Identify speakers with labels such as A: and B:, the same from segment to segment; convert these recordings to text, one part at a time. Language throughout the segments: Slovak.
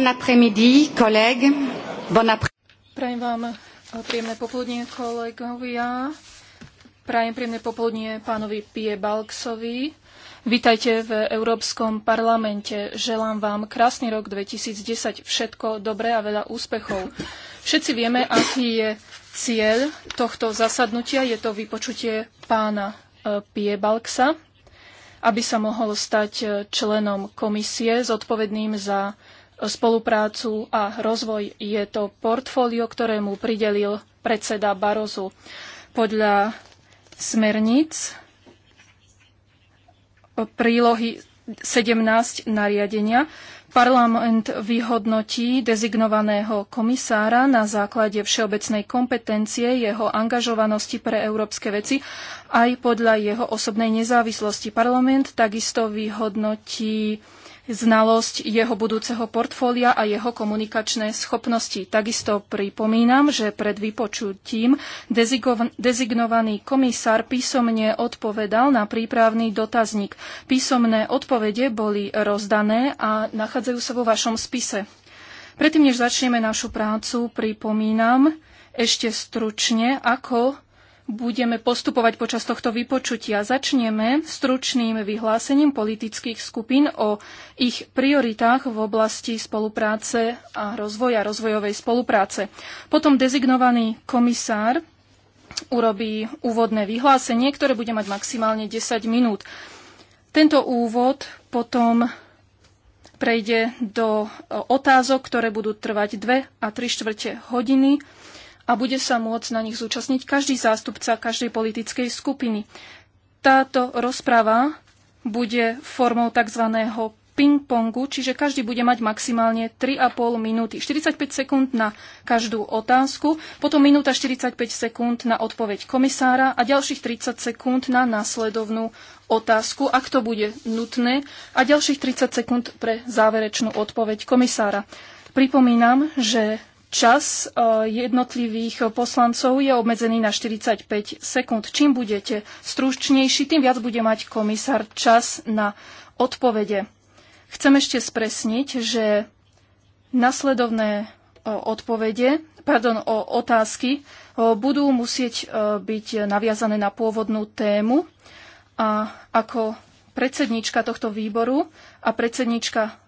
A: Bon après-midi, collègues. Bon après
B: Prajem vám eh, príjemné popoludnie, kolegovia. Prajem príjemné popoludnie pánovi Pie Balksovi. Vítajte v Európskom parlamente. Želám vám krásny rok 2010. Všetko dobré a veľa úspechov. Všetci vieme, aký je cieľ tohto zasadnutia. Je to vypočutie pána eh, Pie Balksa, aby sa mohol stať eh, členom komisie zodpovedným za spoluprácu a rozvoj. Je to portfólio, ktorému pridelil predseda Barozu. Podľa smerníc prílohy 17 nariadenia parlament vyhodnotí dezignovaného komisára na základe všeobecnej kompetencie, jeho angažovanosti pre európske veci aj podľa jeho osobnej nezávislosti. Parlament takisto vyhodnotí znalosť jeho budúceho portfólia a jeho komunikačné schopnosti. Takisto pripomínam, že pred vypočutím dezignovaný komisár písomne odpovedal na prípravný dotazník. Písomné odpovede boli rozdané a nachádzajú sa vo vašom spise. Predtým, než začneme našu prácu, pripomínam ešte stručne, ako budeme postupovať počas tohto vypočutia. Začneme stručným vyhlásením politických skupín o ich prioritách v oblasti spolupráce a rozvoja, rozvojovej spolupráce. Potom dezignovaný komisár urobí úvodné vyhlásenie, ktoré bude mať maximálne 10 minút. Tento úvod potom prejde do otázok, ktoré budú trvať 2 a 3 štvrte hodiny a bude sa môcť na nich zúčastniť každý zástupca každej politickej skupiny. Táto rozprava bude formou tzv. ping-pongu, čiže každý bude mať maximálne 3,5 minúty. 45 sekúnd na každú otázku, potom minúta 45 sekúnd na odpoveď komisára a ďalších 30 sekúnd na následovnú otázku, ak to bude nutné, a ďalších 30 sekúnd pre záverečnú odpoveď komisára. Pripomínam, že Čas e, jednotlivých poslancov je obmedzený na 45 sekúnd. Čím budete stručnejší, tým viac bude mať komisár čas na odpovede. Chcem ešte spresniť, že nasledovné e, odpovede, pardon, o otázky e, budú musieť byť naviazané na pôvodnú tému a ako predsedníčka tohto výboru a predsedníčka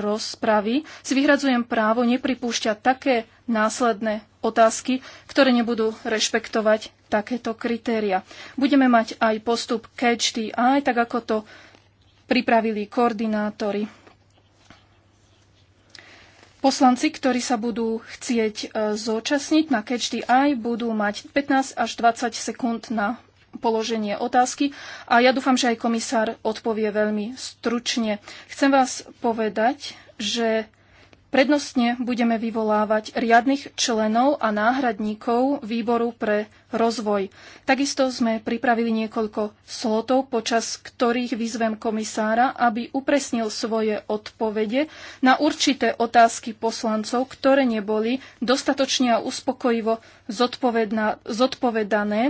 B: rozpravy si vyhradzujem právo nepripúšťať také následné otázky, ktoré nebudú rešpektovať takéto kritéria. Budeme mať aj postup catch the eye, tak ako to pripravili koordinátori. Poslanci, ktorí sa budú chcieť e, zúčastniť na catch the eye, budú mať 15 až 20 sekúnd na položenie otázky a ja dúfam, že aj komisár odpovie veľmi stručne. Chcem vás povedať, že prednostne budeme vyvolávať riadnych členov a náhradníkov výboru pre rozvoj. Takisto sme pripravili niekoľko slotov, počas ktorých vyzvem komisára, aby upresnil svoje odpovede na určité otázky poslancov, ktoré neboli dostatočne a uspokojivo zodpovedané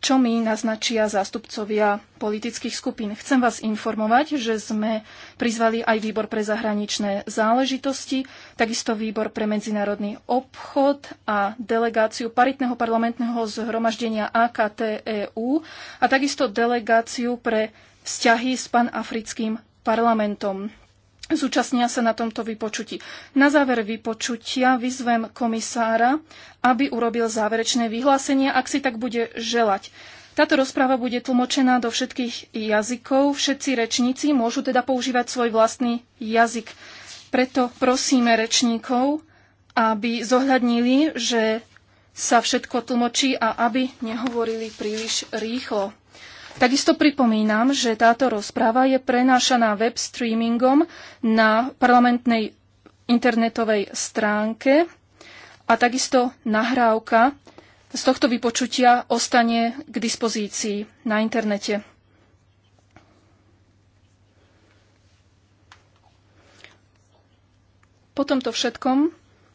B: čo mi naznačia zástupcovia politických skupín. Chcem vás informovať, že sme prizvali aj výbor pre zahraničné záležitosti, takisto výbor pre medzinárodný obchod a delegáciu paritného parlamentného zhromaždenia AKTEU a takisto delegáciu pre vzťahy s panafrickým parlamentom zúčastnia sa na tomto vypočutí. Na záver vypočutia vyzvem komisára, aby urobil záverečné vyhlásenie, ak si tak bude želať. Táto rozpráva bude tlmočená do všetkých jazykov. Všetci rečníci môžu teda používať svoj vlastný jazyk. Preto prosíme rečníkov, aby zohľadnili, že sa všetko tlmočí a aby nehovorili príliš rýchlo. Takisto pripomínam, že táto rozpráva je prenášaná web streamingom na parlamentnej internetovej stránke a takisto nahrávka z tohto vypočutia ostane k dispozícii na internete. Po tomto všetkom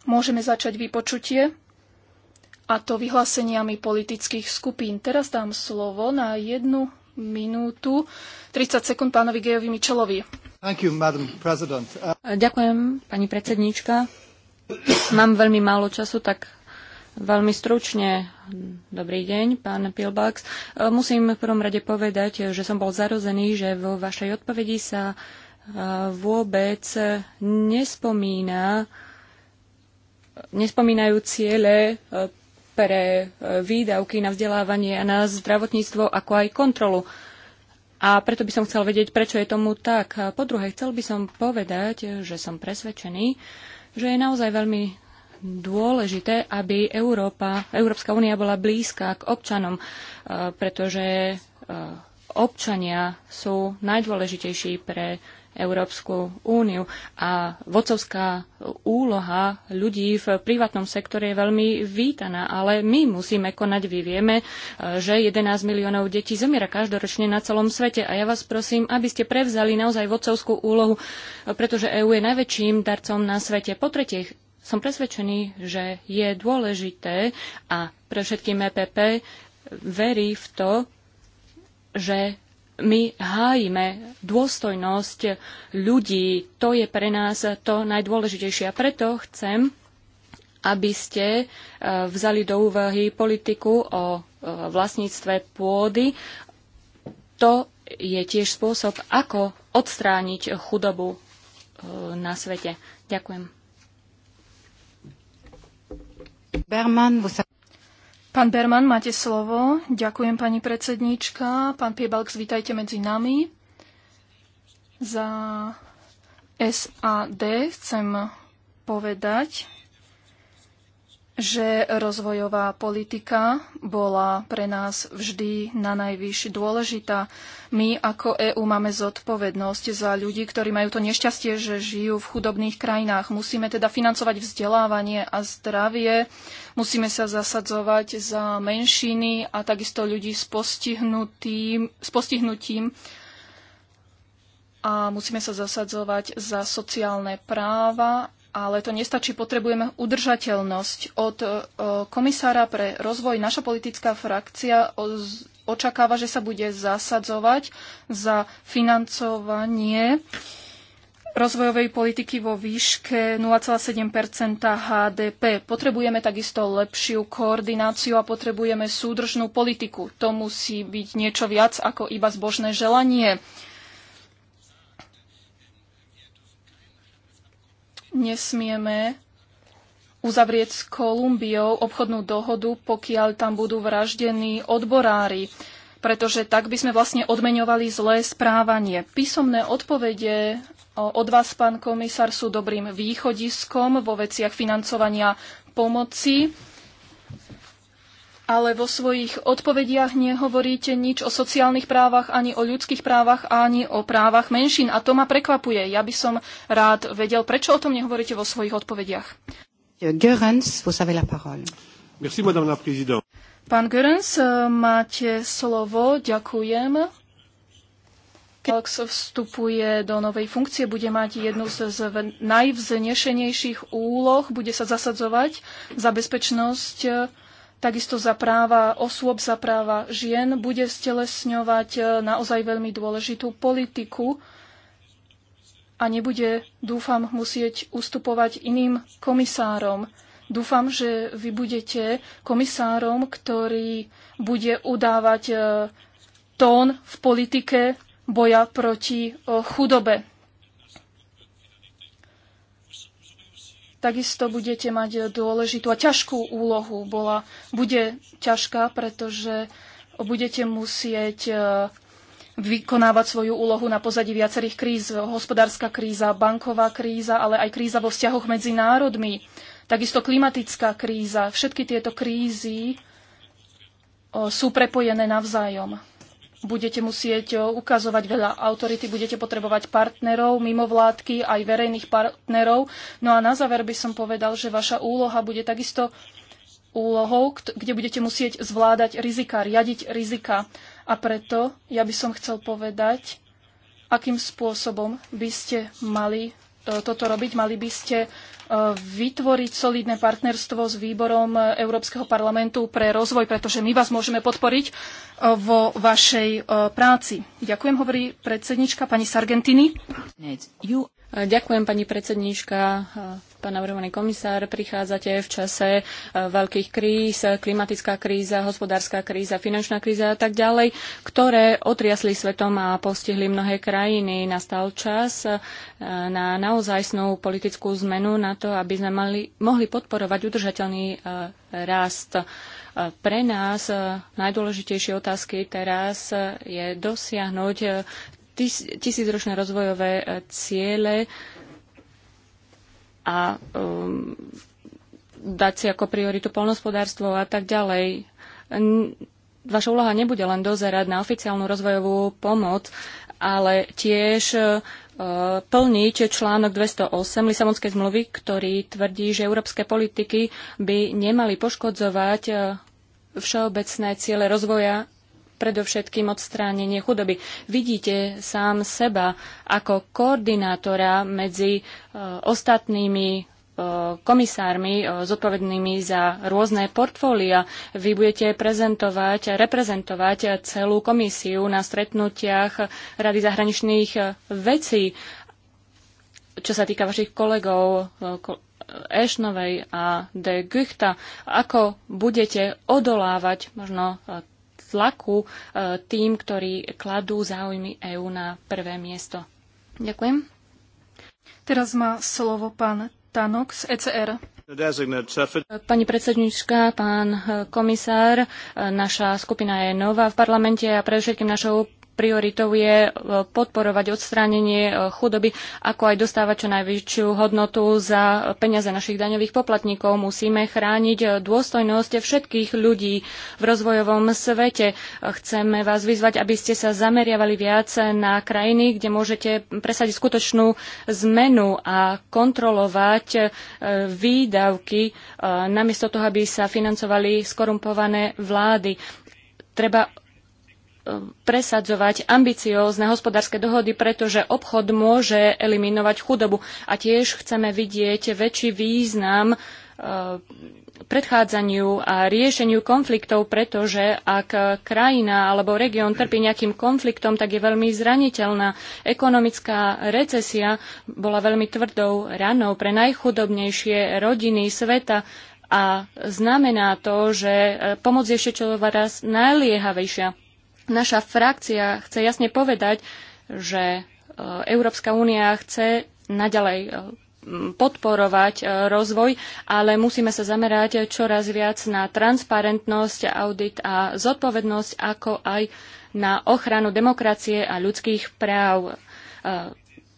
B: môžeme začať vypočutie a to vyhláseniami politických skupín. Teraz dám slovo na jednu minútu 30 sekúnd pánovi Gejovi
C: Mičelovi. You, Ďakujem, pani predsedníčka. Mám veľmi málo času, tak veľmi stručne. Dobrý deň, pán Pilbax. E, musím v prvom rade povedať, že som bol zarozený, že vo vašej odpovedi sa e, vôbec nespomína nespomínajú ciele e, pre e, výdavky na vzdelávanie a na zdravotníctvo, ako aj kontrolu. A preto by som chcel vedieť, prečo je tomu tak. Po druhé, chcel by som povedať, že som presvedčený, že je naozaj veľmi dôležité, aby Európa, Európska únia bola blízka k občanom, e, pretože e, občania sú najdôležitejší pre Európsku úniu. A vodcovská úloha ľudí v privátnom sektore je veľmi vítaná, ale my musíme konať. Vy vieme, e, že 11 miliónov detí zomiera každoročne na celom svete a ja vás prosím, aby ste prevzali naozaj vodcovskú úlohu, e, pretože EÚ je najväčším darcom na svete. Po tretie, som presvedčený, že je dôležité a pre všetkým EPP verí v to, že my hájime dôstojnosť ľudí. To je pre nás to najdôležitejšie. A preto chcem, aby ste e, vzali do úvahy politiku o e, vlastníctve pôdy. To je tiež spôsob, ako odstrániť chudobu e, na svete. Ďakujem. Berman, Pán Berman, máte slovo.
B: Ďakujem, pani predsedníčka. Pán Piebalk, vítajte medzi nami. Za SAD chcem povedať, že rozvojová politika bola pre nás vždy na najvyššie dôležitá. My ako EÚ máme zodpovednosť za ľudí, ktorí majú to nešťastie, že žijú v chudobných krajinách. Musíme teda financovať vzdelávanie a zdravie, musíme sa zasadzovať za menšiny a takisto ľudí s postihnutým, s postihnutím a musíme sa zasadzovať za sociálne práva ale to nestačí, potrebujeme udržateľnosť. Od e, komisára pre rozvoj naša politická frakcia očakáva, že sa bude zasadzovať za financovanie rozvojovej politiky vo výške 0,7 HDP. Potrebujeme takisto lepšiu koordináciu a potrebujeme súdržnú politiku. To musí byť niečo viac ako iba zbožné želanie. Uh, nesmieme uzavrieť s Kolumbiou obchodnú dohodu, pokiaľ tam budú vraždení odborári, pretože tak by sme vlastne odmeňovali zlé správanie. Písomné odpovede od vás, pán komisár, sú dobrým východiskom vo veciach financovania pomoci ale vo svojich odpovediach nehovoríte nič o sociálnych právach, ani o ľudských právach, ani o právach menšín. A to ma prekvapuje. Ja by som rád vedel, prečo o tom nehovoríte vo svojich odpovediach. Görens, vous avez la parole.
D: Merci, madame la présidente.
B: Pán Görens, eh, máte slovo. Ďakujem. Alex vstupuje do novej funkcie, bude mať jednu z najvznešenejších úloh, bude sa zasadzovať za bezpečnosť eh, takisto za práva osôb, za práva žien, bude stelesňovať e, naozaj veľmi dôležitú politiku a nebude, dúfam, musieť ustupovať iným komisárom. Dúfam, že vy budete komisárom, ktorý bude udávať e, tón v politike boja proti e, chudobe. takisto budete mať dôležitú a ťažkú úlohu. Bola, bude ťažká, pretože budete musieť e, vykonávať svoju úlohu na pozadí viacerých kríz. Hospodárska kríza, banková kríza, ale aj kríza vo vzťahoch medzi národmi. Takisto klimatická kríza. Všetky tieto krízy e, sú prepojené navzájom budete musieť e, ukazovať veľa autority, budete potrebovať partnerov, mimovládky, aj verejných partnerov. No a na záver by som povedal, že vaša úloha bude takisto úlohou, kde budete musieť zvládať rizika, riadiť rizika. A preto ja by som chcel povedať, akým spôsobom by ste mali e, toto robiť. Mali by ste vytvoriť solidné partnerstvo s výborom Európskeho parlamentu pre rozvoj, pretože my vás môžeme podporiť e, vo vašej e, práci. Ďakujem, hovorí predsednička pani Sargentini.
C: Ďakujem, pani predsednička. Pán navrhovaný komisár, prichádzate v čase e, veľkých kríz, klimatická kríza, hospodárska kríza, finančná kríza a tak ďalej, ktoré otriasli svetom a postihli mnohé krajiny. Nastal čas e, na naozajstnú politickú zmenu na to, aby sme mali, mohli podporovať udržateľný e, rast. Pre nás najdôležitejšie otázky teraz je dosiahnuť tisícročné rozvojové ciele a um, dať si ako prioritu polnospodárstvo a tak ďalej. Vaša úloha nebude len dozerať na oficiálnu rozvojovú pomoc, ale tiež e, plniť článok 208 Lisabonskej zmluvy, ktorý tvrdí, že európske politiky by nemali poškodzovať e, všeobecné ciele rozvoja predovšetkým odstránenie chudoby. Vidíte sám seba ako koordinátora medzi e, ostatnými e, komisármi e, zodpovednými za rôzne portfólia. Vy budete prezentovať, reprezentovať celú komisiu na stretnutiach Rady zahraničných vecí, čo sa týka vašich kolegov Ešnovej a de Guchta. Ako budete odolávať možno tlaku e, tým, ktorí kladú záujmy EÚ na prvé miesto. Ďakujem. Teraz má slovo pán Tanok z ECR. Pani predsednička, pán e, komisár, e, naša skupina je nová v parlamente a predovšetkým našou prioritou je e, podporovať odstránenie e, chudoby, ako aj dostávať čo najväčšiu hodnotu za peniaze našich daňových poplatníkov. Musíme chrániť e, dôstojnosť všetkých ľudí v rozvojovom svete. Chceme vás vyzvať, aby ste sa zameriavali viac na krajiny, kde môžete presadiť skutočnú zmenu a kontrolovať výdavky, namiesto toho, aby sa financovali skorumpované vlády. Treba presadzovať ambiciózne hospodárske dohody, pretože obchod môže eliminovať chudobu. A tiež chceme vidieť väčší význam e, predchádzaniu a riešeniu konfliktov, pretože ak krajina alebo región trpí nejakým konfliktom, tak je veľmi zraniteľná. Ekonomická recesia bola veľmi tvrdou ranou pre najchudobnejšie rodiny sveta a znamená to, že e, pomoc je ešte čo raz najliehavejšia. Naša frakcia chce jasne povedať, že e, Európska únia chce naďalej e, podporovať e, rozvoj, ale musíme sa zamerať čoraz viac na transparentnosť, audit a zodpovednosť, ako aj na ochranu demokracie a ľudských práv.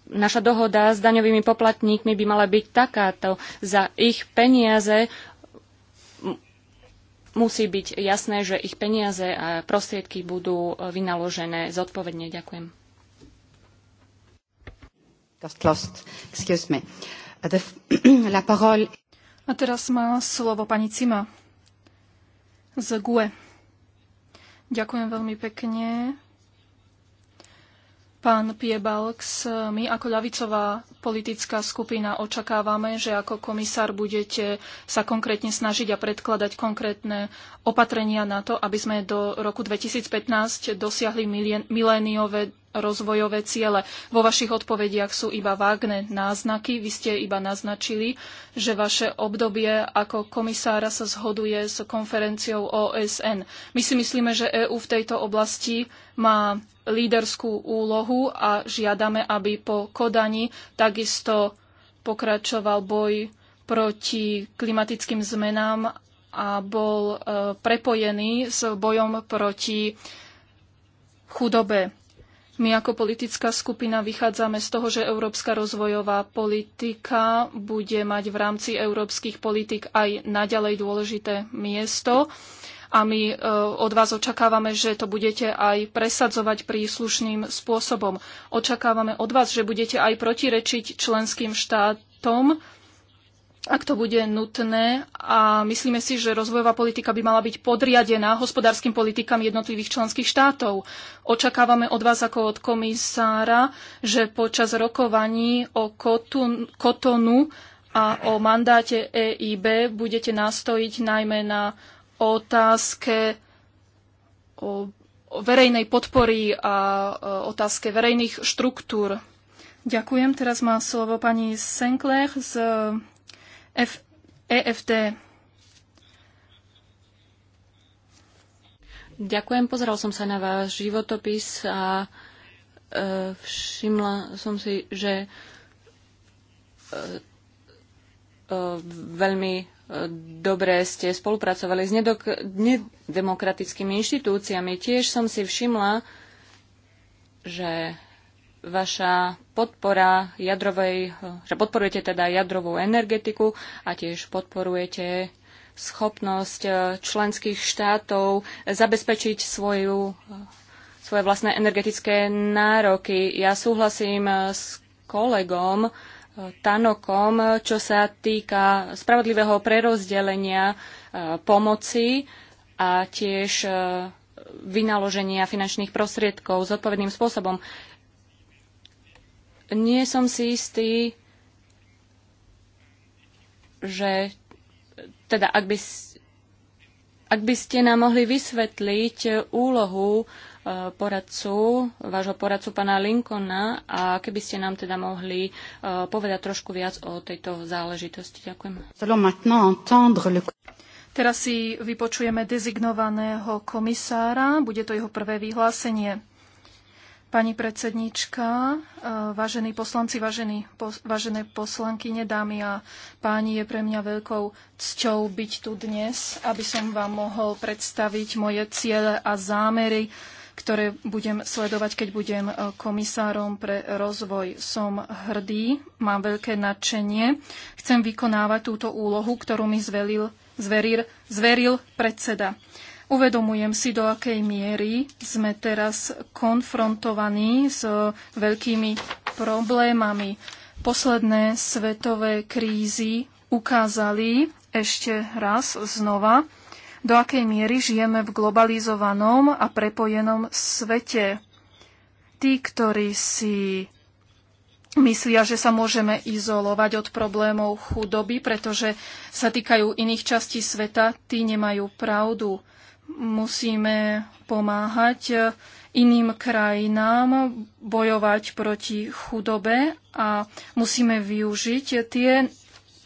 C: Naša dohoda s daňovými poplatníkmi by mala byť takáto. Za ich peniaze musí byť jasné, že ich peniaze a prostriedky budú e, vynaložené zodpovedne. Ďakujem.
A: Uh,
B: a teraz má slovo pani Cima z GUE. Ďakujem veľmi pekne. Pán Piebalks, my ako ľavicová politická skupina očakávame, že ako komisár budete sa konkrétne snažiť a predkladať konkrétne opatrenia na to, aby sme do roku 2015 dosiahli miléniové rozvojové ciele. Vo vašich odpovediach sú iba vágne náznaky. Vy ste iba naznačili, že vaše obdobie ako komisára sa zhoduje s konferenciou OSN. My si myslíme, že EÚ v tejto oblasti má líderskú úlohu a žiadame, aby po Kodani takisto pokračoval boj proti klimatickým zmenám a bol e, prepojený s bojom proti chudobe. My ako politická skupina vychádzame z toho, že európska rozvojová politika bude mať v rámci európskych politik aj naďalej dôležité miesto a my e, od vás očakávame, že to budete aj presadzovať príslušným spôsobom. Očakávame od vás, že budete aj protirečiť členským štátom, ak to bude nutné a myslíme si, že rozvojová politika by mala byť podriadená hospodárskym politikám jednotlivých členských štátov. Očakávame od vás ako od komisára, že počas rokovaní o Kotonu a o mandáte EIB budete nastojiť najmä na otázke o verejnej podpory a e, otázke verejných štruktúr. Ďakujem. Teraz má slovo pani Senkler z F-
C: EFT. Ďakujem, pozeral som sa na váš životopis a e, všimla som si, že e, e veľmi e, dobre ste spolupracovali s nedemokratickými inštitúciami. Tiež som si všimla, že vaša podpora jadrovej, že podporujete teda jadrovú energetiku a tiež podporujete schopnosť e, členských štátov zabezpečiť svoju, e, svoje vlastné energetické nároky. Ja súhlasím e, s kolegom Tanokom, čo sa týka spravodlivého prerozdelenia pomoci a tiež vynaloženia finančných prostriedkov zodpovedným spôsobom nie som si istý, že teda ak by, ak by ste nám mohli vysvetliť eh, úlohu eh, poradcu, vášho poradcu pána Lincolna a keby ste nám teda mohli eh, povedať trošku viac o tejto záležitosti. Ďakujem. Teraz si vypočujeme
B: dezignovaného komisára, bude to jeho prvé vyhlásenie. Pani predsednička, e, vážení poslanci, vážení, vážené poslankyne, dámy a páni, je pre mňa veľkou cťou byť tu dnes, aby som vám mohol predstaviť moje ciele a zámery, ktoré budem sledovať, keď budem e, komisárom pre rozvoj. Som hrdý, mám veľké nadšenie, chcem vykonávať túto úlohu, ktorú mi zveril, zveril, zveril predseda. Uvedomujem si, do akej miery sme teraz konfrontovaní s e, veľkými problémami. Posledné svetové krízy ukázali ešte raz znova, do akej miery žijeme v globalizovanom a prepojenom svete. Tí, ktorí si myslia, že sa môžeme izolovať od problémov chudoby, pretože sa týkajú iných častí sveta, tí nemajú pravdu. Musíme pomáhať e, iným krajinám bojovať proti chudobe a musíme využiť tie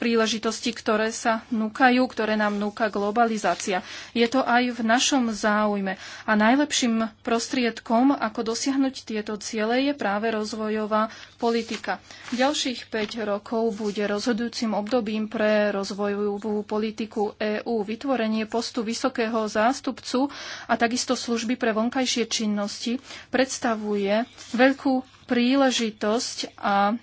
B: príležitosti, ktoré sa núkajú, ktoré nám núka globalizácia. Je to aj v našom záujme. A najlepším prostriedkom, ako dosiahnuť tieto ciele, je práve rozvojová politika. Ďalších 5 rokov bude rozhodujúcim obdobím pre rozvojovú politiku EÚ. Vytvorenie postu vysokého zástupcu a takisto služby pre vonkajšie činnosti predstavuje veľkú príležitosť a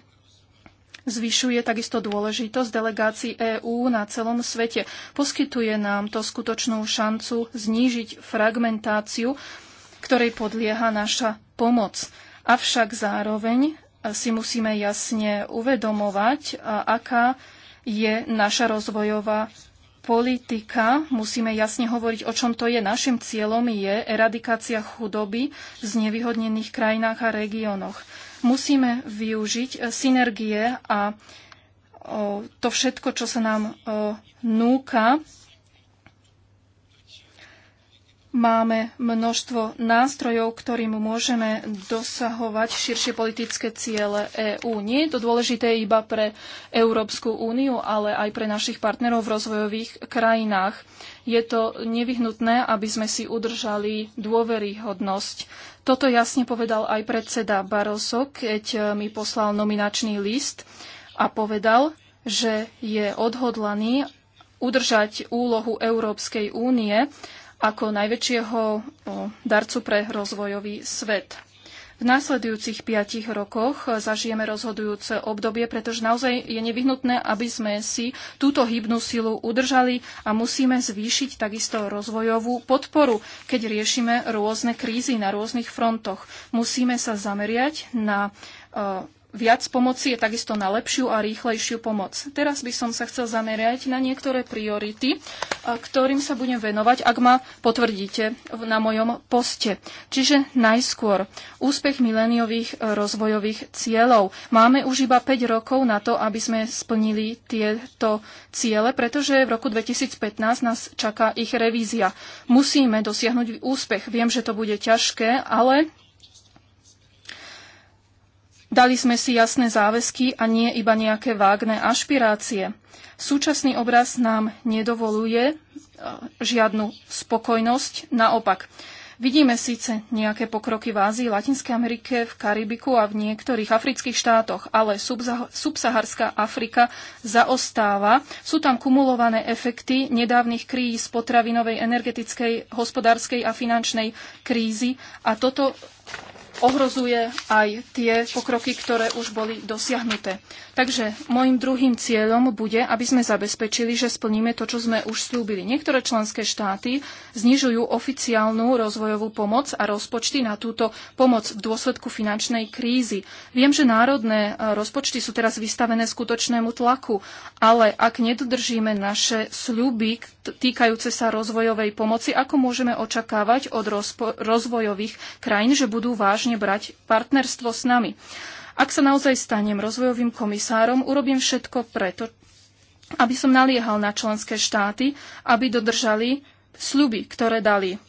B: zvyšuje takisto dôležitosť delegácií EÚ na celom svete. Poskytuje nám to skutočnú šancu znížiť fragmentáciu, ktorej podlieha naša pomoc. Avšak zároveň si musíme jasne uvedomovať, aká je naša rozvojová politika, musíme jasne hovoriť, o čom to je. Našim cieľom je eradikácia chudoby v znevýhodnených krajinách a regiónoch musíme využiť e, synergie a to všetko, čo sa nám núka Máme množstvo nástrojov, ktorým môžeme dosahovať širšie politické ciele EÚ. Nie je to dôležité iba pre Európsku úniu, ale aj pre našich partnerov v rozvojových krajinách. Je to nevyhnutné, aby sme si udržali dôveryhodnosť. Toto jasne povedal aj predseda Barroso, keď eh, mi poslal nominačný list a povedal, že je odhodlaný udržať úlohu Európskej únie ako najväčšieho darcu pre rozvojový svet. V následujúcich piatich rokoch e, zažijeme rozhodujúce obdobie, pretože naozaj je nevyhnutné, aby sme si túto hybnú silu udržali a musíme zvýšiť takisto rozvojovú podporu, keď riešime rôzne krízy na rôznych frontoch. Musíme sa zameriať na e, viac pomoci je takisto na lepšiu a rýchlejšiu pomoc. Teraz by som sa chcel zamerať na niektoré priority, ktorým sa budem venovať, ak ma potvrdíte na mojom poste. Čiže najskôr úspech mileniových e, rozvojových cieľov. Máme už iba 5 rokov na to, aby sme splnili tieto ciele, pretože v roku 2015 nás čaká ich revízia. Musíme dosiahnuť úspech. Viem, že to bude ťažké, ale Dali sme si jasné záväzky a nie iba nejaké vágne ašpirácie. Súčasný obraz nám nedovoluje e, žiadnu spokojnosť, naopak. Vidíme síce nejaké pokroky v Ázii, Latinskej Amerike, v Karibiku a v niektorých afrických štátoch, ale subsaharská Afrika zaostáva. Sú tam kumulované efekty nedávnych kríz potravinovej, energetickej, hospodárskej a finančnej krízy a toto ohrozuje aj tie pokroky, ktoré už boli dosiahnuté. Takže môjim druhým cieľom bude, aby sme zabezpečili, že splníme to, čo sme už slúbili. Niektoré členské štáty znižujú oficiálnu rozvojovú pomoc a rozpočty na túto pomoc v dôsledku finančnej krízy. Viem, že národné e, rozpočty sú teraz vystavené skutočnému tlaku, ale ak nedodržíme naše sľuby týkajúce sa rozvojovej pomoci, ako môžeme očakávať od rozvojových krajín, že budú vážne začne brať partnerstvo s nami. Ak sa naozaj stanem rozvojovým komisárom, urobím všetko preto, aby som naliehal na členské štáty, aby dodržali sľuby, ktoré dali.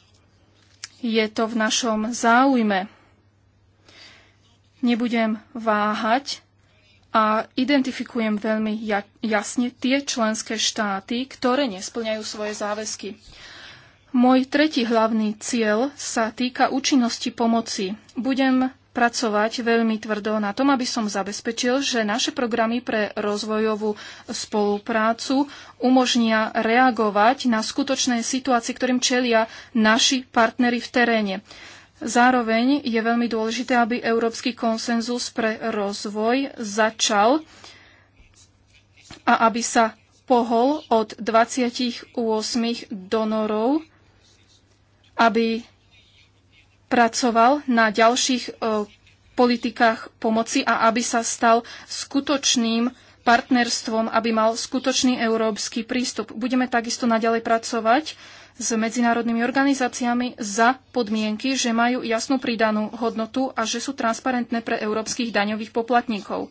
B: Je to v našom záujme. Nebudem váhať a identifikujem veľmi jasne tie členské štáty, ktoré nesplňajú svoje záväzky. Môj tretí hlavný cieľ sa týka účinnosti pomoci. Budem pracovať veľmi tvrdo na tom, aby som zabezpečil, že naše programy pre rozvojovú spoluprácu umožnia reagovať na skutočné situácie, ktorým čelia naši partnery v teréne. Zároveň je veľmi dôležité, aby Európsky konsenzus pre rozvoj začal a aby sa pohol od 28 donorov aby pracoval na ďalších e, politikách pomoci a aby sa stal skutočným partnerstvom, aby mal skutočný európsky prístup. Budeme takisto naďalej pracovať s medzinárodnými organizáciami za podmienky, že majú jasnú pridanú hodnotu a že sú transparentné pre európskych daňových poplatníkov.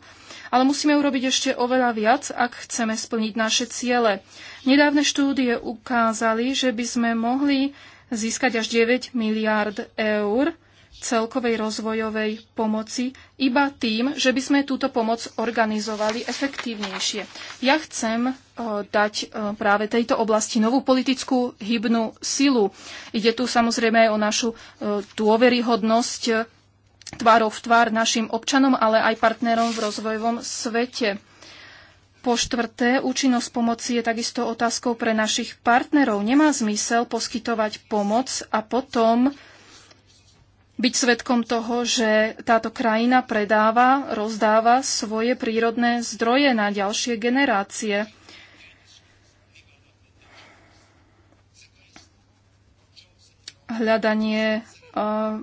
B: Ale musíme urobiť ešte oveľa viac, ak chceme splniť naše ciele. Nedávne štúdie ukázali, že by sme mohli získať až 9 miliárd eur celkovej rozvojovej pomoci iba tým, že by sme túto pomoc organizovali efektívnejšie. Ja chcem e, dať e, práve tejto oblasti novú politickú hybnú silu. Ide tu samozrejme aj o našu e, dôveryhodnosť tvárov v tvár našim občanom, ale aj partnerom v rozvojovom svete. Po štvrté, účinnosť pomoci je takisto otázkou pre našich partnerov. Nemá zmysel poskytovať pomoc a potom byť svetkom toho, že táto krajina predáva, rozdáva svoje prírodné zdroje na ďalšie generácie. Hľadanie uh,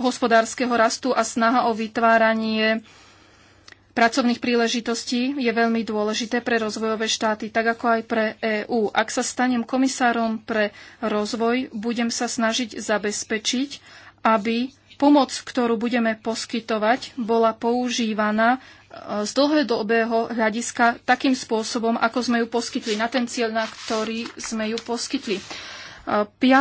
B: hospodárskeho rastu a snaha o vytváranie pracovných príležitostí je veľmi dôležité pre rozvojové štáty, tak ako aj pre EÚ. Ak sa stanem komisárom pre rozvoj, budem sa snažiť zabezpečiť, aby pomoc, ktorú budeme poskytovať, bola používaná e, z dlhodobého hľadiska takým spôsobom, ako sme ju poskytli, na ten cieľ, na ktorý sme ju poskytli. 5. E,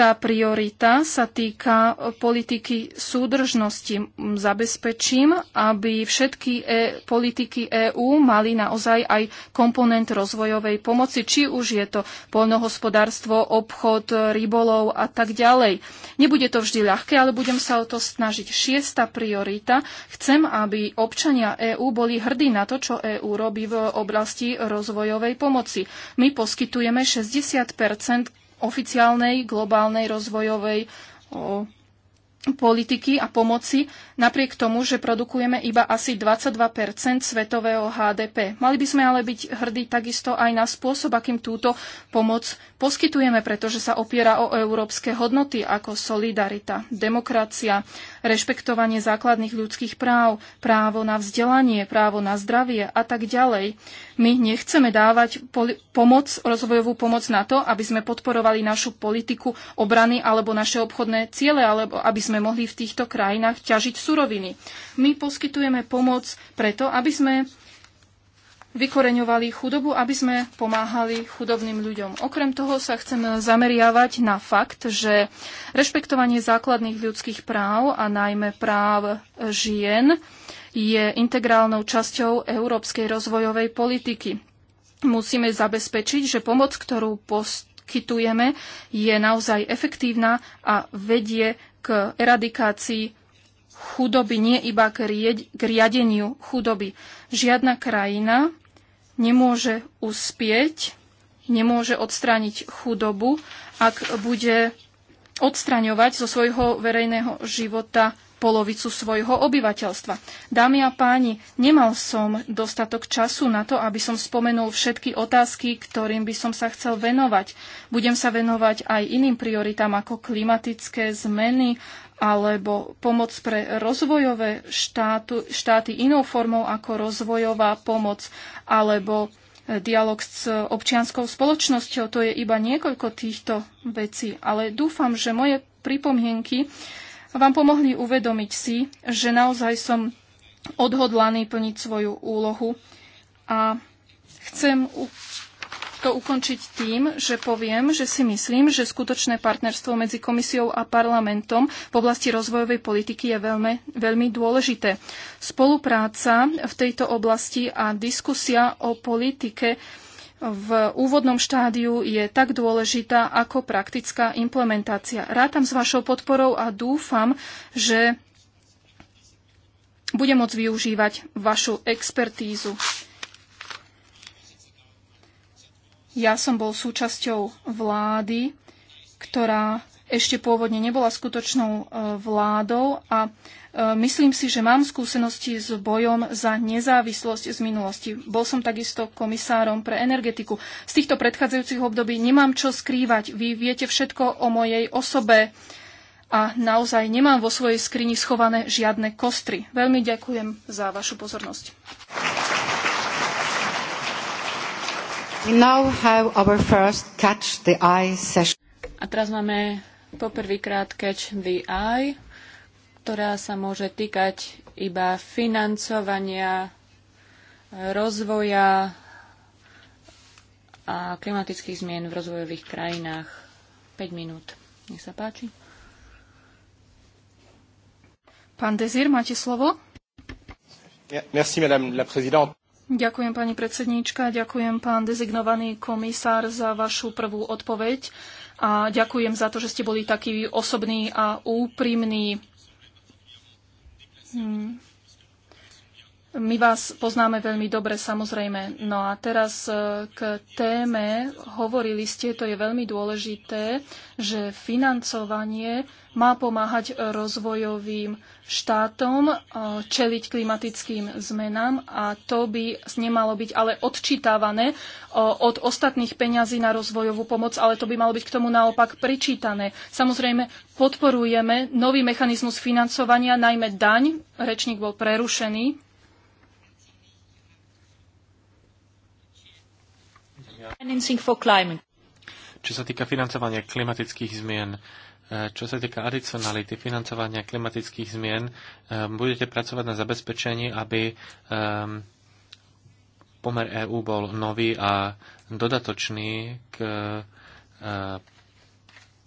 B: tá priorita sa týka politiky súdržnosti. Zabezpečím, aby všetky e- politiky EÚ mali naozaj aj komponent rozvojovej pomoci, či už je to poľnohospodárstvo, obchod, rybolov a tak ďalej. Nebude to vždy ľahké, ale budem sa o to snažiť. Šiesta priorita. Chcem, aby občania EÚ boli hrdí na to, čo EÚ robí v oblasti rozvojovej pomoci. My poskytujeme 60 oficiálnej globálnej rozvojovej o, politiky a pomoci, napriek tomu, že produkujeme iba asi 22 svetového HDP. Mali by sme ale byť hrdí takisto aj na spôsob, akým túto pomoc poskytujeme, pretože sa opiera o európske hodnoty ako solidarita, demokracia, rešpektovanie základných ľudských práv, právo na vzdelanie, právo na zdravie a tak ďalej. My nechceme dávať pomoc, rozvojovú pomoc na to, aby sme podporovali našu politiku obrany alebo naše obchodné ciele, alebo aby sme mohli v týchto krajinách ťažiť suroviny. My poskytujeme pomoc preto, aby sme vykoreňovali chudobu, aby sme pomáhali chudobným ľuďom. Okrem toho sa chcem zameriavať na fakt, že rešpektovanie základných ľudských práv a najmä práv žien je integrálnou časťou európskej rozvojovej politiky. Musíme zabezpečiť, že pomoc, ktorú poskytujeme, je naozaj efektívna a vedie k eradikácii chudoby, nie iba k, rieď, k riadeniu chudoby. Žiadna krajina nemôže uspieť, nemôže odstrániť chudobu, ak bude odstraňovať zo svojho verejného života polovicu svojho obyvateľstva. Dámy a páni, nemal som dostatok času na to, aby som spomenul všetky otázky, ktorým by som sa chcel venovať. Budem sa venovať aj iným prioritám ako klimatické zmeny, alebo pomoc pre rozvojové štátu, štáty inou formou ako rozvojová pomoc, alebo e, dialog s občianskou spoločnosťou. To je iba niekoľko týchto vecí. Ale dúfam, že moje pripomienky vám pomohli uvedomiť si, že naozaj som odhodlaný plniť svoju úlohu a chcem to ukončiť tým, že poviem, že si myslím, že skutočné partnerstvo medzi komisiou a parlamentom v oblasti rozvojovej politiky je veľmi, veľmi dôležité. Spolupráca v tejto oblasti a diskusia o politike v úvodnom štádiu je tak dôležitá ako praktická implementácia. Rátam s vašou podporou a dúfam, že budem môcť využívať vašu expertízu. Ja som bol súčasťou vlády, ktorá ešte pôvodne nebola skutočnou e, vládou a e, myslím si, že mám skúsenosti s bojom za nezávislosť z minulosti. Bol som takisto komisárom pre energetiku. Z týchto predchádzajúcich období nemám čo skrývať. Vy viete všetko o mojej osobe a naozaj nemám vo svojej skrini schované žiadne kostry. Veľmi ďakujem za vašu
C: pozornosť. A teraz máme poprvýkrát Catch the Eye, ktorá sa môže týkať iba financovania, rozvoja a klimatických zmien v rozvojových krajinách. 5 minút. Nech sa páči. Pán Dezir, máte slovo?
E: Merci, madame la présidente.
B: Ďakujem, pani predsedníčka, ďakujem, pán dezignovaný komisár, za vašu prvú odpoveď a ďakujem za to, že ste boli taký osobný a úprimný. Hmm. My vás poznáme veľmi dobre, samozrejme. No a teraz e, k téme. Hovorili ste, to je veľmi dôležité, že financovanie má pomáhať rozvojovým štátom e, čeliť klimatickým zmenám a to by nemalo byť ale odčítavané e, od ostatných peňazí na rozvojovú pomoc, ale to by malo byť k tomu naopak pričítané. Samozrejme, podporujeme nový mechanizmus financovania, najmä daň. Rečník bol prerušený.
C: Čo
E: sa týka financovania klimatických zmien, e, čo sa týka adicionality financovania klimatických zmien, e, budete pracovať na zabezpečení, aby e, pomer EÚ bol nový a dodatočný k,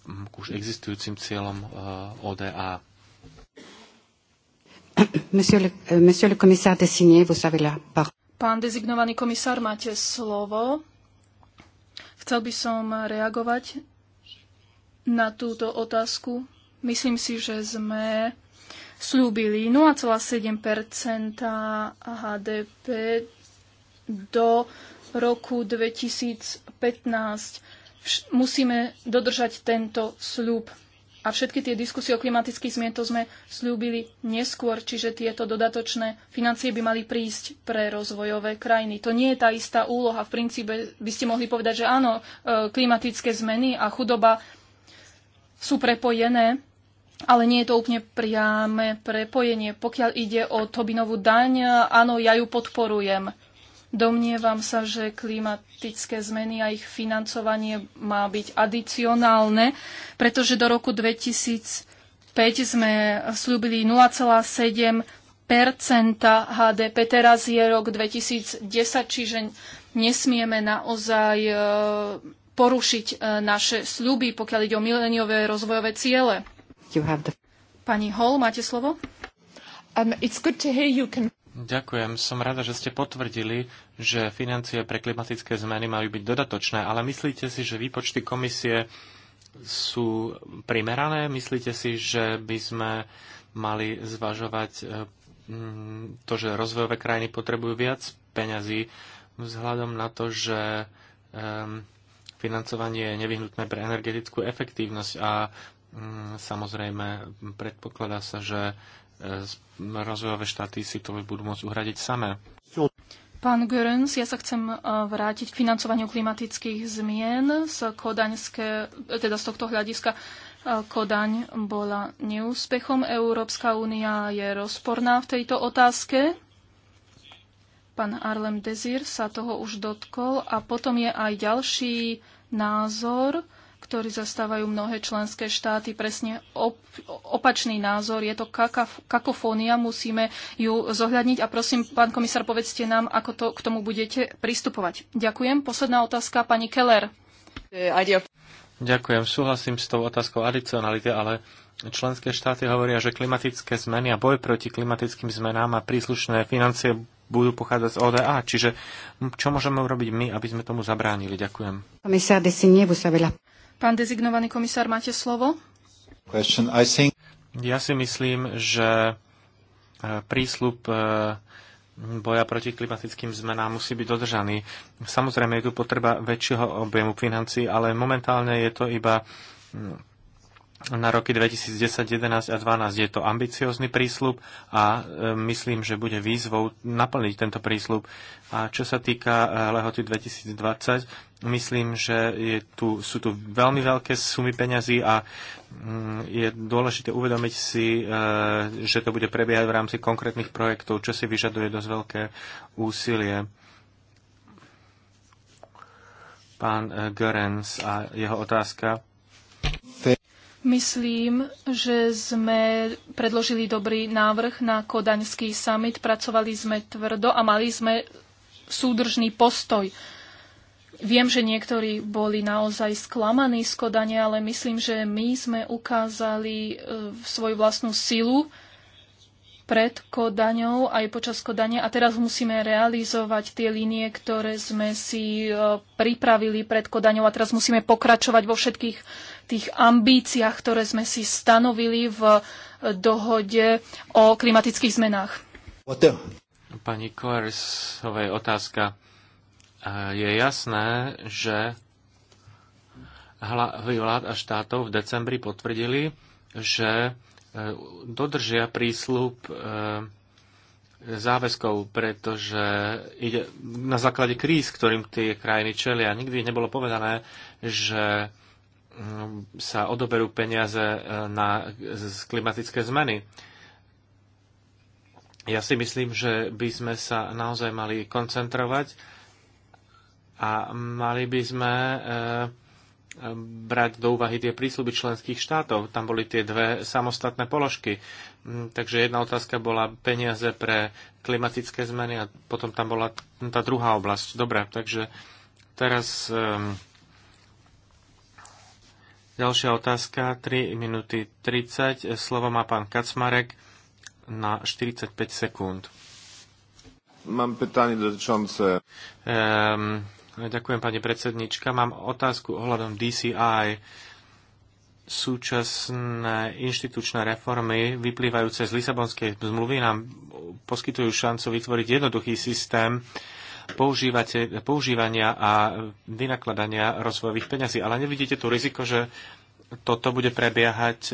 E: k už existujúcim cieľom ODA.
A: Monsieur le, monsieur le commissaire
B: Pán dezignovaný komisár, máte slovo. Chcel by som reagovať na túto otázku. Myslím si, že sme slúbili 0,7 HDP do roku 2015. Musíme dodržať tento slúb. A všetky tie diskusie o klimatických zmien to sme slúbili neskôr, čiže tieto dodatočné financie by mali prísť pre rozvojové krajiny. To nie je tá istá úloha. V princípe by ste mohli povedať, že áno, e, klimatické zmeny a chudoba sú prepojené, ale nie je to úplne priame prepojenie. Pokiaľ ide o Tobinovú daň, áno, ja ju podporujem Domnievam sa, že klimatické zmeny a ich financovanie má byť adicionálne, pretože do roku 2005 sme slúbili 0,7 HDP. Teraz je rok 2010, čiže nesmieme naozaj e, porušiť e, naše sľuby, pokiaľ ide o mileniové rozvojové ciele. The... Pani Hall, máte slovo? Um, it's good to hear you can...
E: Ďakujem. Som rada, že ste potvrdili, že financie pre klimatické zmeny majú byť dodatočné, ale myslíte si, že výpočty komisie sú primerané? Myslíte si, že by sme mali zvažovať eh, mm, to, že rozvojové krajiny potrebujú viac peňazí vzhľadom na to, že ehm, financovanie je nevyhnutné pre energetickú efektívnosť a mm, samozrejme predpokladá sa, že E, rozvojové štáty si to budú môcť uhradiť
D: samé.
B: Pán Görens, ja sa chcem e, vrátiť k financovaniu klimatických zmien z, kodaňské, e, teda z tohto hľadiska. Kodaň bola neúspechom. Európska únia je rozporná v tejto otázke. Pán Arlem Desir sa toho už dotkol. A potom je aj ďalší názor, ktorý zastávajú mnohé členské štáty, presne op- opačný názor. Je to kakaf- kakofónia, musíme ju zohľadniť. A prosím, pán komisár, povedzte nám, ako to k tomu budete pristupovať. Ďakujem. Posledná otázka, pani Keller.
E: Ďakujem. Súhlasím s tou otázkou adicionality, ale členské štáty hovoria, že klimatické zmeny a boj proti klimatickým zmenám a príslušné financie budú pochádzať z ODA. Čiže čo môžeme urobiť my, aby sme tomu zabránili? Ďakujem.
B: Pán dezignovaný komisár, máte slovo?
E: Ja si myslím, že e, prísľub e, boja proti klimatickým zmenám musí byť dodržaný. Samozrejme je tu potreba väčšieho objemu financií, ale momentálne je to iba na roky 2010, 2011 a 2012. Je to ambiciózny prísľub a e, myslím, že bude výzvou naplniť tento prísľub. A čo sa týka e, lehoty 2020, myslím, že je tu, sú tu veľmi veľké sumy peňazí a mm, je dôležité uvedomiť si, e, že to bude prebiehať v rámci konkrétnych projektov, čo si vyžaduje dosť veľké úsilie pán Görens a jeho otázka.
B: Myslím, že sme predložili dobrý návrh na Kodaňský summit, pracovali sme tvrdo a mali sme súdržný postoj. Viem, že niektorí boli naozaj sklamaní z Kodania, ale myslím, že my sme ukázali e, svoju vlastnú silu pred kodaňou aj počas kodania a teraz musíme realizovať tie línie, ktoré sme si e, pripravili pred kodaňou a teraz musíme pokračovať vo všetkých tých ambíciách, ktoré sme si stanovili v e, dohode o klimatických zmenách.
D: Pani
E: Koersovej otázka. E, je jasné, že hlavy vlád a štátov v decembri potvrdili, že E, dodržia prísľub e, záväzkov, pretože ide na základe kríz, ktorým tie krajiny čelia. Nikdy nebolo povedané, že mm, sa odoberú peniaze e, na klimatické zmeny. Ja si myslím, že by sme sa naozaj mali koncentrovať a mali by sme e, brať do úvahy tie prísľuby členských štátov. Tam boli tie dve samostatné položky. Mm, takže jedna otázka bola peniaze pre klimatické zmeny a potom tam bola tá druhá oblasť. Dobre, takže teraz um, ďalšia otázka. 3 minúty 30. Slovo má pán Kacmarek na 45 sekúnd.
D: Mám pytanie dotyčące...
E: Um, ehm, No, ďakujem, pani predsednička. Mám otázku ohľadom DCI. Súčasné inštitučné reformy vyplývajúce z Lisabonskej zmluvy nám poskytujú šancu vytvoriť jednoduchý systém používania a vynakladania rozvojových peňazí. Ale nevidíte tu riziko, že toto bude prebiehať e,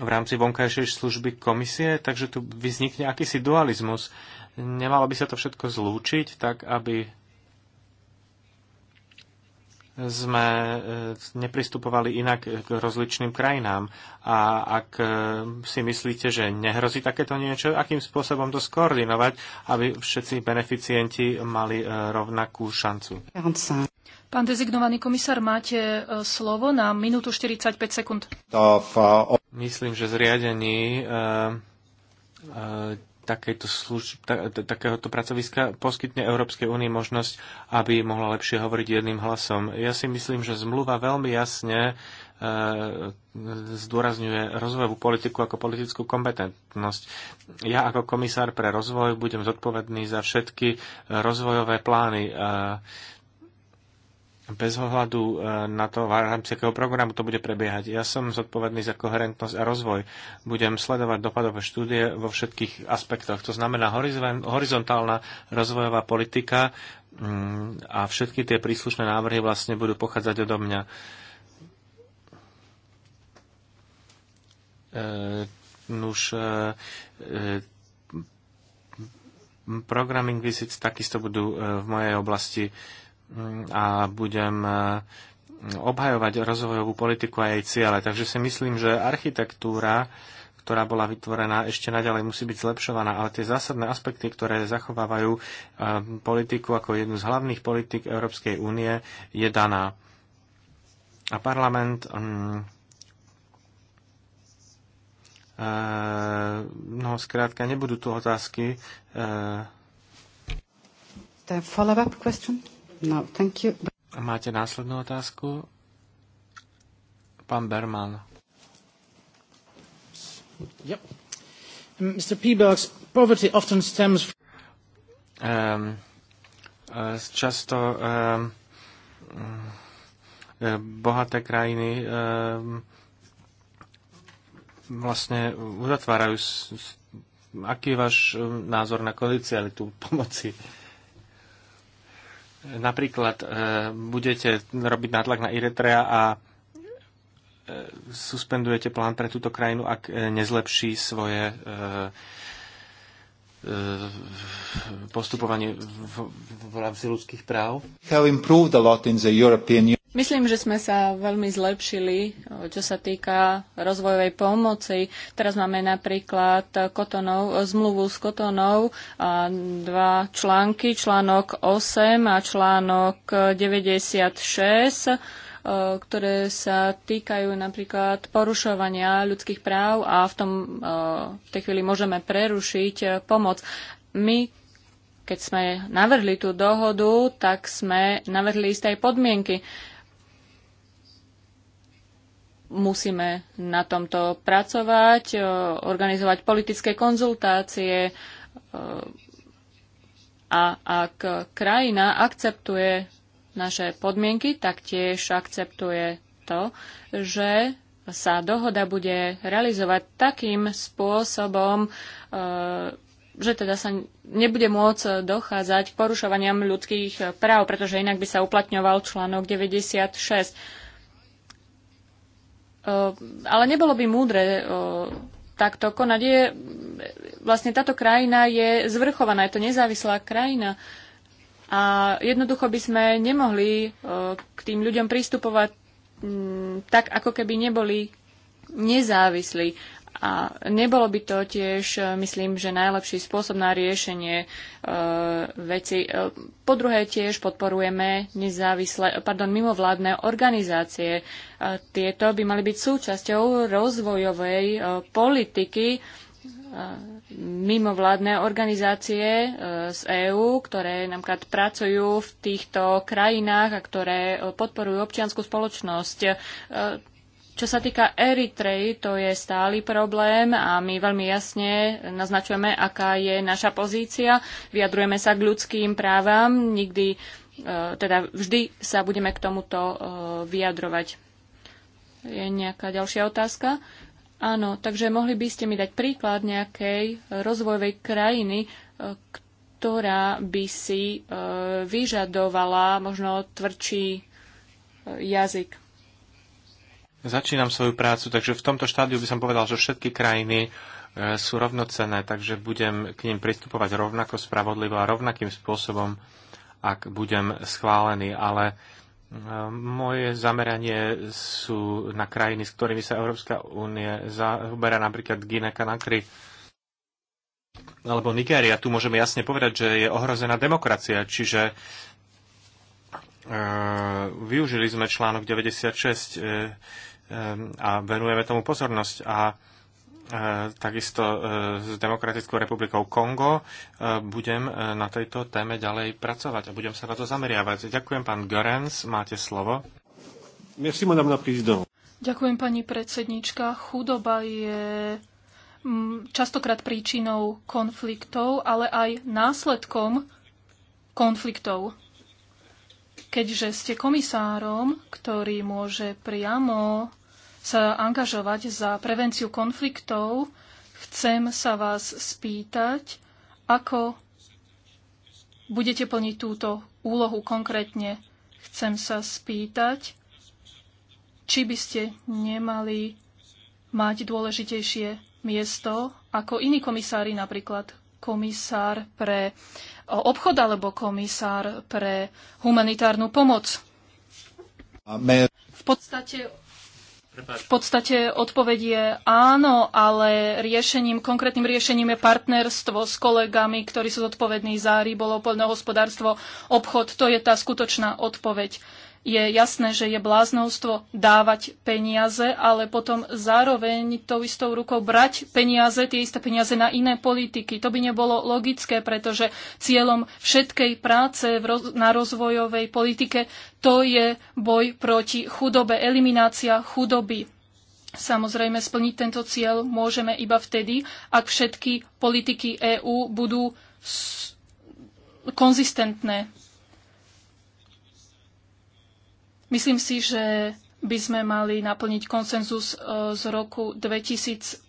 E: v rámci vonkajšej služby komisie, takže tu vyznikne akýsi dualizmus Nemalo by sa to všetko zlúčiť, tak aby sme e, nepristupovali inak k rozličným krajinám. A ak e, si myslíte, že nehrozí takéto niečo, akým spôsobom to skoordinovať, aby všetci beneficienti mali e, rovnakú šancu?
B: Pán dezignovaný komisár, máte slovo na minútu 45 sekúnd.
E: Myslím, že zriadení takéto služ, ta, takéhoto pracoviska poskytne Európskej únii možnosť, aby mohla lepšie hovoriť jedným hlasom. Ja si myslím, že zmluva veľmi jasne e, zdôrazňuje rozvojovú politiku ako politickú kompetentnosť. Ja ako komisár pre rozvoj budem zodpovedný za všetky rozvojové plány. E, bez ohľadu e, na to, v rámci akého programu to bude prebiehať. Ja som zodpovedný za koherentnosť a rozvoj. Budem sledovať dopadové štúdie vo všetkých aspektoch. To znamená horizontálna rozvojová politika mm, a všetky tie príslušné návrhy vlastne budú pochádzať odo mňa. E, nuž, e, programming visits takisto budú v mojej oblasti Mm, a budem e, obhajovať rozvojovú politiku a jej ciele. Takže si myslím, že architektúra, ktorá bola vytvorená, ešte naďalej musí byť zlepšovaná, ale tie zásadné aspekty, ktoré zachovávajú e, politiku ako jednu z hlavných politik Európskej únie, je daná. A parlament mm, e, no, skrátka, nebudú tu otázky. The follow-up question? No, thank you. A Máte následnú otázku? Pán Berman.
D: Yep. Mr. Um, Peebles, poverty often
E: stems from... Um, uh, často um, bohaté krajiny um, vlastne uzatvárajú... S, s, aký je váš názor na kondicialitu pomoci? Uh, Napríklad e, budete robiť nátlak na Eritrea a e, suspendujete plán pre túto krajinu, ak e, nezlepší svoje postupovanie v rámci ľudských práv?
D: Have improved a lot in the European
C: Myslím, že sme sa veľmi zlepšili, čo sa týka rozvojovej pomoci. Teraz máme napríklad kotonov, zmluvu s kotonou a dva články, článok 8 a článok 96 e, ktoré sa týkajú napríklad porušovania ľudských práv a v, tom, e, v tej chvíli môžeme prerušiť e, pomoc. My keď sme navrhli tú dohodu, tak sme navrhli isté podmienky musíme na tomto pracovať, e, organizovať politické konzultácie e, a ak krajina akceptuje naše podmienky, tak tiež akceptuje to, že sa dohoda bude realizovať takým spôsobom, e, že teda sa nebude môcť dochádzať k porušovaniam ľudských práv, pretože inak by sa uplatňoval článok 96 Ehm, ale nebolo by múdre ehm, takto konať. Je, vlastne táto krajina je zvrchovaná, je to nezávislá krajina. A jednoducho by sme nemohli ehm, k tým ľuďom pristupovať tak, ako keby neboli nezávislí. A nebolo by to tiež, e, myslím, že najlepší spôsob na riešenie e, veci. E, po druhé tiež podporujeme nezávislé, pardon, mimovládne organizácie. E, tieto by mali byť súčasťou rozvojovej e, politiky e, mimovládne organizácie e, z EÚ, ktoré napríklad pracujú v týchto krajinách a ktoré e, podporujú občianskú spoločnosť. E, čo sa týka Eritreji, to je stály problém a my veľmi jasne naznačujeme, aká je naša pozícia. Vyjadrujeme sa k ľudským právam, nikdy, e, teda vždy sa budeme k tomuto e, vyjadrovať. Je nejaká ďalšia otázka? Áno, takže mohli by ste mi dať príklad nejakej rozvojovej krajiny, e, ktorá by si vyžadovala možno tvrdší jazyk
E: začínam svoju prácu, takže v tomto štádiu by som povedal, že všetky krajiny e, sú rovnocené, takže budem k ním pristupovať rovnako spravodlivo a rovnakým spôsobom, ak budem schválený. Ale e, moje zameranie sú na krajiny, s ktorými sa Európska únie zaoberá, napríklad Guinea Conakry alebo Nigéria. Tu môžeme jasne povedať, že je ohrozená demokracia, čiže e, využili sme článok 96 Ehm, a venujeme tomu pozornosť. A e, takisto e, s Demokratickou republikou Kongo. E, budem na tejto téme ďalej pracovať a budem sa na to zameriavať. Ďakujem, pán Görens, máte slovo. Merci, madame la présidente.
B: Ďakujem, pani predsednička. Chudoba je mm, častokrát príčinou konfliktov, ale aj následkom konfliktov keďže ste komisárom, ktorý môže priamo sa angažovať za prevenciu konfliktov, chcem sa vás spýtať, ako budete plniť túto úlohu konkrétne. Chcem sa spýtať, či by ste nemali mať dôležitejšie miesto ako iní komisári, napríklad komisár pre obchod alebo komisár pre humanitárnu pomoc?
D: V
B: podstate, v podstate odpoveď je áno, ale riešením, konkrétnym riešením je partnerstvo s kolegami, ktorí sú zodpovední za rybolov, poľnohospodárstvo, obchod. To je tá skutočná odpoveď. Je jasné, že je bláznostvo dávať peniaze, ale potom zároveň tou istou rukou brať peniaze, tie isté peniaze na iné politiky. To by nebolo logické, pretože cieľom všetkej práce na rozvojovej politike to je boj proti chudobe, eliminácia chudoby. Samozrejme, splniť tento cieľ môžeme iba vtedy, ak všetky politiky EÚ budú konzistentné. Myslím si, že by sme mali naplniť konsenzus e, z roku 2005.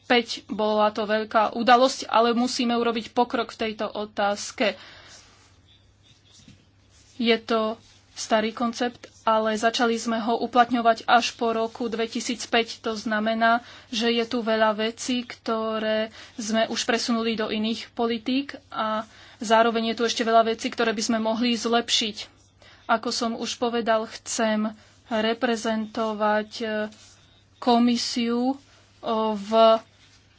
B: Bola to veľká udalosť, ale musíme urobiť pokrok v tejto otázke. Je to starý koncept, ale začali sme ho uplatňovať až po roku 2005. To znamená, že je tu veľa vecí, ktoré sme už presunuli do iných politík a zároveň je tu ešte veľa vecí, ktoré by sme mohli zlepšiť. Ako som už povedal, chcem reprezentovať eh, komisiu eh, v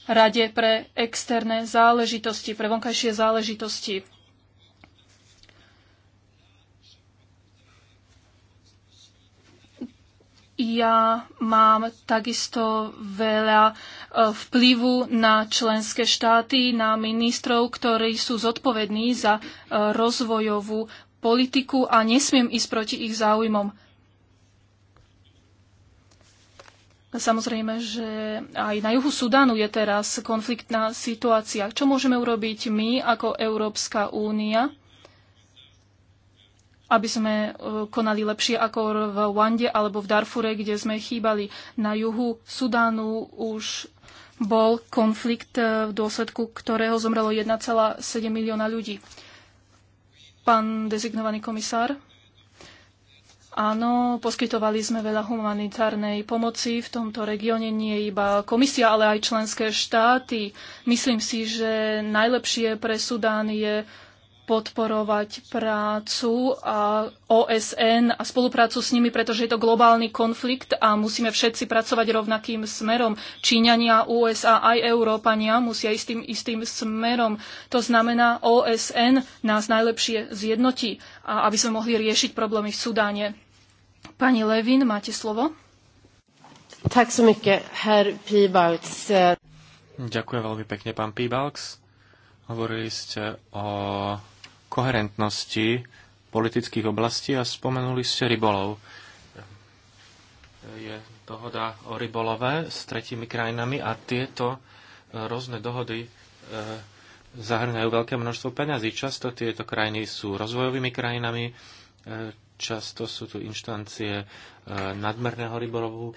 B: Rade pre externé záležitosti, pre vonkajšie záležitosti. Ja mám takisto veľa eh, vplyvu na členské štáty, na ministrov, ktorí sú zodpovední za rozvojovú politiku a nesmiem ísť proti ich záujmom. Samozrejme, že aj na juhu Sudánu je teraz konfliktná situácia. Čo môžeme urobiť my ako Európska únia, aby sme e, konali lepšie ako v Wande alebo v Darfure, kde sme chýbali. Na juhu Sudánu už bol konflikt, e, v dôsledku ktorého zomrelo 1,7 milióna ľudí. Pán dezignovaný komisár, áno, poskytovali sme veľa humanitárnej pomoci v tomto regióne, nie iba komisia, ale aj členské štáty. Myslím si, že najlepšie pre Sudán je podporovať prácu a OSN a spoluprácu s nimi, pretože je to globálny konflikt a musíme všetci pracovať rovnakým smerom. Číňania, USA aj Európania musia ísť tým istým smerom. To znamená, OSN nás najlepšie zjednotí, a aby sme mohli riešiť problémy v Sudáne. Pani Levin, máte slovo. Tak som ich, herr Pibalks.
E: Ďakujem veľmi pekne, pán Pibalks. Hovorili ste o koherentnosti politických oblastí a spomenuli ste rybolov. Je dohoda o rybolove s tretími krajinami a tieto e, rôzne dohody e, zahrňajú veľké množstvo peňazí. Často tieto krajiny sú rozvojovými krajinami, e, často sú tu inštancie nadmerného rybolovu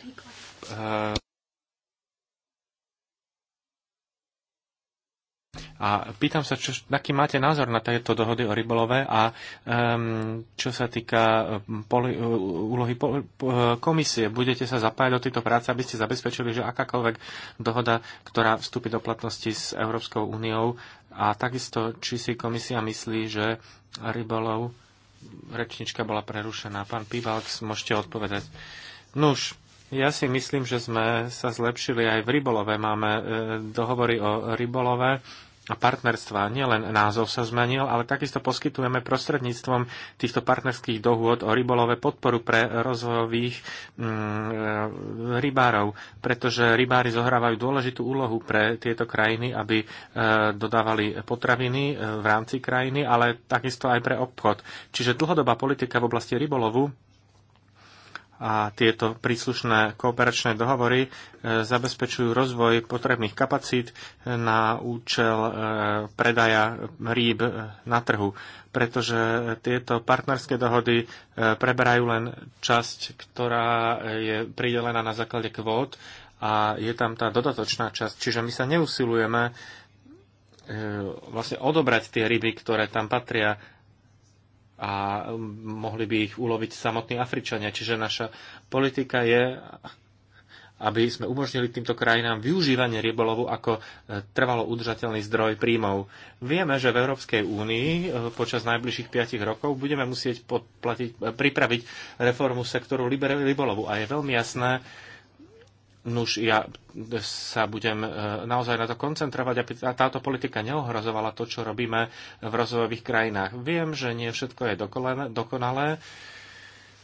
E: A pýtam sa, čo, aký máte názor na tieto dohody o rybolove a um, čo sa týka poli, e, úlohy poli, e, komisie, budete sa zapájať do tejto práce, aby ste zabezpečili, že akákoľvek dohoda, ktorá vstúpi do platnosti s Európskou úniou a takisto, či si komisia myslí, že rybolov, rečnička bola prerušená. Pán Pibalks, môžete odpovedať. Nuž, ja si myslím, že sme sa zlepšili aj v rybolove. Máme e, dohovory o rybolove a partnerstva. Nielen názov sa zmenil, ale takisto poskytujeme prostredníctvom týchto partnerských dohôd o rybolove podporu pre rozvojových mm, e, rybárov, pretože rybári zohrávajú dôležitú úlohu pre tieto krajiny, aby e, dodávali potraviny v rámci krajiny, ale takisto aj pre obchod. Čiže dlhodobá politika v oblasti rybolovu a tieto príslušné kooperačné dohovory e, zabezpečujú rozvoj potrebných kapacít e, na účel e, predaja rýb na trhu, pretože tieto partnerské dohody preberajú len časť, ktorá je pridelená na základe kvót a je tam tá dodatočná časť. Čiže my sa neusilujeme vlastne odobrať tie ryby, ktoré tam patria a mohli by ich uloviť samotní Afričania. Čiže naša politika je, aby sme umožnili týmto krajinám využívanie rybolovu ako e, trvalo udržateľný zdroj príjmov. Vieme, že v Európskej únii e, počas najbližších 5 rokov budeme musieť podplatiť, e, pripraviť reformu sektoru rybolovu a je veľmi jasné, Nuž, ja sa budem e, naozaj na to koncentrovať, aby táto politika neohrozovala to, čo robíme v rozvojových krajinách. Viem, že nie všetko je dokonalé.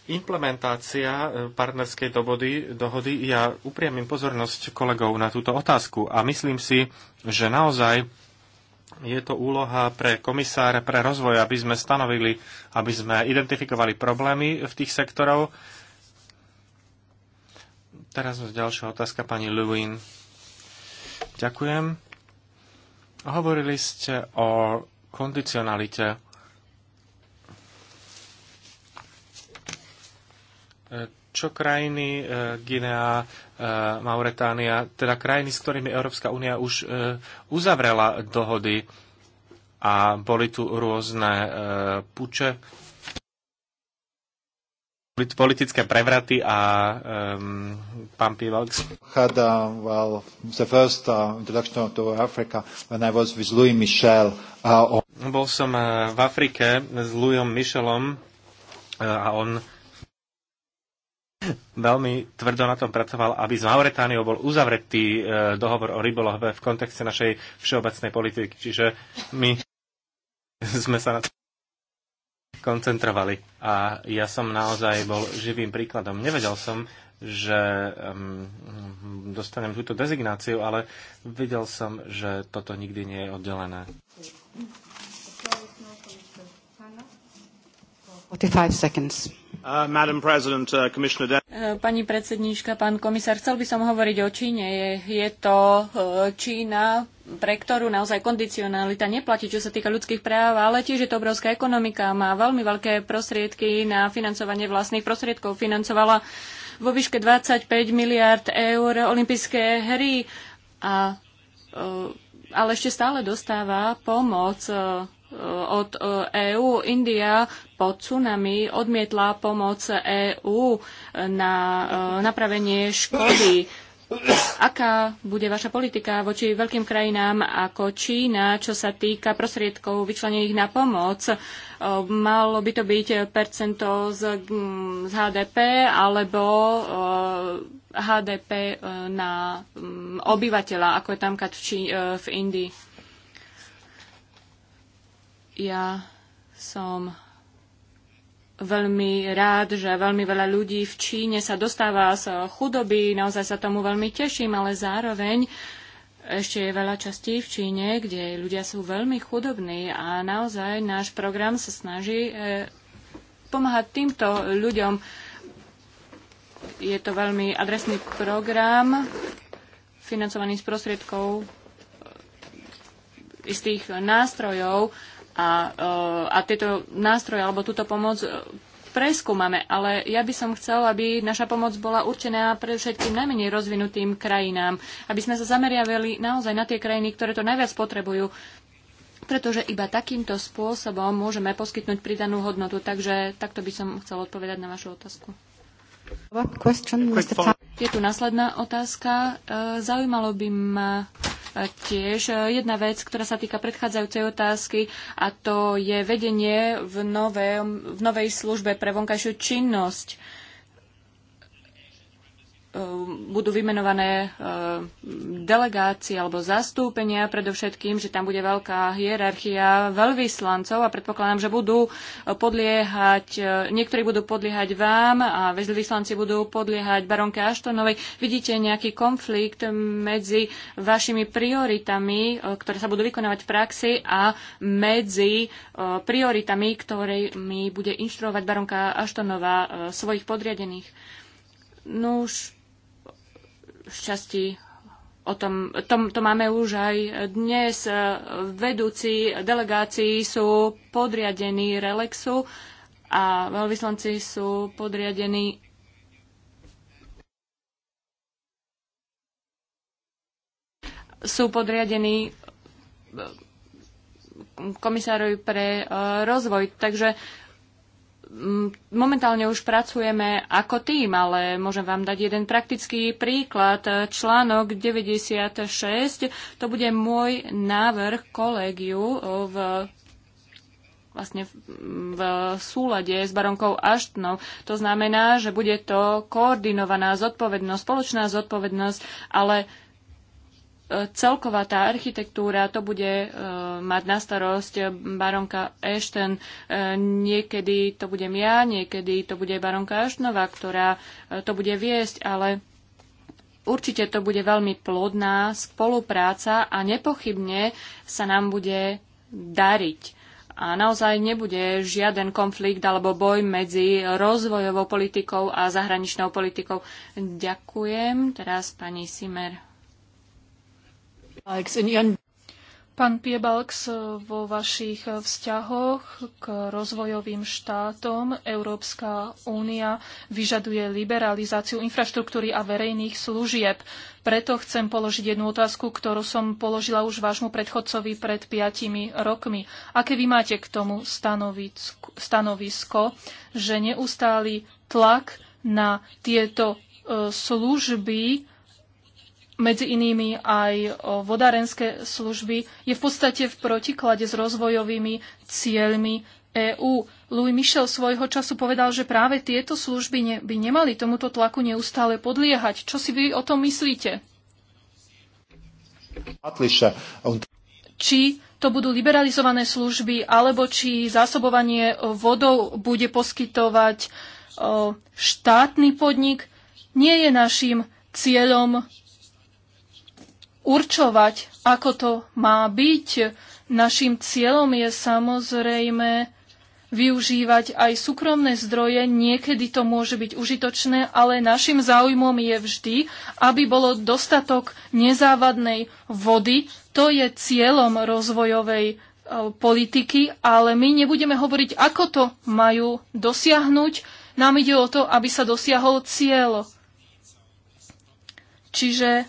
E: Implementácia e, partnerskej dohody, dohody, ja upriamím pozornosť kolegov na túto otázku a myslím si, že naozaj je to úloha pre komisára pre rozvoj, aby sme stanovili, aby sme identifikovali problémy v tých sektorov, Teraz už ďalšia otázka pani Lewin. Ďakujem. Hovorili ste o kondicionalite. Čo krajiny e, Guinea, e, Mauretánia, teda krajiny, s ktorými Európska únia už e, uzavrela dohody a boli tu rôzne puče politické prevraty a um, pump events?
D: Had uh, well the first uh, introduction to Africa when I was with Louis Michel. Uh, on...
E: Bol som uh, v Afrike s Louisom Michelom uh, a on veľmi tvrdo na tom pracoval, aby z Mauretániou bol uzavretý uh, dohovor o rybolove v kontexte našej všeobecnej politiky. Čiže my sme sa na to koncentrovali. A ja som naozaj bol živým príkladom. Nevedel som, že um, dostanem túto dezignáciu, ale videl som, že toto nikdy nie je oddelené.
A: 45 seconds. Uh,
C: uh, uh, pani predsedníčka, pán komisár, chcel by som hovoriť o Číne. Je, je to Čína, pre ktorú naozaj kondicionalita neplatí, čo sa týka ľudských práv, ale tiež je to obrovská ekonomika. Má veľmi veľké prostriedky na financovanie vlastných prostriedkov. Financovala vo výške 25 miliard eur olympijské hry, a, ale ešte stále dostáva pomoc Eh, od EÚ. Eh, e India po tsunami odmietla pomoc EÚ eh, na napravenie škody. Aká bude vaša politika voči veľkým krajinám ako Čína, čo sa týka prostriedkov vyčlenených na pomoc? Malo by to byť percento z, mm, z HDP alebo HDP na mm, obyvateľa, ako je tam v, Čí, v Indii? Ja som veľmi rád, že veľmi veľa ľudí v Číne sa dostáva z chudoby, naozaj sa tomu veľmi teším, ale zároveň ešte je veľa častí v Číne, kde ľudia sú veľmi chudobní a naozaj náš program sa snaží e, pomáhať týmto ľuďom. Je to veľmi adresný program, financovaný z prostriedkov e, istých nástrojov, a, eh, a tieto nástroje alebo túto pomoc eh, preskúmame, ale ja by som chcel, aby naša pomoc bola určená pre všetkým najmenej rozvinutým krajinám, aby sme sa zameriavali naozaj na tie krajiny, ktoré to najviac potrebujú, pretože iba takýmto spôsobom môžeme poskytnúť pridanú hodnotu. Takže takto by som chcel odpovedať na vašu otázku. Je tu následná otázka. Eh, zaujímalo by ma tiež e, jedna vec, ktorá sa týka predchádzajúcej otázky a to je vedenie v, nové, v novej službe pre vonkajšiu činnosť Ehm, budú vymenované ehm, delegácie alebo zastúpenia, predovšetkým, že tam bude veľká hierarchia veľvyslancov a predpokladám, že budú e, podliehať, e, niektorí budú podliehať vám a veľvyslanci budú podliehať baronke Aštonovej. Vidíte nejaký konflikt medzi vašimi prioritami, e, ktoré sa budú vykonávať v praxi a medzi prioritami, ktorými bude inštruovať baronka Aštonová svojich podriadených? No už šťastí o tom, tom, to máme už aj dnes. Vedúci delegácií sú podriadení Relexu a veľvyslanci sú podriadení sú podriadení eh, komisárovi pre eh, rozvoj. Takže Mm, momentálne už pracujeme ako tým, ale môžem vám dať jeden praktický príklad. Článok 96, to bude môj návrh kolegiu v vlastne v súlade s baronkou Aštnou. To znamená, že bude to koordinovaná zodpovednosť, spoločná zodpovednosť, ale celková tá architektúra, to bude e, mať na starosť baronka Ashton. E, niekedy to budem ja, niekedy to bude baronka Eštnova, ktorá e, to bude viesť, ale určite to bude veľmi plodná spolupráca a nepochybne sa nám bude dariť a naozaj nebude žiaden konflikt alebo boj medzi rozvojovou politikou a zahraničnou politikou. Ďakujem. Teraz pani Simer. Pán Piebalks, eh, vo vašich
B: vzťahoch k rozvojovým štátom Európska únia vyžaduje liberalizáciu infraštruktúry a verejných služieb. Preto chcem položiť jednu otázku, ktorú som položila už vášmu predchodcovi pred piatimi rokmi. Aké vy máte k tomu stanovisko, že neustály tlak na tieto eh, služby medzi inými aj vodárenské služby, je v podstate v protiklade s rozvojovými cieľmi EÚ. Louis Michel svojho času povedal, že práve tieto služby ne, by nemali tomuto tlaku neustále podliehať. Čo si vy o tom myslíte? Či to budú liberalizované služby, alebo či zásobovanie e, vodou bude poskytovať e, štátny podnik, nie je našim cieľom určovať, ako to má byť. Našim cieľom je samozrejme využívať aj súkromné zdroje. Niekedy to môže byť užitočné, ale našim záujmom je vždy, aby bolo dostatok nezávadnej vody. To je cieľom rozvojovej e, politiky, ale my nebudeme hovoriť, ako to majú dosiahnuť. Nám ide o to, aby sa dosiahol cieľ. Čiže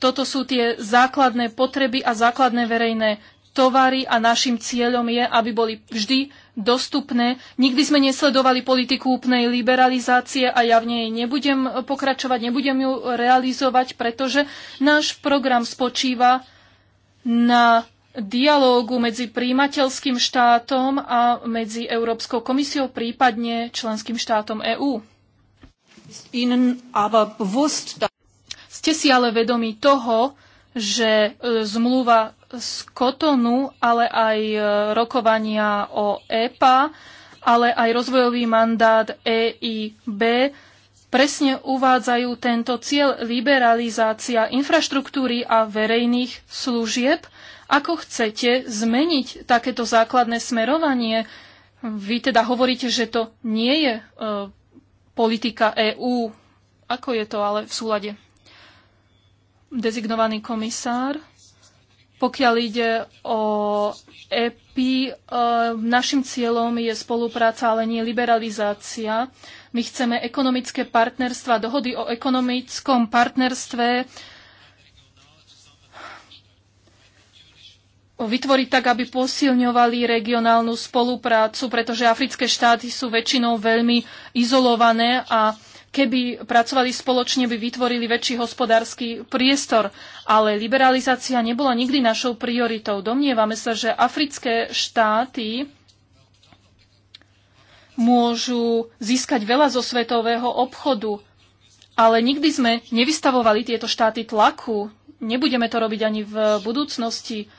B: toto sú tie základné potreby a základné verejné tovary a našim cieľom je, aby boli vždy dostupné. Nikdy sme nesledovali politiku úplnej liberalizácie a ja v nej nebudem pokračovať, nebudem ju realizovať, pretože náš program spočíva na dialógu medzi príjimateľským štátom a medzi Európskou komisiou, prípadne členským štátom EÚ. Ste si ale vedomi toho, že e, zmluva z Kotonu, ale aj e, rokovania o EPA, ale aj rozvojový mandát EIB presne uvádzajú tento cieľ liberalizácia infraštruktúry a verejných služieb. Ako chcete zmeniť takéto základné smerovanie? Vy teda hovoríte, že to nie je e, politika EÚ. Ako je to ale v súlade? dezignovaný komisár. Pokiaľ ide o EPI, e, našim cieľom je spolupráca, ale nie liberalizácia. My chceme ekonomické partnerstva, dohody o ekonomickom partnerstve vytvoriť tak, aby posilňovali regionálnu spoluprácu, pretože africké štáty sú väčšinou veľmi izolované a Keby pracovali spoločne, by vytvorili väčší hospodársky priestor, ale liberalizácia nebola nikdy našou prioritou. Domnievame sa, že africké štáty môžu získať veľa zo svetového obchodu, ale nikdy sme nevystavovali tieto štáty tlaku. Nebudeme to robiť ani v budúcnosti.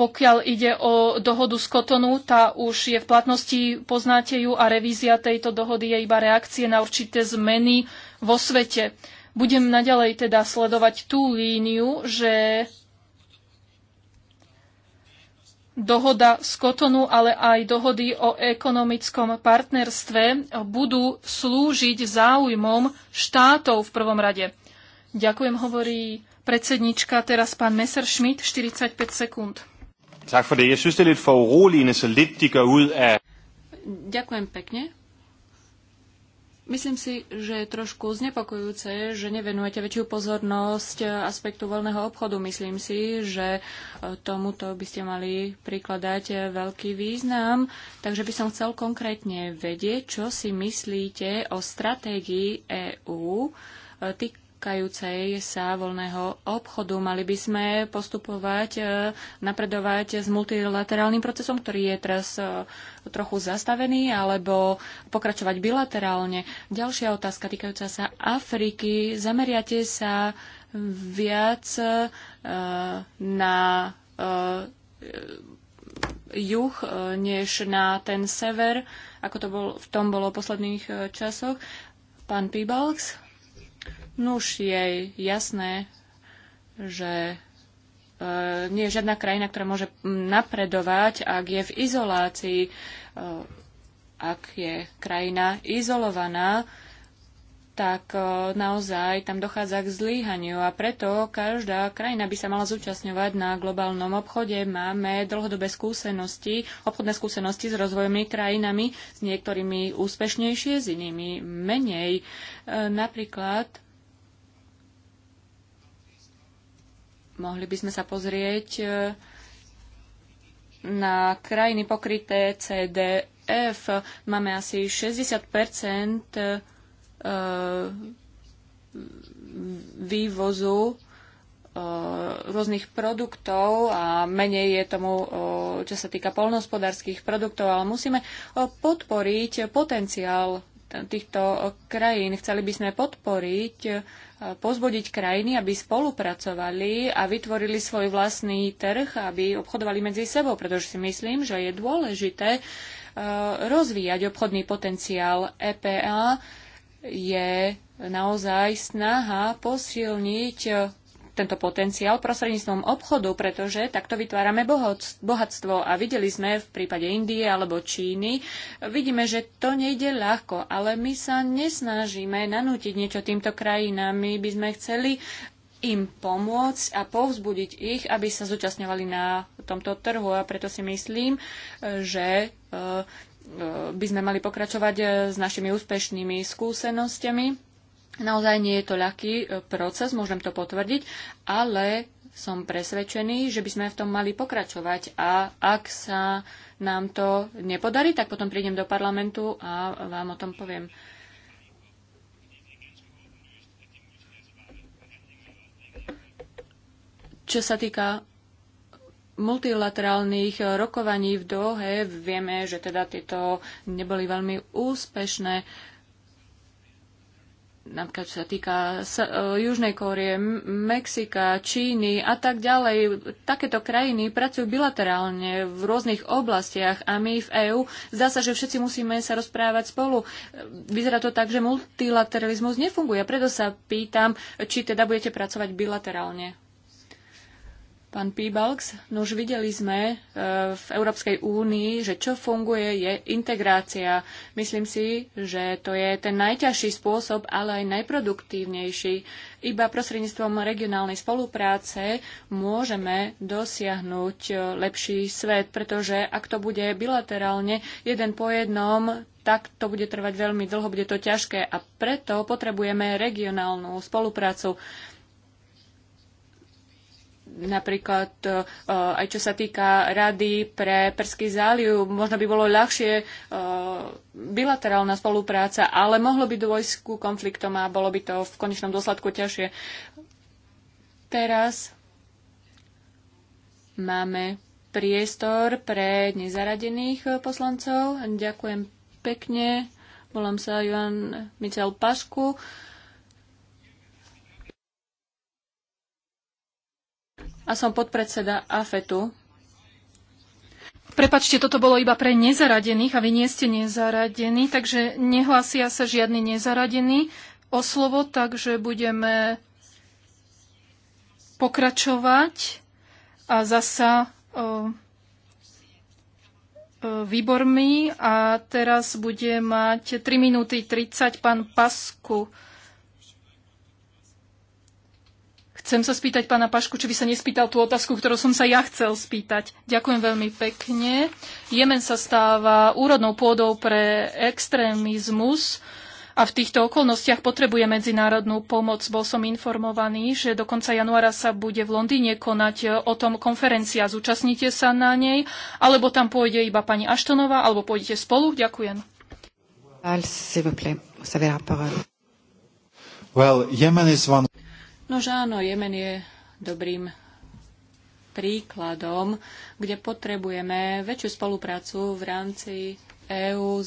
B: Pokiaľ ide o dohodu z Kotonu, tá už je v platnosti, poznáte ju a revízia tejto dohody je iba reakcie na určité zmeny vo svete. Budem naďalej teda sledovať tú líniu, že dohoda z Kotonu, ale aj dohody o ekonomickom partnerstve budú slúžiť záujmom štátov v prvom rade. Ďakujem, hovorí predsednička, teraz pán Messerschmidt, 45 sekúnd.
E: Tak for det. Jeg synes, det er lidt for uroligende, så
D: lidt de gør ud af...
C: Ďakujem pekne. Myslím si, že je trošku znepokojúce, že nevenujete väčšiu pozornosť aspektu voľného obchodu. Myslím si, že e, tomuto by ste mali prikladať e, veľký význam. Takže by som chcel konkrétne vedieť, čo si myslíte o stratégii EÚ, týkajúcej sa voľného obchodu. Mali by sme postupovať, e, napredovať s multilaterálnym procesom, ktorý je teraz e, trochu zastavený, alebo pokračovať bilaterálne. Ďalšia otázka týkajúca sa Afriky. Zameriate sa viac e, na juh než na ten sever, ako to bol, v tom bolo v posledných časoch. Pán Pibalks, Nuž no je jasné, že e, nie je žiadna krajina, ktorá môže napredovať, ak je v izolácii, e, ak je krajina izolovaná, tak e, naozaj tam dochádza k zlíhaniu a preto každá krajina by sa mala zúčastňovať na globálnom obchode. Máme dlhodobé skúsenosti, obchodné skúsenosti s rozvojovými krajinami, s niektorými úspešnejšie, s inými menej. E, napríklad mohli by sme sa pozrieť e, na krajiny pokryté CDF. Máme asi 60 E, vývozu e, rôznych produktov a menej je tomu, e, čo sa týka polnohospodárských produktov, ale musíme podporiť potenciál týchto krajín. Chceli by sme podporiť, pozbudiť krajiny, aby spolupracovali a vytvorili svoj vlastný trh, aby obchodovali medzi sebou, pretože si myslím, že je dôležité rozvíjať obchodný potenciál EPA je naozaj snaha posilniť e, tento potenciál prostredníctvom obchodu, pretože takto vytvárame bohatstvo. A videli sme v prípade Indie alebo Číny, vidíme, že to nejde ľahko, ale my sa nesnažíme nanútiť niečo týmto krajinám. My by sme chceli im pomôcť a povzbudiť ich, aby sa zúčastňovali na tomto trhu. A preto si myslím, e, že e, E, by sme mali pokračovať e, s našimi úspešnými skúsenostiami. Naozaj nie je to ľahký e, proces, môžem to potvrdiť, ale som presvedčený, že by sme v tom mali pokračovať a ak sa nám to nepodarí, tak potom prídem do parlamentu a vám o tom poviem. Čo sa týka multilaterálnych eh, rokovaní v Dohe vieme, že teda tieto neboli veľmi úspešné. Napríklad, čo sa týka eh, Južnej Kórie, Mexika, Číny a tak ďalej. Takéto krajiny pracujú bilaterálne v rôznych oblastiach a my v EÚ zdá sa, že všetci musíme sa rozprávať spolu. Eh, vyzerá to tak, že multilateralizmus nefunguje. Preto sa pýtam, či teda budete pracovať bilaterálne. Pán Pibalks, no už videli sme e, v Európskej únii, že čo funguje je integrácia. Myslím si, že to je ten najťažší spôsob, ale aj najproduktívnejší. Iba prostredníctvom regionálnej spolupráce môžeme dosiahnuť e, lepší svet, pretože ak to bude bilaterálne jeden po jednom, tak to bude trvať veľmi dlho, bude to ťažké a preto potrebujeme regionálnu spoluprácu napríklad e, aj čo sa týka rady pre Perský záliv, možno by bolo ľahšie e, bilaterálna spolupráca, ale mohlo by dôjsť ku konfliktom a bolo by to v konečnom dôsledku ťažšie. Teraz máme priestor pre nezaradených poslancov. Ďakujem pekne. Volám sa Joan Michel Pašku. a som podpredseda AFETu. Prepačte, toto bolo iba
B: pre nezaradených a vy nie ste nezaradení, takže nehlásia sa žiadny nezaradený o slovo, takže budeme pokračovať a zasa o, o, výbormi. A teraz bude mať 3 minúty 30 pán Pasku. Chcem sa spýtať pána Pašku, či by sa nespýtal tú otázku, ktorú som sa ja chcel spýtať. Ďakujem veľmi pekne. Jemen sa stáva úrodnou pôdou pre extrémizmus a v týchto okolnostiach potrebuje medzinárodnú pomoc. Bol som informovaný, že do konca januára sa bude v Londýne konať o tom konferencia. Zúčastnite sa na nej, alebo tam pôjde iba pani
C: Aštonová, alebo pôjdete spolu. Ďakujem.
D: Well, Yemen is one...
C: Nož áno, Jemen je dobrým príkladom, kde potrebujeme väčšiu spoluprácu v rámci EÚ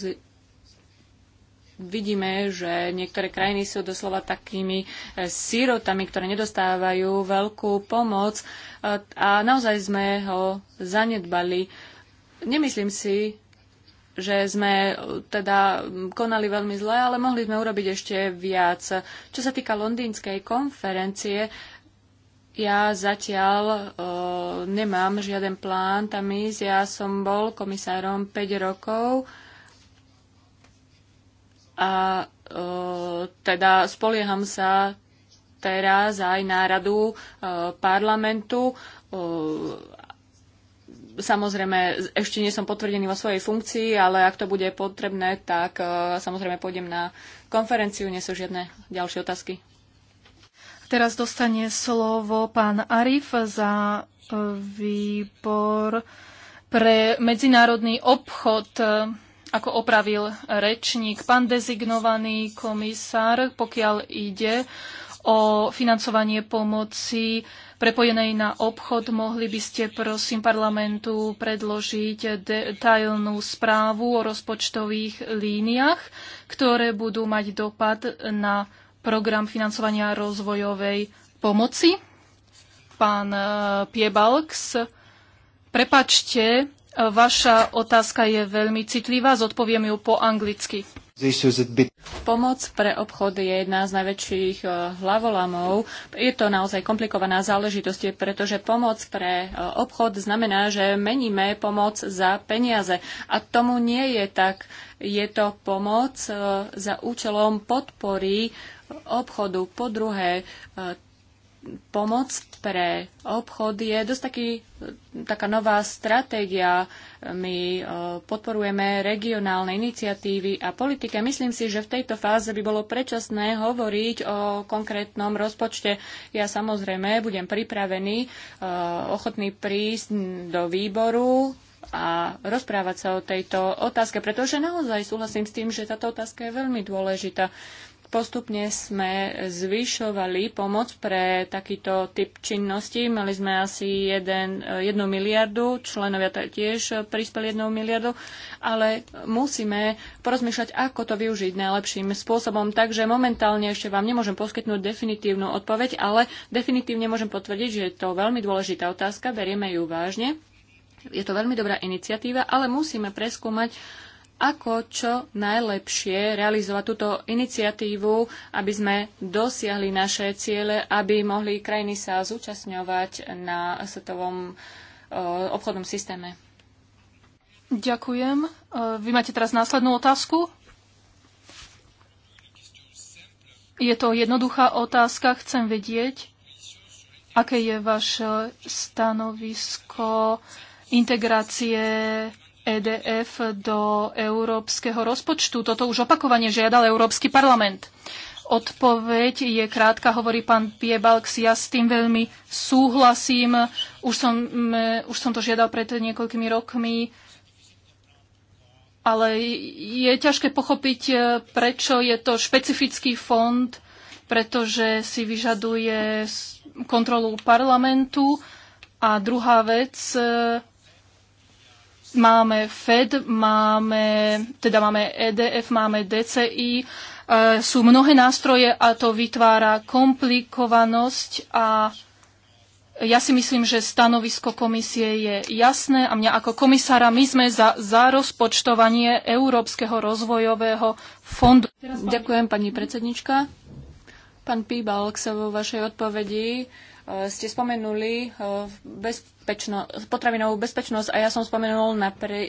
C: vidíme, že niektoré krajiny sú doslova takými e, sírotami, ktoré nedostávajú veľkú pomoc a naozaj sme ho zanedbali. Nemyslím si, že sme eh, teda konali veľmi zle, ale mohli sme urobiť ešte viac. Čo sa týka londýnskej konferencie, ja zatiaľ e, nemám žiaden plán tam ísť. Ja som bol komisárom 5 rokov a e, teda spolieham sa teraz aj na radu e, parlamentu, Samozrejme, ešte nie som potvrdený vo svojej funkcii, ale ak to bude potrebné, tak e, samozrejme pôjdem na konferenciu. Nie sú žiadne ďalšie otázky.
B: Teraz dostane slovo pán Arif za e, výbor pre medzinárodný obchod e, ako opravil rečník, pán dezignovaný komisár, pokiaľ ide o financovanie pomoci prepojenej na obchod. Mohli by ste prosím parlamentu predložiť detailnú správu o rozpočtových líniách, ktoré budú mať dopad na program financovania rozvojovej pomoci. Pán e, Piebalks, prepačte, vaša otázka
C: je veľmi citlivá, zodpoviem ju po anglicky. Pomoc pre obchod je jedna z najväčších eh, hlavolamov. Je to naozaj komplikovaná záležitosť, pretože pomoc pre eh, obchod znamená, že meníme pomoc za peniaze. A tomu nie je tak. Je to pomoc eh, za účelom podpory obchodu. Po druhé, pomoc pre obchod je dosť taký, taká nová stratégia. My e, podporujeme regionálne iniciatívy a politike. Myslím si, že v tejto fáze by bolo predčasné hovoriť o konkrétnom rozpočte. Ja samozrejme budem pripravený, e, ochotný prísť do výboru a rozprávať sa o tejto otázke, pretože naozaj súhlasím s tým, že táto otázka je veľmi dôležitá postupne sme zvyšovali pomoc pre takýto typ činnosti. Mali sme asi 1 miliardu, členovia tiež prispeli 1 miliardu, ale musíme porozmýšľať, ako to využiť najlepším spôsobom. Takže momentálne ešte vám nemôžem poskytnúť definitívnu odpoveď, ale definitívne môžem potvrdiť, že je to veľmi dôležitá otázka, berieme ju vážne. Je to veľmi dobrá iniciatíva, ale musíme preskúmať, ako čo najlepšie realizovať túto iniciatívu, aby sme dosiahli naše ciele, aby mohli krajiny sa zúčastňovať na svetovom e, obchodnom systéme.
B: Ďakujem. E, vy máte teraz následnú otázku? Je to jednoduchá otázka. Chcem vedieť, aké je vaše stanovisko integrácie EDF do európskeho rozpočtu. Toto už opakovane žiadal Európsky parlament. Odpoveď je krátka, hovorí pán Piebalx. ja s tým veľmi súhlasím. Už som, mm, už som to žiadal pred niekoľkými rokmi, ale je ťažké pochopiť, e, prečo je to špecifický fond, pretože si vyžaduje kontrolu parlamentu. A druhá vec, e, máme FED, máme, teda máme EDF, máme DCI, e, sú mnohé nástroje a to vytvára komplikovanosť a ja si myslím, že stanovisko komisie je jasné a mňa ako komisára my sme za, za
C: rozpočtovanie Európskeho rozvojového fondu. Ďakujem pani predsednička. Pán Píbal, k sa vo vašej odpovedi Eh, ste spomenuli eh, bezpečno, potravinovú bezpečnosť a ja som spomenul na, pre,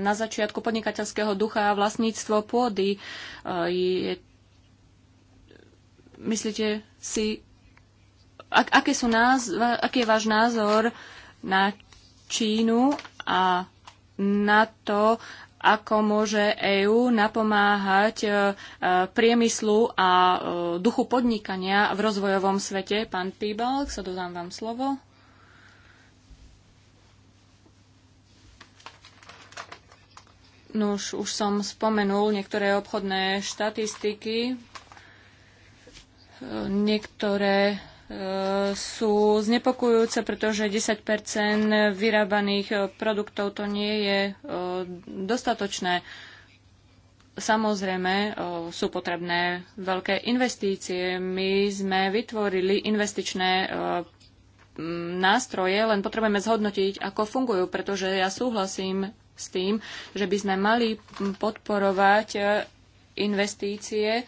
C: na začiatku podnikateľského ducha a vlastníctvo pôdy. Eh, je, myslíte si, ak, aké sú náz, aký je váš názor na Čínu a na to, ako môže EÚ napomáhať e, e, priemyslu a e, duchu podnikania v rozvojovom svete. Pán Píbalk, sa dodám vám slovo. No už, už som spomenul niektoré obchodné štatistiky, niektoré sú znepokojujúce, pretože 10 vyrábaných eh, produktov to nie je eh, dostatočné. Samozrejme, eh, sú potrebné veľké investície. My sme vytvorili investičné nástroje, len potrebujeme zhodnotiť, ako fungujú, pretože ja súhlasím s tým, že by sme mali podporovať investície,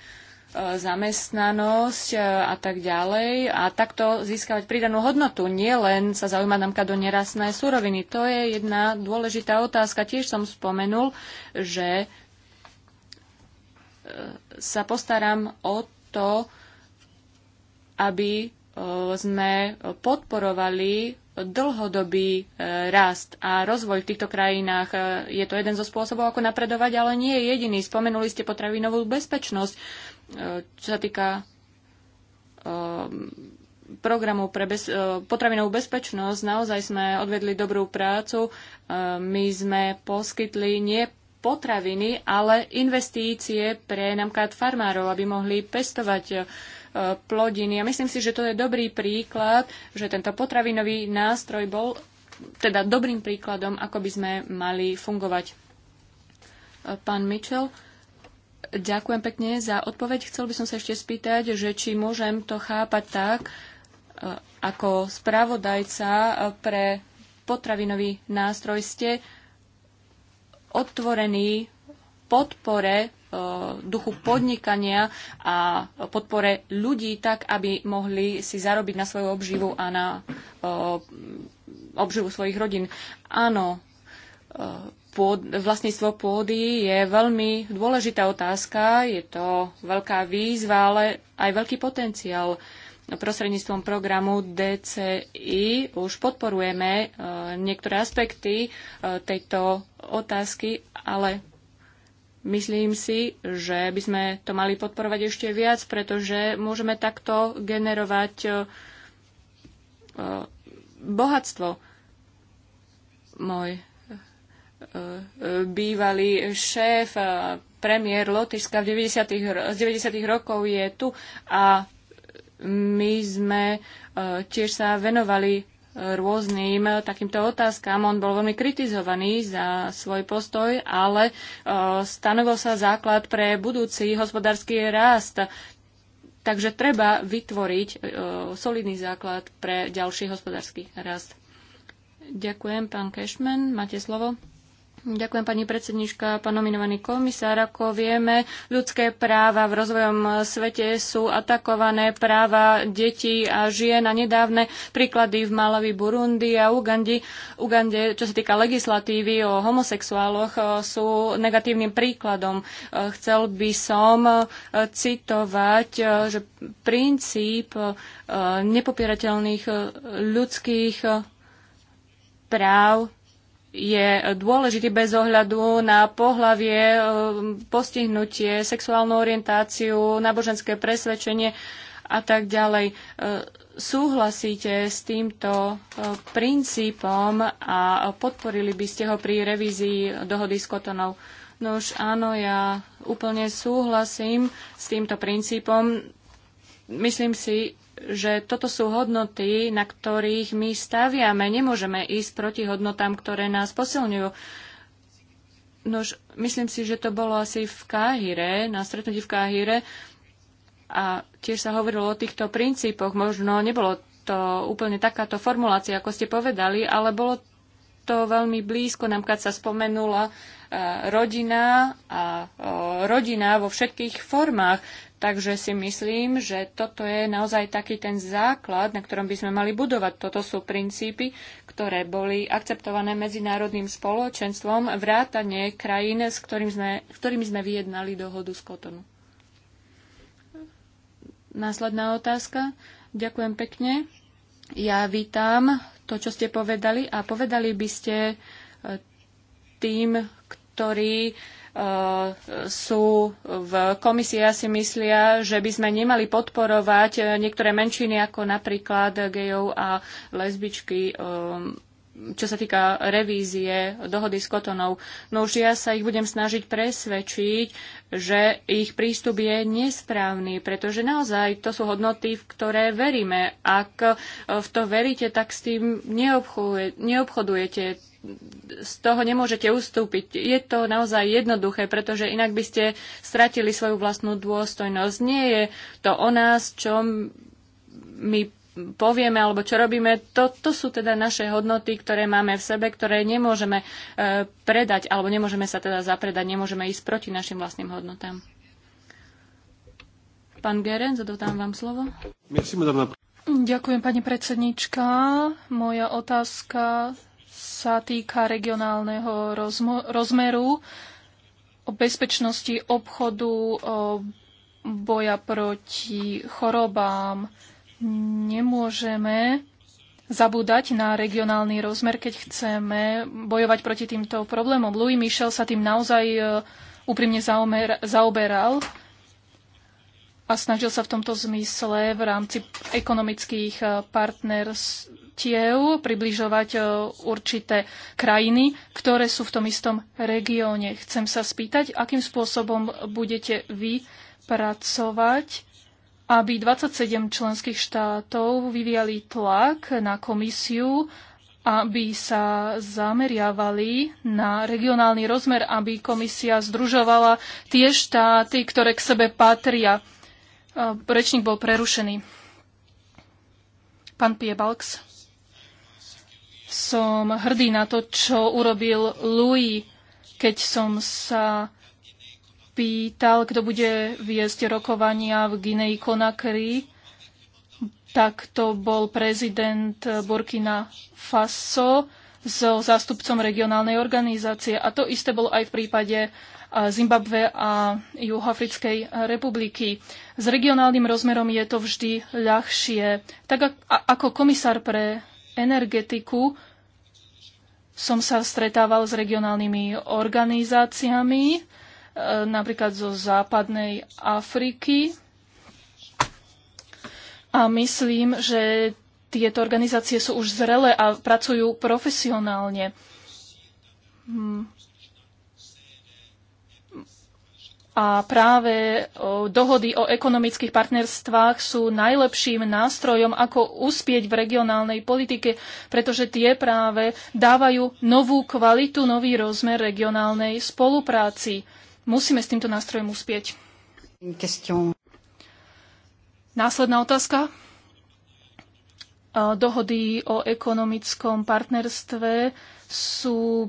C: E, zamestnanosť e, a tak ďalej. A takto získavať pridanú hodnotu, nie len sa zaujímať namka do nerastné súroviny. To je jedna dôležitá otázka. Tiež som spomenul, že e, sa postaram o to, aby sme podporovali dlhodobý rast a rozvoj v týchto krajinách. Je to jeden zo spôsobov, ako napredovať, ale nie je jediný. Spomenuli ste potravinovú bezpečnosť. E, čo sa týka e, programu pre bez, e, potravinovú bezpečnosť, naozaj sme odvedli dobrú prácu. My sme poskytli nie potraviny, ale investície pre namkát farmárov, aby mohli pestovať plodiny. A myslím si, že to je dobrý príklad, že tento potravinový nástroj bol teda dobrým príkladom, ako by sme mali fungovať. Pán Mitchell, Ďakujem pekne za odpoveď. Chcel by som sa ešte spýtať, že či môžem to chápať tak, e, ako spravodajca e, pre potravinový nástroj ste otvorení podpore e, duchu podnikania a podpore ľudí tak, aby mohli si zarobiť na svoju obživu a na obživu svojich rodín. Áno, pôd, vlastníctvo pôdy je veľmi dôležitá otázka, je to veľká výzva, ale aj veľký potenciál. Prostredníctvom programu DCI už podporujeme e, niektoré aspekty e, tejto otázky, ale myslím si, že by sme to mali podporovať ešte viac, pretože môžeme takto generovať e, bohatstvo. Môj bývalý šéf, premiér Lotyšska v 90. z 90. rokov je tu a my sme e, tiež sa venovali rôznym takýmto otázkam. On bol veľmi kritizovaný za svoj postoj, ale e, stanovil sa základ pre budúci hospodársky rast. Takže treba vytvoriť e, solidný základ pre ďalší hospodársky rast. Ďakujem, pán Cashman. Máte slovo. Ďakujem pani predsedníčka pán nominovaný komisár. Ako vieme, ľudské práva v rozvojom svete sú atakované práva detí a žien a nedávne príklady v Malavi, Burundi a Ugandi. Ugande, čo sa týka legislatívy o homosexuáloch, eh, sú negatívnym príkladom. Eh, chcel by som eh, citovať, že princíp nepopierateľných ľudských práv je dôležitý bez ohľadu na pohlavie, um, postihnutie, sexuálnu orientáciu, náboženské presvedčenie a tak ďalej. Uh, súhlasíte s týmto uh, princípom a podporili by ste ho pri revízii dohody s Kotonou? No už áno, ja úplne súhlasím s týmto princípom. Myslím si, že toto sú hodnoty, na ktorých my staviame. Nemôžeme ísť proti hodnotám, ktoré nás posilňujú. Nož, myslím si, že to bolo asi v Káhire, na stretnutí v Káhire. A tiež sa hovorilo o týchto princípoch. Možno nebolo to úplne takáto formulácia, ako ste povedali, ale bolo to veľmi blízko. Nám keď sa spomenula eh, rodina a eh, rodina vo všetkých formách. Takže si myslím, že toto je naozaj taký ten základ, na ktorom by sme mali budovať. Toto sú princípy, ktoré boli akceptované medzinárodným spoločenstvom vrátane krajín, s ktorým sme, ktorými sme vyjednali dohodu z Kotonu. Následná otázka. Ďakujem pekne. Ja vítam to, čo ste povedali a povedali by ste eh, tým, ktorí sú v komisii a si myslia, že by sme nemali podporovať eh, niektoré menšiny ako napríklad gejov a lesbičky eh, čo sa týka revízie dohody s Kotonou. No už ja sa ich budem snažiť presvedčiť, že ich prístup je nesprávny, pretože naozaj to sú hodnoty, v ktoré veríme. Ak eh, v to veríte, tak s tým neobchodujete z toho nemôžete ustúpiť. Je to naozaj jednoduché, pretože inak by ste stratili svoju vlastnú dôstojnosť. Nie je to o nás, čo my povieme alebo čo robíme, to, to sú teda naše hodnoty, ktoré máme v sebe, ktoré nemôžeme e, predať alebo nemôžeme sa teda zapredať, nemôžeme ísť proti našim vlastným hodnotám. Pán Geren, zadotám vám slovo. Ďakujem,
B: pani predsednička. Moja otázka sa týka regionálneho rozmeru, o bezpečnosti obchodu, o boja proti chorobám. Nemôžeme zabúdať na regionálny rozmer, keď chceme bojovať proti týmto problémom. Louis Michel sa tým naozaj e, úprimne zaomer, zaoberal a snažil sa v tomto zmysle v rámci ekonomických eh, partnerstiev približovať eh, určité krajiny, ktoré sú v tom istom regióne. Chcem sa spýtať, akým spôsobom budete vy pracovať, aby 27 členských štátov vyvíjali tlak na komisiu, aby sa zameriavali na regionálny rozmer, aby komisia združovala tie štáty, ktoré k sebe patria Eh, rečník bol prerušený. Pán Piebalks. Som hrdý na to, čo urobil Louis, keď som sa pýtal, kto bude viesť rokovania v Guinei Konakry, tak to bol prezident Burkina Faso so zástupcom regionálnej organizácie. A to isté bolo aj v prípade Zimbabve a Juhoafrickej republiky. S regionálnym rozmerom je to vždy ľahšie. Tak ako komisár pre energetiku som sa stretával s regionálnymi organizáciami, e, napríklad zo západnej Afriky. A myslím, že tieto organizácie sú už zrelé a pracujú profesionálne. Hmm. A práve dohody o ekonomických partnerstvách sú najlepším nástrojom, ako uspieť v regionálnej politike, pretože tie práve dávajú novú kvalitu, nový rozmer regionálnej spolupráci. Musíme s týmto nástrojom uspieť. Následná otázka. Dohody o ekonomickom partnerstve sú e,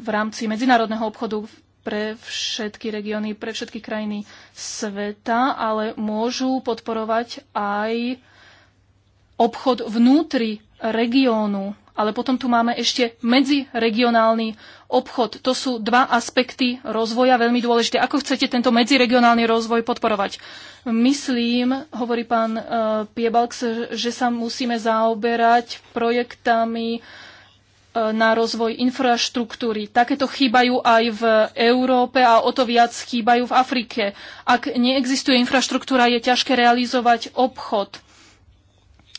B: v rámci medzinárodného obchodu pre všetky regióny, pre všetky krajiny sveta, ale môžu podporovať aj obchod vnútri regiónu. Ale potom tu máme ešte medziregionálny obchod. To sú dva aspekty rozvoja veľmi dôležité. Ako chcete tento medziregionálny rozvoj podporovať? Myslím, hovorí pán uh, Piebalks, že sa musíme zaoberať projektami uh, E, na rozvoj infraštruktúry. Takéto chýbajú aj v Európe a o to viac chýbajú v Afrike. Ak neexistuje infraštruktúra, je ťažké realizovať obchod.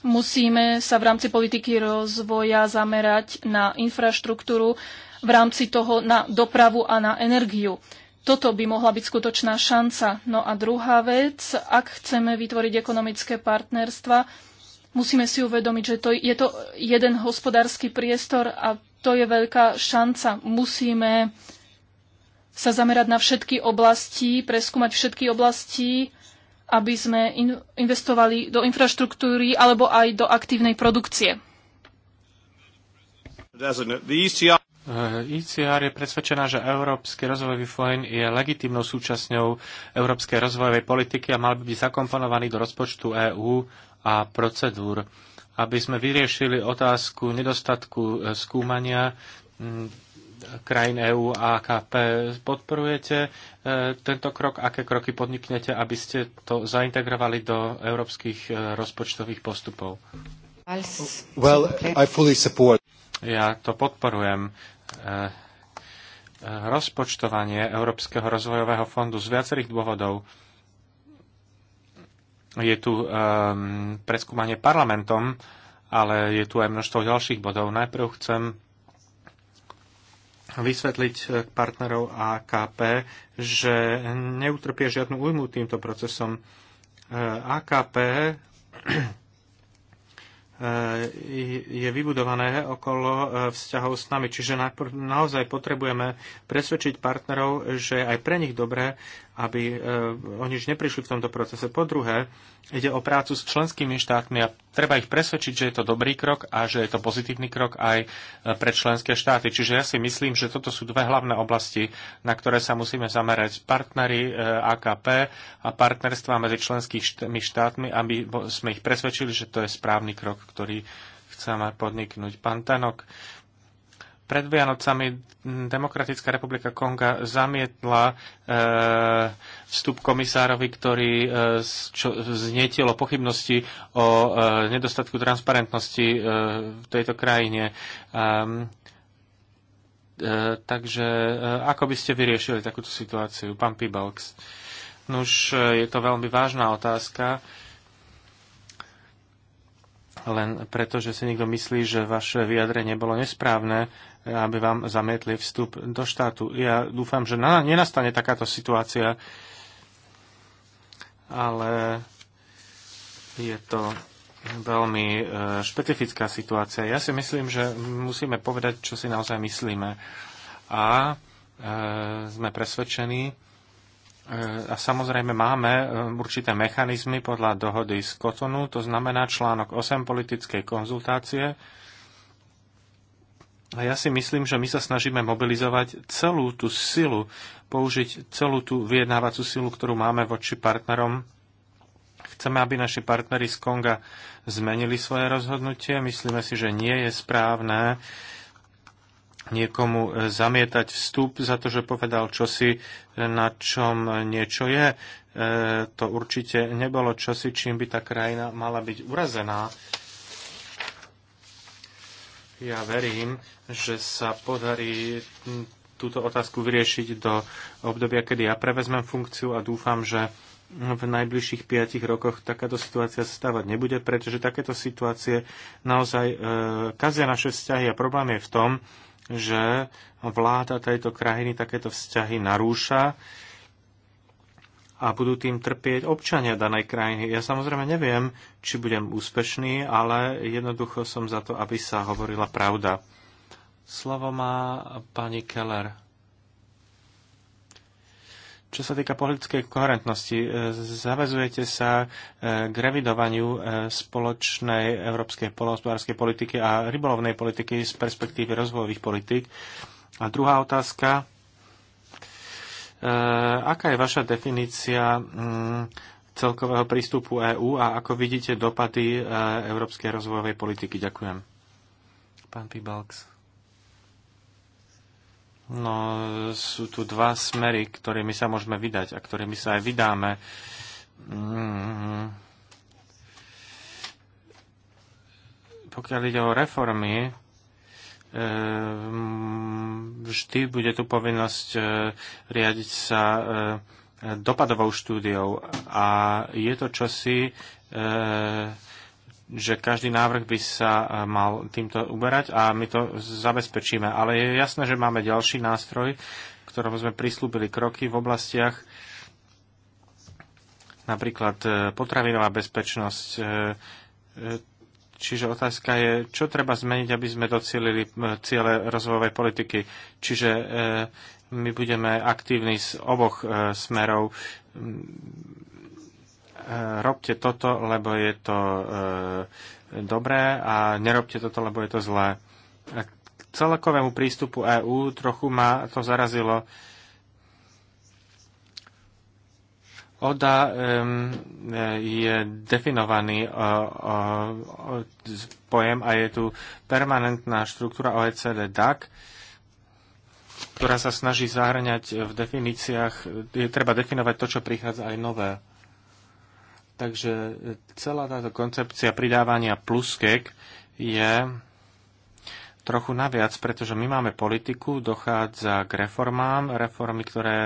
B: Musíme sa v rámci politiky rozvoja zamerať na infraštruktúru, v rámci toho na dopravu a na energiu. Toto by mohla byť skutočná šanca. No a druhá vec, ak chceme vytvoriť ekonomické partnerstva, Musíme si uvedomiť, že to, je to jeden hospodársky priestor a to je veľká šanca. Musíme sa zamerať na všetky oblasti, preskúmať všetky oblasti, aby sme investovali do infraštruktúry alebo aj do aktívnej produkcie.
E: ICR e e, e je presvedčená, že Európsky rozvojový fond je legitímnou súčasťou európskej rozvojovej politiky a mal by byť zakomponovaný do rozpočtu EÚ a procedúr, aby sme vyriešili otázku nedostatku e, skúmania krajín EÚ a AKP. Podporujete e, tento krok? Aké kroky podniknete, aby ste to zaintegrovali do európskych e, rozpočtových postupov?
D: Well, I fully support.
E: Ja to podporujem rozpočtovanie Európskeho rozvojového fondu z viacerých dôvodov je tu um, preskúmanie parlamentom, ale je tu aj množstvo ďalších bodov. Najprv chcem vysvetliť eh, partnerov AKP, že neutrpie žiadnu újmu týmto procesom. Eh, AKP eh, je vybudované okolo vzťahov s nami. Čiže naozaj potrebujeme presvedčiť partnerov, že aj pre nich dobré, aby e, oni už neprišli v tomto procese. Po druhé, ide o prácu s členskými štátmi a treba ich presvedčiť, že je to dobrý krok a že je to pozitívny krok aj e, pre členské štáty. Čiže ja si myslím, že toto sú dve hlavné oblasti, na ktoré sa musíme zamerať. Partnery e, AKP a partnerstva medzi členskými štátmi, aby sme ich presvedčili, že to je správny krok, ktorý chceme podniknúť. Pán Tanok, pred Vianocami Demokratická republika Konga zamietla e, vstup komisárovi, ktorý e, eh, znietilo pochybnosti o e, nedostatku transparentnosti e, v tejto krajine. E, e, takže e, ako by ste vyriešili takúto situáciu, pán Pibalks? Nuž, je to veľmi vážna otázka len preto, že si niekto myslí, že vaše vyjadrenie bolo nesprávne, aby vám zamietli vstup do štátu. Ja dúfam, že na, nenastane takáto situácia, ale je to veľmi e, špecifická situácia. Ja si myslím, že musíme povedať, čo si naozaj myslíme. A e, sme presvedčení, e, a samozrejme máme e, určité mechanizmy podľa dohody z Kotonu, to znamená článok 8 politickej konzultácie, a ja si myslím, že my sa snažíme mobilizovať celú tú silu, použiť celú tú vyjednávacú silu, ktorú máme voči partnerom. Chceme, aby naši partnery z Konga zmenili svoje rozhodnutie. Myslíme si, že nie je správne niekomu e, zamietať vstup za to, že povedal čosi, na čom niečo je. E, to určite nebolo čosi, čím by tá krajina mala byť urazená. Ja verím, že sa podarí túto otázku vyriešiť do obdobia, kedy ja prevezmem funkciu a dúfam, že v najbližších piatich rokoch takáto situácia stávať nebude, pretože takéto situácie naozaj e, kazia naše vzťahy a problém je v tom, že vláda tejto krajiny takéto vzťahy narúša a budú tým trpieť občania danej krajiny. Ja samozrejme neviem, či budem úspešný, ale jednoducho som za to, aby sa hovorila pravda. Slovo má pani Keller. Čo sa týka politickej koherentnosti, e, zavezujete sa e, k revidovaniu e, spoločnej európskej polohospodárskej politiky a rybolovnej politiky z perspektívy rozvojových politik. A druhá otázka, Eh, aká je vaša definícia mm, celkového prístupu EÚ a ako vidíte dopady eh, európskej rozvojovej politiky? Ďakujem. Pán Pibalks. No, sú tu dva smery, ktorými sa môžeme vydať a ktorými sa aj vydáme. Mm. Pokiaľ ide o reformy, Ehm, vždy bude tu povinnosť e, riadiť sa e, dopadovou štúdiou a je to čosi, e, že každý návrh by sa mal týmto uberať a my to zabezpečíme. Ale je jasné, že máme ďalší nástroj, ktorom sme prislúbili kroky v oblastiach napríklad potravinová bezpečnosť. Čiže otázka je, čo treba zmeniť, aby sme docielili ciele rozvojovej politiky. Čiže e, my budeme aktívni z oboch e, smerov. E, robte toto, lebo je to dobré a nerobte toto, lebo je to zlé. K celkovému prístupu EÚ trochu ma to zarazilo, ODA eh, je definovaný eh, eh, pojem a je tu permanentná štruktúra OECD DAC, ktorá sa snaží zahrňať v definíciách, je treba definovať to, čo prichádza aj nové. Takže celá táto koncepcia pridávania pluskek je trochu naviac, pretože my máme politiku, dochádza k reformám, reformy, ktoré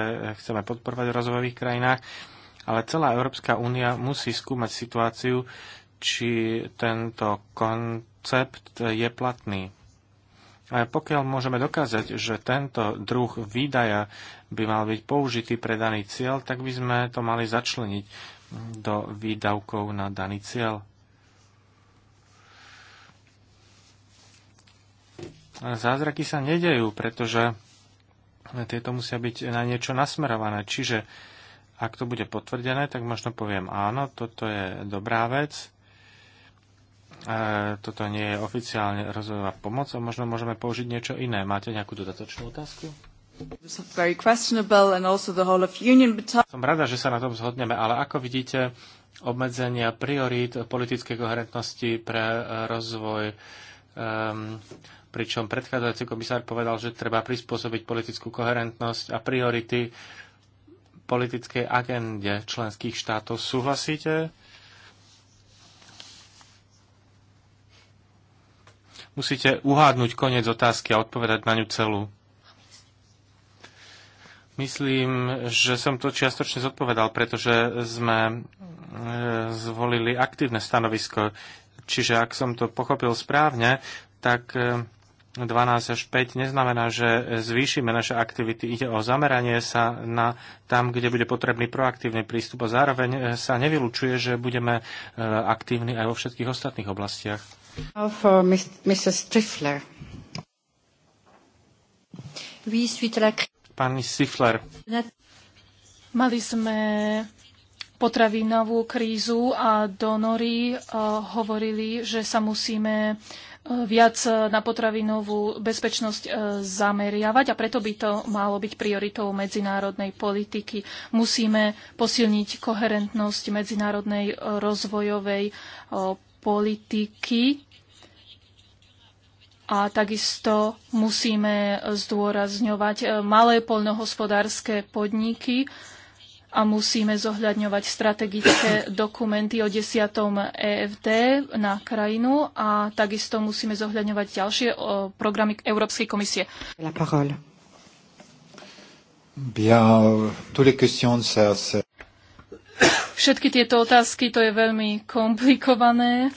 E: chceme podporovať v rozvojových krajinách ale celá Európska únia musí skúmať situáciu, či tento koncept je platný. A pokiaľ môžeme dokázať, že tento druh výdaja by mal byť použitý pre daný cieľ, tak by sme to mali začleniť do výdavkov na daný cieľ. Zázraky sa nedejú, pretože tieto musia byť na niečo nasmerované. Čiže ak to bude potvrdené, tak možno poviem áno, toto je dobrá vec, e, toto nie je oficiálne rozvojová pomoc a možno môžeme použiť niečo iné. Máte nejakú dodatočnú otázku? Som rada, že sa na tom zhodneme, ale ako vidíte obmedzenia priorít politickej koherentnosti pre e, rozvoj, um, pričom predchádzajúci komisár povedal, že treba prispôsobiť politickú koherentnosť a priority politickej agende členských štátov. Súhlasíte? Musíte uhádnuť koniec otázky a odpovedať na ňu celú. Myslím, že som to čiastočne zodpovedal, pretože sme e, zvolili aktívne stanovisko. Čiže ak som to pochopil správne, tak e, 12 až 5 neznamená, že zvýšime naše aktivity. Ide o zameranie sa na tam, kde bude potrebný proaktívny prístup a zároveň eh, sa nevylučuje, že budeme eh, aktívni aj vo všetkých ostatných oblastiach. Pani uh, Sifler.
B: Mali sme potravinovú krízu a donory eh, hovorili, že sa musíme viac e, na potravinovú bezpečnosť e, zameriavať a preto by to malo byť prioritou medzinárodnej politiky. Musíme posilniť koherentnosť medzinárodnej e, rozvojovej politiky a takisto musíme zdôrazňovať malé poľnohospodárske podniky, a musíme zohľadňovať strategické dokumenty o 10. EFD na krajinu a takisto musíme zohľadňovať ďalšie programy Európskej komisie. La
D: parole. Bien, les questions, ça...
B: Všetky tieto otázky, to je veľmi komplikované.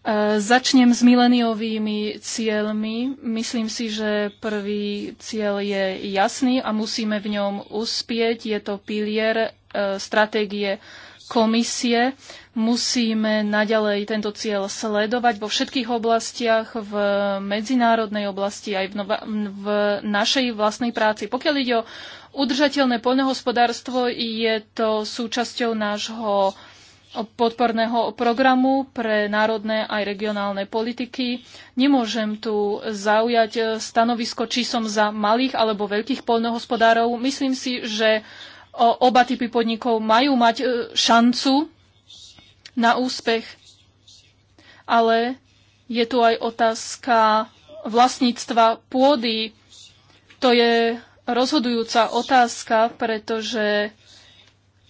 B: E, začnem s mileniovými cieľmi. Myslím si, že prvý cieľ je jasný a musíme v ňom uspieť. Je to pilier e, stratégie komisie. Musíme naďalej tento cieľ sledovať vo všetkých oblastiach, v medzinárodnej oblasti aj v, nova- v našej vlastnej práci. Pokiaľ ide o udržateľné poľnohospodárstvo, je to súčasťou nášho podporného programu pre národné aj regionálne politiky. Nemôžem tu zaujať stanovisko, či som za malých alebo veľkých poľnohospodárov. Myslím si, že oba typy podnikov majú mať e, šancu na úspech, ale je tu aj otázka vlastníctva pôdy. To je rozhodujúca otázka, pretože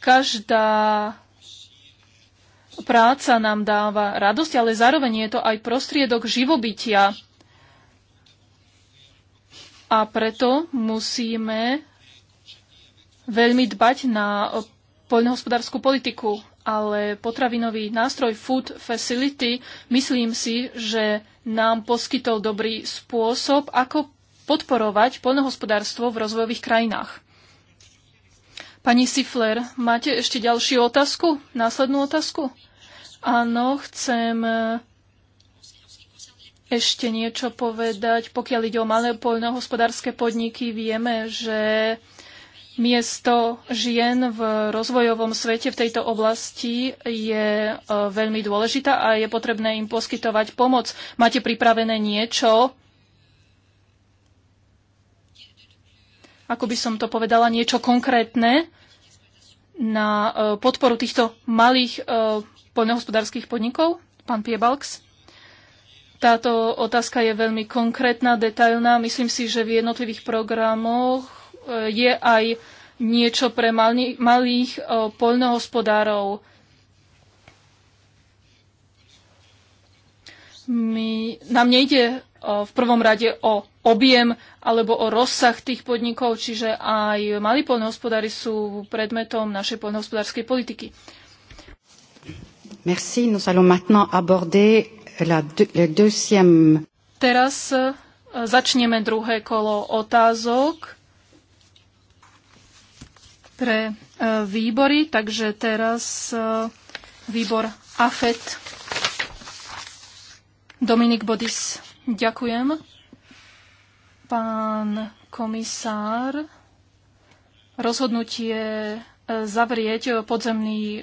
B: každá práca nám dáva radosť, ale zároveň je to aj prostriedok živobytia. A preto musíme veľmi dbať na poľnohospodárskú politiku, ale potravinový nástroj Food Facility, myslím si, že nám poskytol dobrý spôsob, ako podporovať poľnohospodárstvo v rozvojových krajinách. Pani Sifler, máte ešte ďalšiu otázku? Následnú otázku? Áno, chcem e, ešte niečo povedať. Pokiaľ ide o malé poľnohospodárske podniky, vieme, že miesto žien v rozvojovom svete v tejto oblasti je e, veľmi dôležitá a je potrebné im poskytovať pomoc. Máte pripravené niečo? Ako by som to povedala, niečo konkrétne na e, podporu týchto malých poľnohospodárskych podnikov, pán Piebalks. Táto otázka je veľmi konkrétna, detailná. Myslím si, že v jednotlivých programoch eh, je aj niečo pre malých, malých eh, poľnohospodárov. My, nám nejde eh, v prvom rade o objem alebo o rozsah tých podnikov, čiže aj malí poľnohospodári sú predmetom našej poľnohospodárskej politiky.
A: Merci. Nous allons maintenant aborder la, deuxième...
B: Teraz e, začneme druhé kolo otázok pre e, výbory, takže teraz e, výbor AFET. Dominik Bodis, ďakujem. Pán komisár, rozhodnutie zavrieť podzemný e,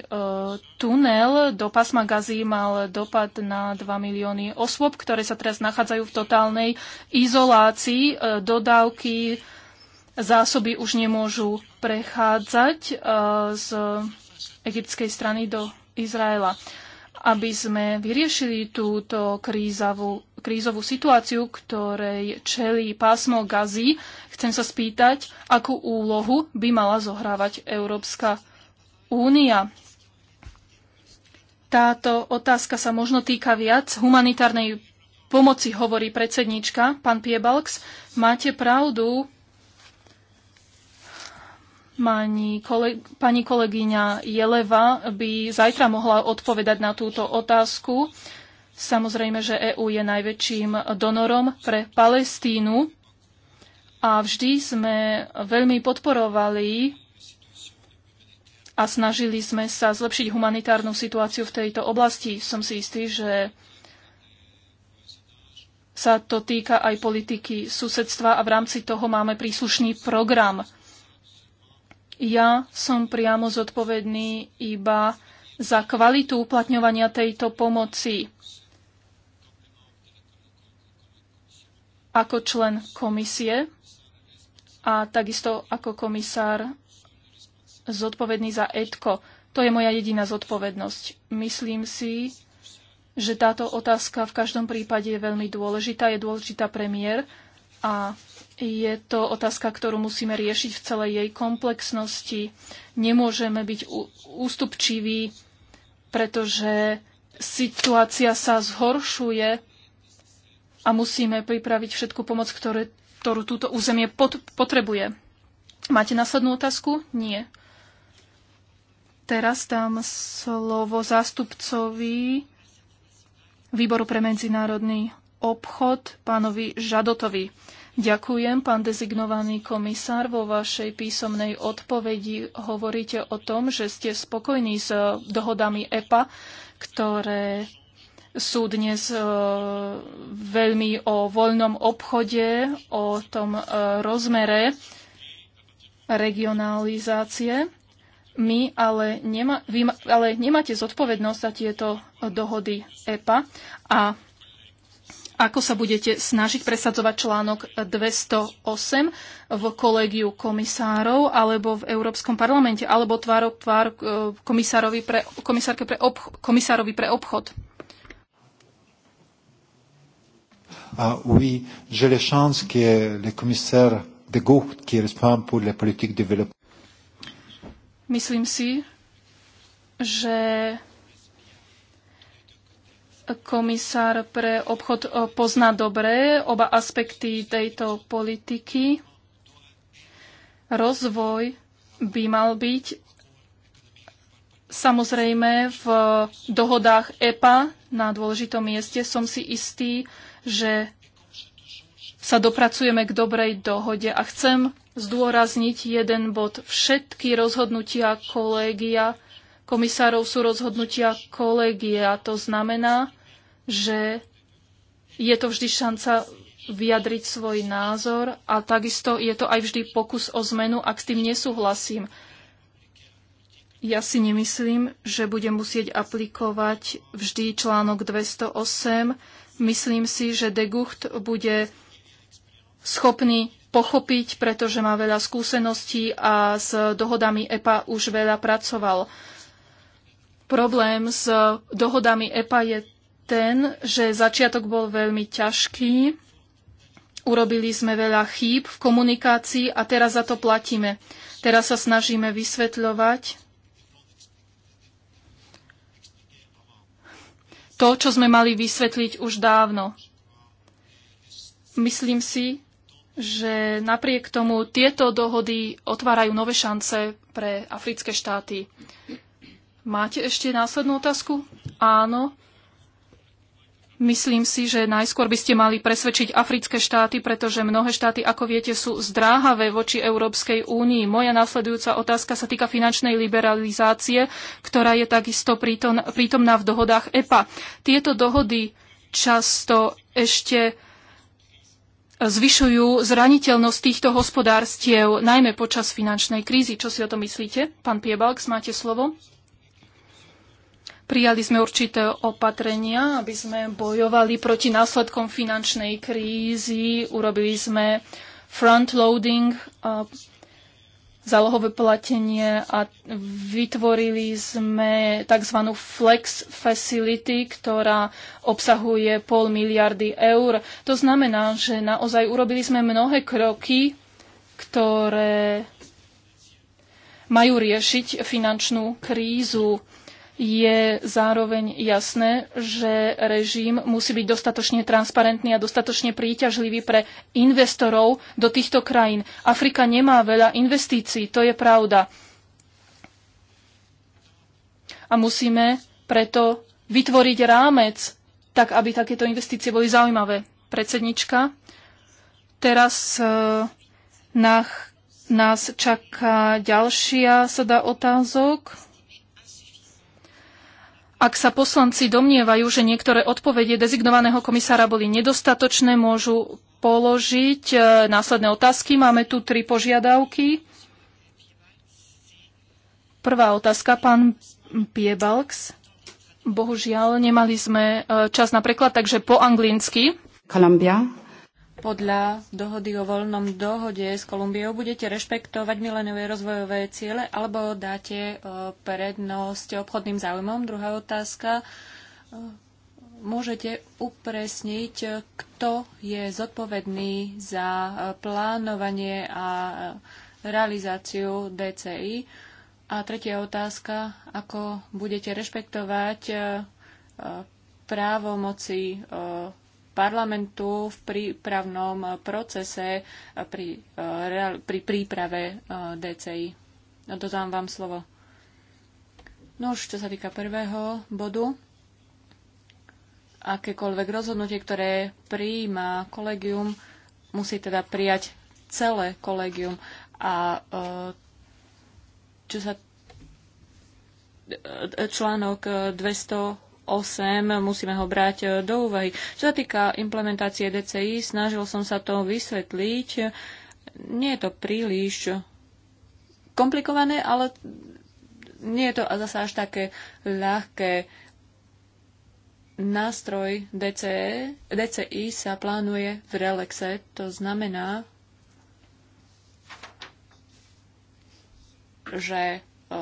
B: tunel do pásma Gazy mal dopad na 2 milióny osôb, ktoré sa teraz nachádzajú v totálnej izolácii. E, dodávky, zásoby už nemôžu prechádzať e, z egyptskej strany do Izraela aby sme vyriešili túto krízavú, krízovú situáciu, ktorej čelí pásmo Gazy, chcem sa spýtať, akú úlohu by mala zohrávať Európska únia. Táto otázka sa možno týka viac humanitárnej pomoci, hovorí predsednička, pán Piebalks. Máte pravdu, Pani, koleg- pani kolegyňa Jeleva by zajtra mohla odpovedať na túto otázku. Samozrejme, že EÚ je najväčším donorom pre Palestínu a vždy sme veľmi podporovali a snažili sme sa zlepšiť humanitárnu situáciu v tejto oblasti. Som si istý, že sa to týka aj politiky susedstva a v rámci toho máme príslušný program – ja som priamo zodpovedný iba za kvalitu uplatňovania tejto pomoci. Ako člen komisie a takisto ako komisár zodpovedný za ETKO. To je moja jediná zodpovednosť. Myslím si, že táto otázka v každom prípade je veľmi dôležitá. Je dôležitá premiér a je to otázka, ktorú musíme riešiť v celej jej komplexnosti. Nemôžeme byť ústupčiví, pretože situácia sa zhoršuje a musíme pripraviť všetku pomoc, ktoré, ktorú túto územie pot, potrebuje. Máte následnú otázku? Nie. Teraz dám slovo zástupcovi Výboru pre medzinárodný obchod, pánovi Žadotovi. Ďakujem, pán dezignovaný komisár. Vo vašej písomnej odpovedi hovoríte o tom, že ste spokojní s eh, dohodami EPA, ktoré sú dnes eh, veľmi o voľnom obchode, o tom eh, rozmere regionalizácie. My ale, nema, vy, ale nemáte zodpovednosť za tieto dohody EPA a ako sa budete snažiť presadzovať článok 208 v kolegiu komisárov alebo v Európskom parlamente, alebo tvárok tvár e, komisárovi pre, komisárke pre obch- komisárovi pre obchod?
D: uh, oui, j'ai la chance que le commissaire de Gucht, qui est responsable pour la politique de développement.
B: Myslím si, že komisár pre obchod eh, pozná dobre oba aspekty tejto politiky. Rozvoj by mal byť samozrejme v dohodách EPA na dôležitom mieste. Som si istý, že sa dopracujeme k dobrej dohode a chcem zdôrazniť jeden bod. Všetky rozhodnutia kolégia komisárov sú rozhodnutia kolégia. To znamená, že je to vždy šanca vyjadriť svoj názor a takisto je to aj vždy pokus o zmenu, ak s tým nesúhlasím. Ja si nemyslím, že budem musieť aplikovať vždy článok 208. Myslím si, že de Gucht bude schopný pochopiť, pretože má veľa skúseností a s dohodami EPA už veľa pracoval. Problém s dohodami EPA je ten, že začiatok bol veľmi ťažký, urobili sme veľa chýb v komunikácii a teraz za to platíme. Teraz sa snažíme vysvetľovať to, čo sme mali vysvetliť už dávno. Myslím si, že napriek tomu tieto dohody otvárajú nové šance pre africké štáty. Máte ešte následnú otázku? Áno. Myslím si, že najskôr by ste mali presvedčiť africké štáty, pretože mnohé štáty, ako viete, sú zdráhavé voči Európskej únii. Moja následujúca otázka sa týka finančnej liberalizácie, ktorá je takisto prítomná v dohodách EPA. Tieto dohody často ešte zvyšujú zraniteľnosť týchto hospodárstiev, najmä počas finančnej krízy. Čo si o to myslíte? Pán Piebalks, máte slovo. Prijali sme určité opatrenia, aby sme bojovali proti následkom finančnej krízy. Urobili sme frontloading, zálohové platenie a vytvorili sme tzv. flex facility, ktorá obsahuje pol miliardy eur. To znamená, že naozaj urobili sme mnohé kroky, ktoré majú riešiť finančnú krízu je zároveň jasné, že režim musí byť dostatočne transparentný a dostatočne príťažlivý pre investorov do týchto krajín. Afrika nemá veľa investícií, to je pravda. A musíme preto vytvoriť rámec, tak aby takéto investície boli zaujímavé. Predsednička, teraz e, nás, nás čaká ďalšia sada otázok. Ak sa poslanci domnievajú, že niektoré odpovede dezignovaného komisára boli nedostatočné, môžu položiť e, následné otázky. Máme tu tri požiadavky. Prvá otázka, pán Piebalks. Bohužiaľ, nemali sme e, čas na preklad, takže po anglicky. Kolumbia,
C: podľa dohody o voľnom dohode s Kolumbiou budete rešpektovať milenové rozvojové ciele alebo dáte e, prednosť obchodným záujmom? Druhá otázka. E, môžete upresniť, kto je zodpovedný za e, plánovanie a realizáciu DCI? A tretia otázka, ako budete rešpektovať právomoci parlamentu v prípravnom procese eh, pri, eh, pri príprave eh, DCI. No, dodám vám slovo. No už čo sa týka prvého bodu, akékoľvek rozhodnutie, ktoré prijíma kolegium, musí teda prijať celé kolegium. A čo sa článok 200 musíme ho brať e, do úvahy. Čo sa týka implementácie DCI, snažil som sa to vysvetliť. Nie je to príliš komplikované, ale nie je to zase až také ľahké. Nástroj DCE, DCI sa plánuje v relaxe, to znamená, že E,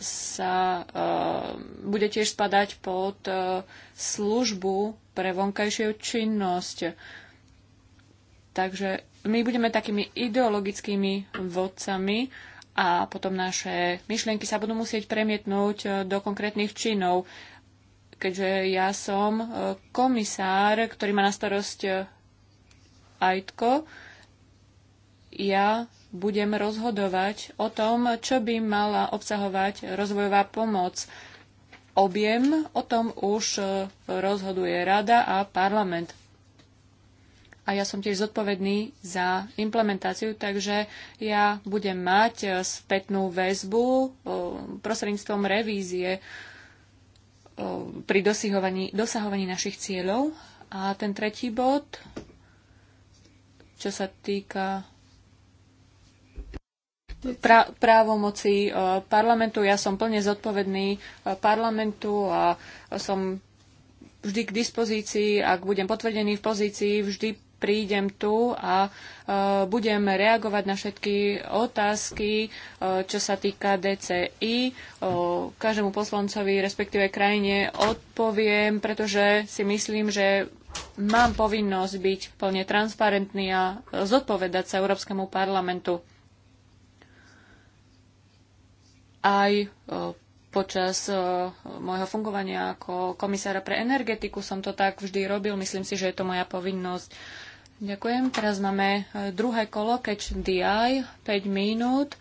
C: sa e, bude tiež spadať pod e, službu pre vonkajšiu činnosť. Takže my budeme takými ideologickými vodcami a potom naše myšlienky sa budú musieť premietnúť do konkrétnych činov. Keďže ja som komisár, ktorý má na starosť AJTKO, ja budem rozhodovať o tom, čo by mala obsahovať rozvojová pomoc. Objem o tom už e, rozhoduje Rada a parlament. A ja som tiež zodpovedný za implementáciu, takže ja budem mať e, spätnú väzbu e, prostredníctvom revízie pri dosahovaní, dosahovaní našich cieľov. A ten tretí bod, čo sa týka pra- právomoci e, parlamentu. Ja som plne zodpovedný e, parlamentu a som vždy k dispozícii, ak budem potvrdený v pozícii, vždy prídem tu a e, budem reagovať na všetky otázky, čo sa týka DCI. Každému poslancovi, respektíve krajine, odpoviem, pretože si myslím, že mám povinnosť byť plne transparentný a zodpovedať sa Európskemu parlamentu. aj e, počas e, môjho fungovania ako komisára pre energetiku som to tak vždy robil. Myslím si, že je to moja povinnosť. Ďakujem. Teraz máme e, druhé kolo, catch DI, 5 minút.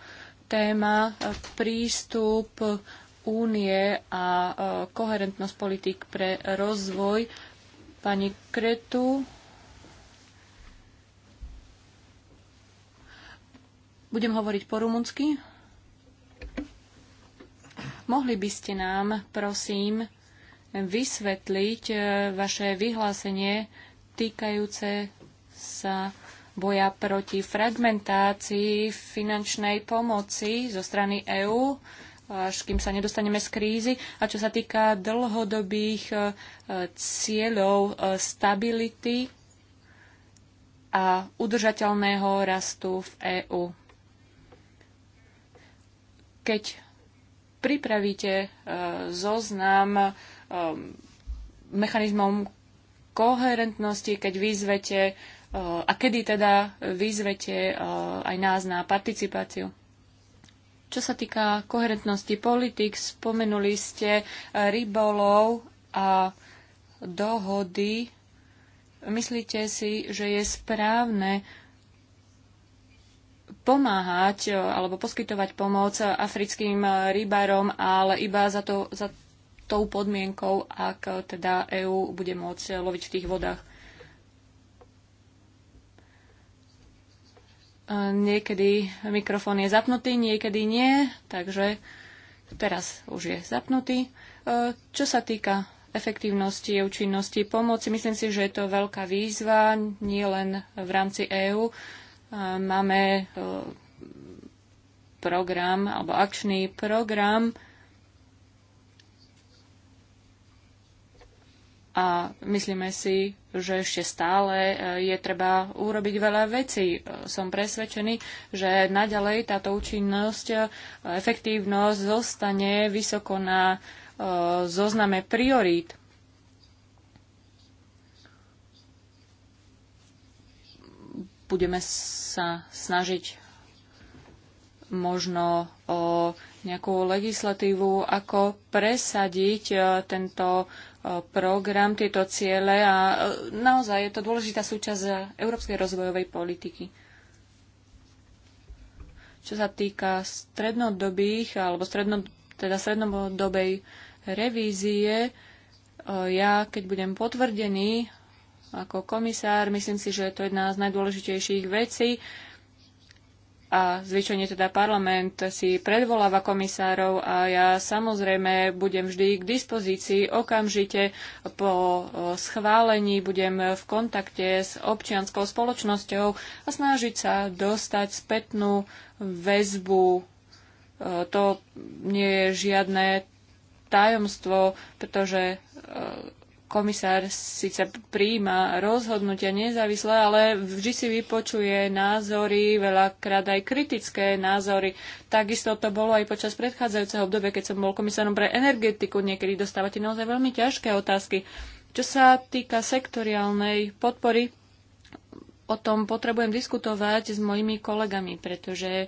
C: Téma prístup únie a koherentnosť politik pre rozvoj. Pani Kretu. Budem hovoriť po rumunsky. Mohli by ste nám, prosím, vysvetliť e, vaše vyhlásenie týkajúce sa boja proti fragmentácii finančnej pomoci zo strany EÚ, až kým sa nedostaneme z krízy. A čo sa týka dlhodobých e, cieľov e, stability a udržateľného rastu v EÚ. Keď pripravíte e, zoznam e, mechanizmom koherentnosti, keď vyzvete e, a kedy teda vyzvete aj nás na participáciu. Čo sa týka koherentnosti politik, spomenuli ste rybolov a dohody. Myslíte si, že je správne pomáhať e, alebo poskytovať pomoc africkým e, rybárom, ale iba za, to, za tou podmienkou, ak e, teda EÚ bude môcť loviť v tých vodách. Niekedy mikrofón je zapnutý, niekedy nie, takže teraz už je zapnutý. Čo sa týka efektívnosti a účinnosti pomoci, myslím si, že je to veľká výzva, nie len v rámci EÚ, máme program alebo akčný program a myslíme si, že ešte stále e, je treba urobiť veľa vecí. E, som presvedčený, že naďalej táto účinnosť, efektívnosť zostane vysoko na e, zozname priorít budeme sa snažiť možno o nejakú legislatívu, ako presadiť e, tento e, program, tieto ciele a e, naozaj je to dôležitá súčasť európskej rozvojovej politiky. Čo sa týka strednodobých alebo stredno, teda strednodobej revízie, ja keď budem potvrdený ako komisár. Myslím si, že je to jedna z najdôležitejších vecí. A zvyčajne teda parlament si predvoláva komisárov a ja samozrejme budem vždy k dispozícii okamžite po schválení, budem v kontakte s občianskou spoločnosťou a snažiť sa dostať spätnú väzbu. To nie je žiadne tajomstvo, pretože komisár síce príjma rozhodnutia nezávisle, ale vždy si vypočuje názory, veľakrát aj kritické názory. Takisto to bolo aj počas predchádzajúceho obdobia, keď som bol komisárom pre energetiku. Niekedy dostávate naozaj veľmi ťažké otázky. Čo sa týka sektoriálnej podpory, o tom potrebujem diskutovať s mojimi kolegami, pretože uh,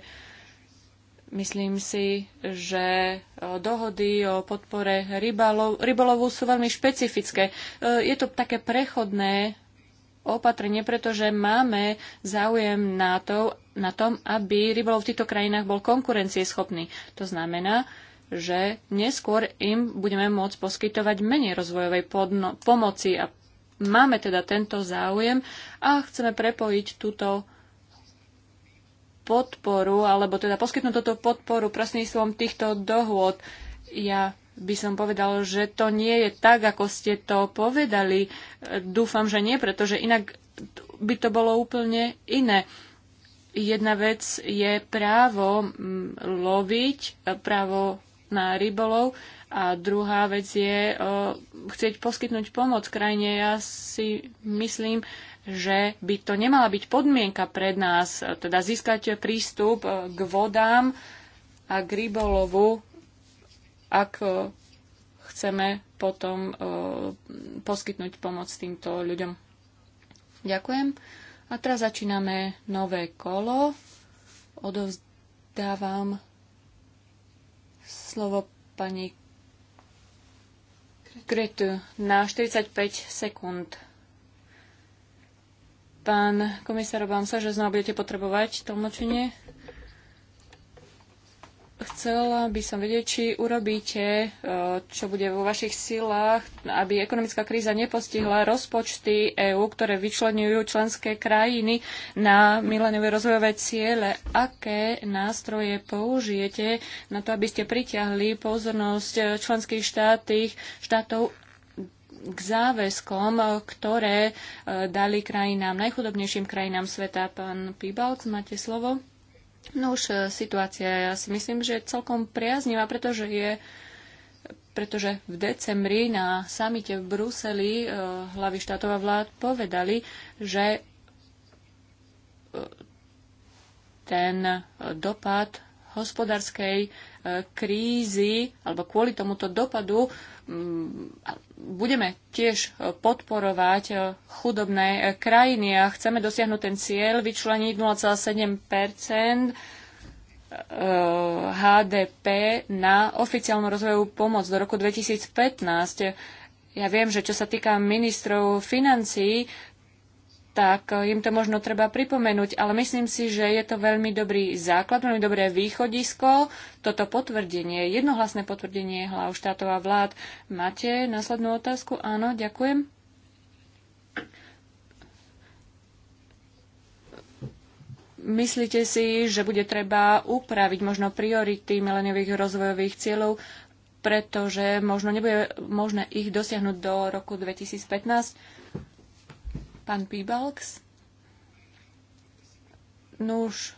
C: Myslím si, že e, dohody o podpore rybalov, rybolovu sú veľmi špecifické. E, je to také prechodné opatrenie, pretože máme záujem na, to, na tom, aby rybolov v týchto krajinách bol konkurencieschopný. To znamená, že neskôr im budeme môcť poskytovať menej rozvojovej podno- pomoci a máme teda tento záujem a chceme prepojiť túto podporu, alebo teda poskytnúť túto podporu prostredníctvom týchto dohôd. Ja by som povedal, že to nie je tak, ako ste to povedali. Dúfam, že nie, pretože inak by to bolo úplne iné. Jedna vec je právo mm, loviť, právo na rybolov a druhá vec je eh, chcieť poskytnúť pomoc krajine. Ja si myslím, že by to nemala byť podmienka pred nás, e, teda získať prístup e, k vodám a k rybolovu, ak e, chceme potom poskytnúť pomoc týmto ľuďom. Ďakujem. A teraz začíname nové kolo. Odovzdávam slovo pani Kretu na 45 sekúnd. Pán komisár, obávam sa, že znova budete potrebovať tlmočenie. Chcela by som vedieť, či urobíte, e, čo bude vo vašich silách, aby ekonomická kríza nepostihla rozpočty EÚ, ktoré vyčlenujú členské krajiny na milenové rozvojové ciele. Aké nástroje použijete na to, aby ste pritiahli pozornosť členských štátov, štátov k záväzkom, ktoré e, dali krajinám, najchudobnejším krajinám sveta. Pán Pibalc, máte slovo? No už e, situácia, ja si myslím, že je celkom priaznivá, pretože je pretože v decembri na samite v Bruseli e, hlavy štátov a vlád povedali, že ten dopad hospodárskej krízy, alebo kvôli tomuto dopadu, budeme tiež e, podporovať e, chudobné e, krajiny a chceme dosiahnuť ten cieľ vyčleniť 0,7 HDP na oficiálnu rozvojovú pomoc do roku 2015. Ja viem, že čo sa týka ministrov financií, tak im to možno treba pripomenúť, ale myslím si, že je to veľmi dobrý základ, veľmi dobré východisko, toto potvrdenie, jednohlasné potvrdenie hlav štátov a vlád. Máte následnú otázku? Áno, ďakujem. Myslíte si, že bude treba upraviť možno priority mileniových rozvojových cieľov, pretože možno nebude možné ich dosiahnuť do roku 2015? Pán Pibalks? Nuž,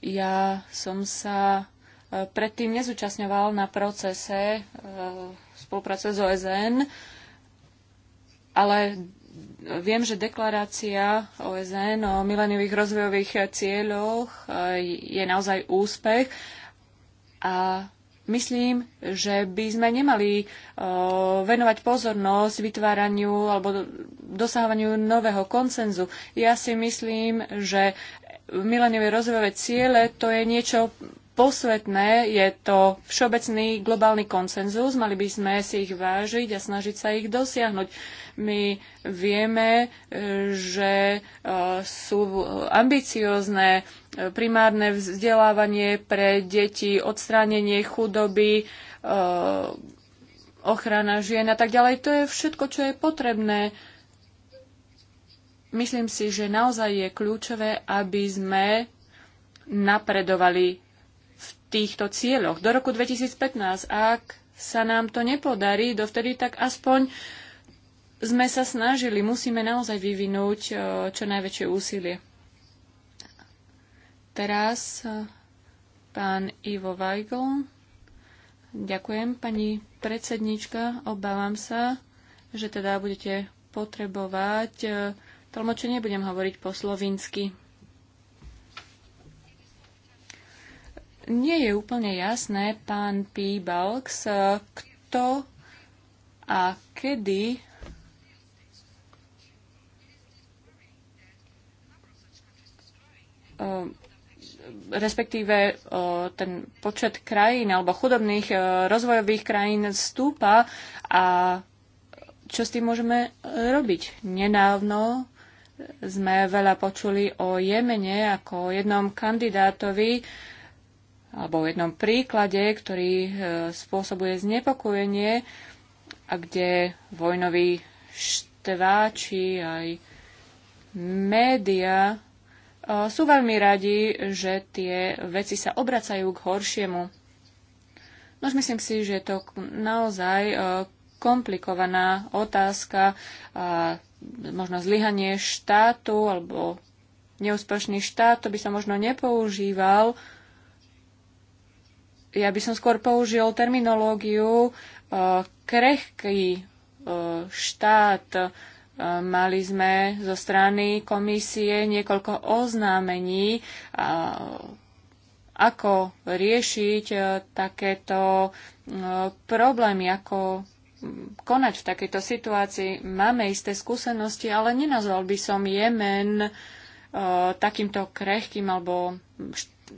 C: ja som sa e, predtým nezúčastňoval na procese e, spolupráce s OSN, ale viem, že deklarácia OSN o mileniových rozvojových cieľoch e, je naozaj úspech a myslím, že by sme nemali e, venovať pozornosť vytváraniu alebo dosahovaniu nového koncenzu. Ja si myslím, že mileniové rozvojové ciele to je niečo posvetné, je to všeobecný globálny koncenzus, mali by sme si ich vážiť a snažiť sa ich dosiahnuť. My vieme, e, že e, sú ambiciózne primárne vzdelávanie pre deti, odstránenie chudoby, e, ochrana žien a tak ďalej. To je všetko, čo je potrebné. Myslím si, že naozaj je kľúčové, aby sme napredovali v týchto cieľoch. Do roku 2015, ak sa nám to nepodarí dovtedy, tak aspoň sme sa snažili, musíme naozaj vyvinúť e, čo najväčšie úsilie. Teraz e, pán Ivo Weigl. Ďakujem, pani predsednička. Obávam sa, že teda budete potrebovať e, tlmočenie. Budem hovoriť po slovinsky. Nie je úplne jasné, pán P. Balks, e, kto a kedy respektíve e, ten počet krajín alebo chudobných e, rozvojových krajín stúpa a čo s tým môžeme e, robiť? Nenávno sme veľa počuli o Jemene ako o jednom kandidátovi alebo o jednom príklade, ktorý spôsobuje znepokojenie a kde vojnoví štváči aj média sú veľmi radi, že tie veci sa obracajú k horšiemu. Nož myslím si, že je to naozaj e, komplikovaná otázka, možno zlyhanie štátu alebo neúspešný štát, to by sa možno nepoužíval. Ja by som skôr použil terminológiu e, krehký e, štát, Mali sme zo strany komisie niekoľko oznámení, ako riešiť e, takéto e, problémy, ako mm, konať v takejto situácii. Máme isté skúsenosti, ale nenazval by som Jemen e, takýmto krehkým alebo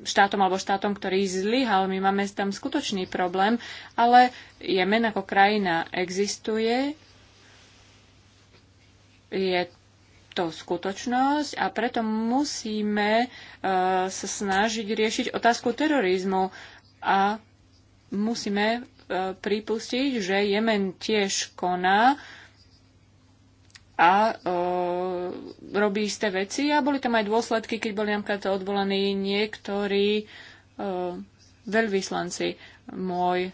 C: štátom alebo štátom, ktorý zlyhal. My máme tam skutočný problém, ale Jemen ako krajina existuje, je to skutočnosť a preto musíme e, sa snažiť riešiť otázku terorizmu a musíme e, pripustiť, že Jemen tiež koná a e, robí isté veci a boli tam aj dôsledky, keď boli napríklad odvolaní niektorí veľvyslanci. Môj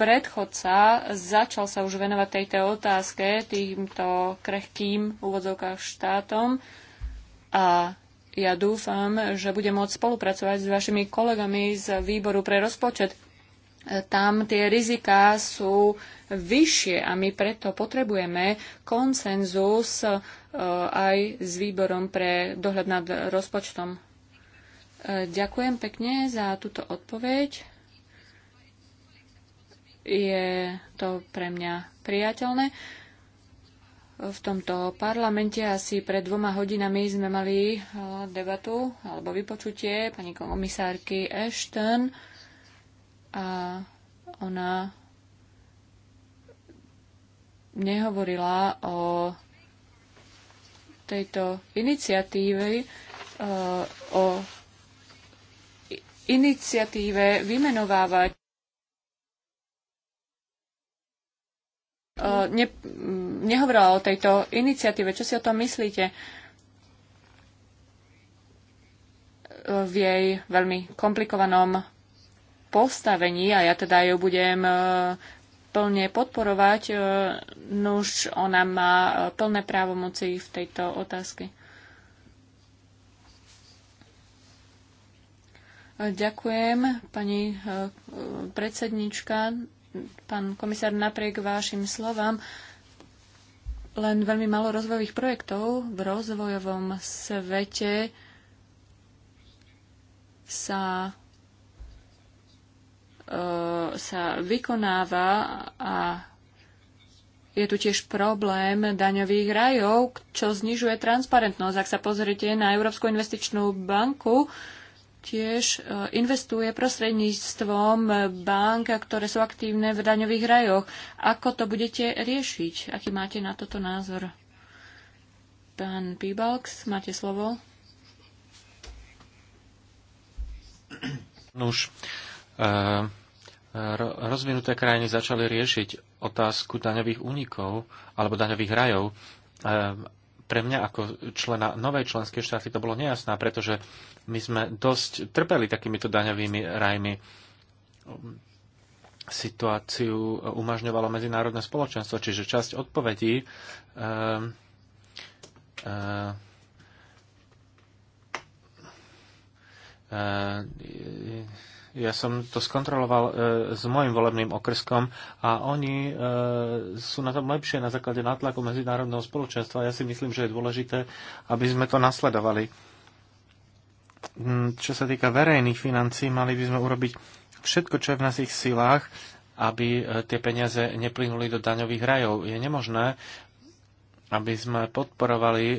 C: predchodca začal sa už venovať tejto otázke týmto krehkým úvodzovkách štátom a ja dúfam, že budem môcť spolupracovať s vašimi kolegami z výboru pre rozpočet. Tam tie riziká sú vyššie a my preto potrebujeme konsenzus e, aj s výborom pre dohľad nad rozpočtom. E, ďakujem pekne za túto odpoveď je to pre mňa priateľné. V tomto parlamente asi pred dvoma hodinami sme mali eh, debatu alebo vypočutie pani komisárky Ashton a ona nehovorila o tejto iniciatíve, eh, o iniciatíve vymenovávať Eh, ne, nehovorila o tejto iniciatíve. Čo si o tom myslíte? Eh, v jej veľmi komplikovanom postavení, a ja teda ju budem eh, plne podporovať, nuž ona má plné právomoci v tejto otázke. Ďakujem, pani predsednička pán komisár, napriek vašim slovám, len veľmi malo rozvojových projektov v rozvojovom svete sa, e, sa vykonáva a je tu tiež problém daňových rajov, čo znižuje transparentnosť. Ak sa pozrite na Európsku investičnú banku, e, tiež e, investuje prostredníctvom e, bank, ktoré sú aktívne v daňových rajoch. Ako to budete riešiť? Aký máte na toto názor? Pán Pibalks, máte slovo.
E: Nuž, no e, rozvinuté krajiny začali riešiť otázku daňových únikov alebo daňových rajov pre mňa ako člena novej členskej štáty to bolo nejasné, pretože my sme dosť trpeli takýmito daňovými rajmi. Situáciu umažňovalo medzinárodné spoločenstvo, čiže časť odpovedí e, e, e, ja som to skontroloval e, s môjim volebným okrskom a oni e, sú na tom lepšie na základe nátlaku medzinárodného spoločenstva. Ja si myslím, že je dôležité, aby sme to nasledovali. Mm, čo sa týka verejných financí, mali by sme urobiť všetko, čo je v našich silách, aby e, tie peniaze neplynuli do daňových rajov. Je nemožné, aby sme podporovali e,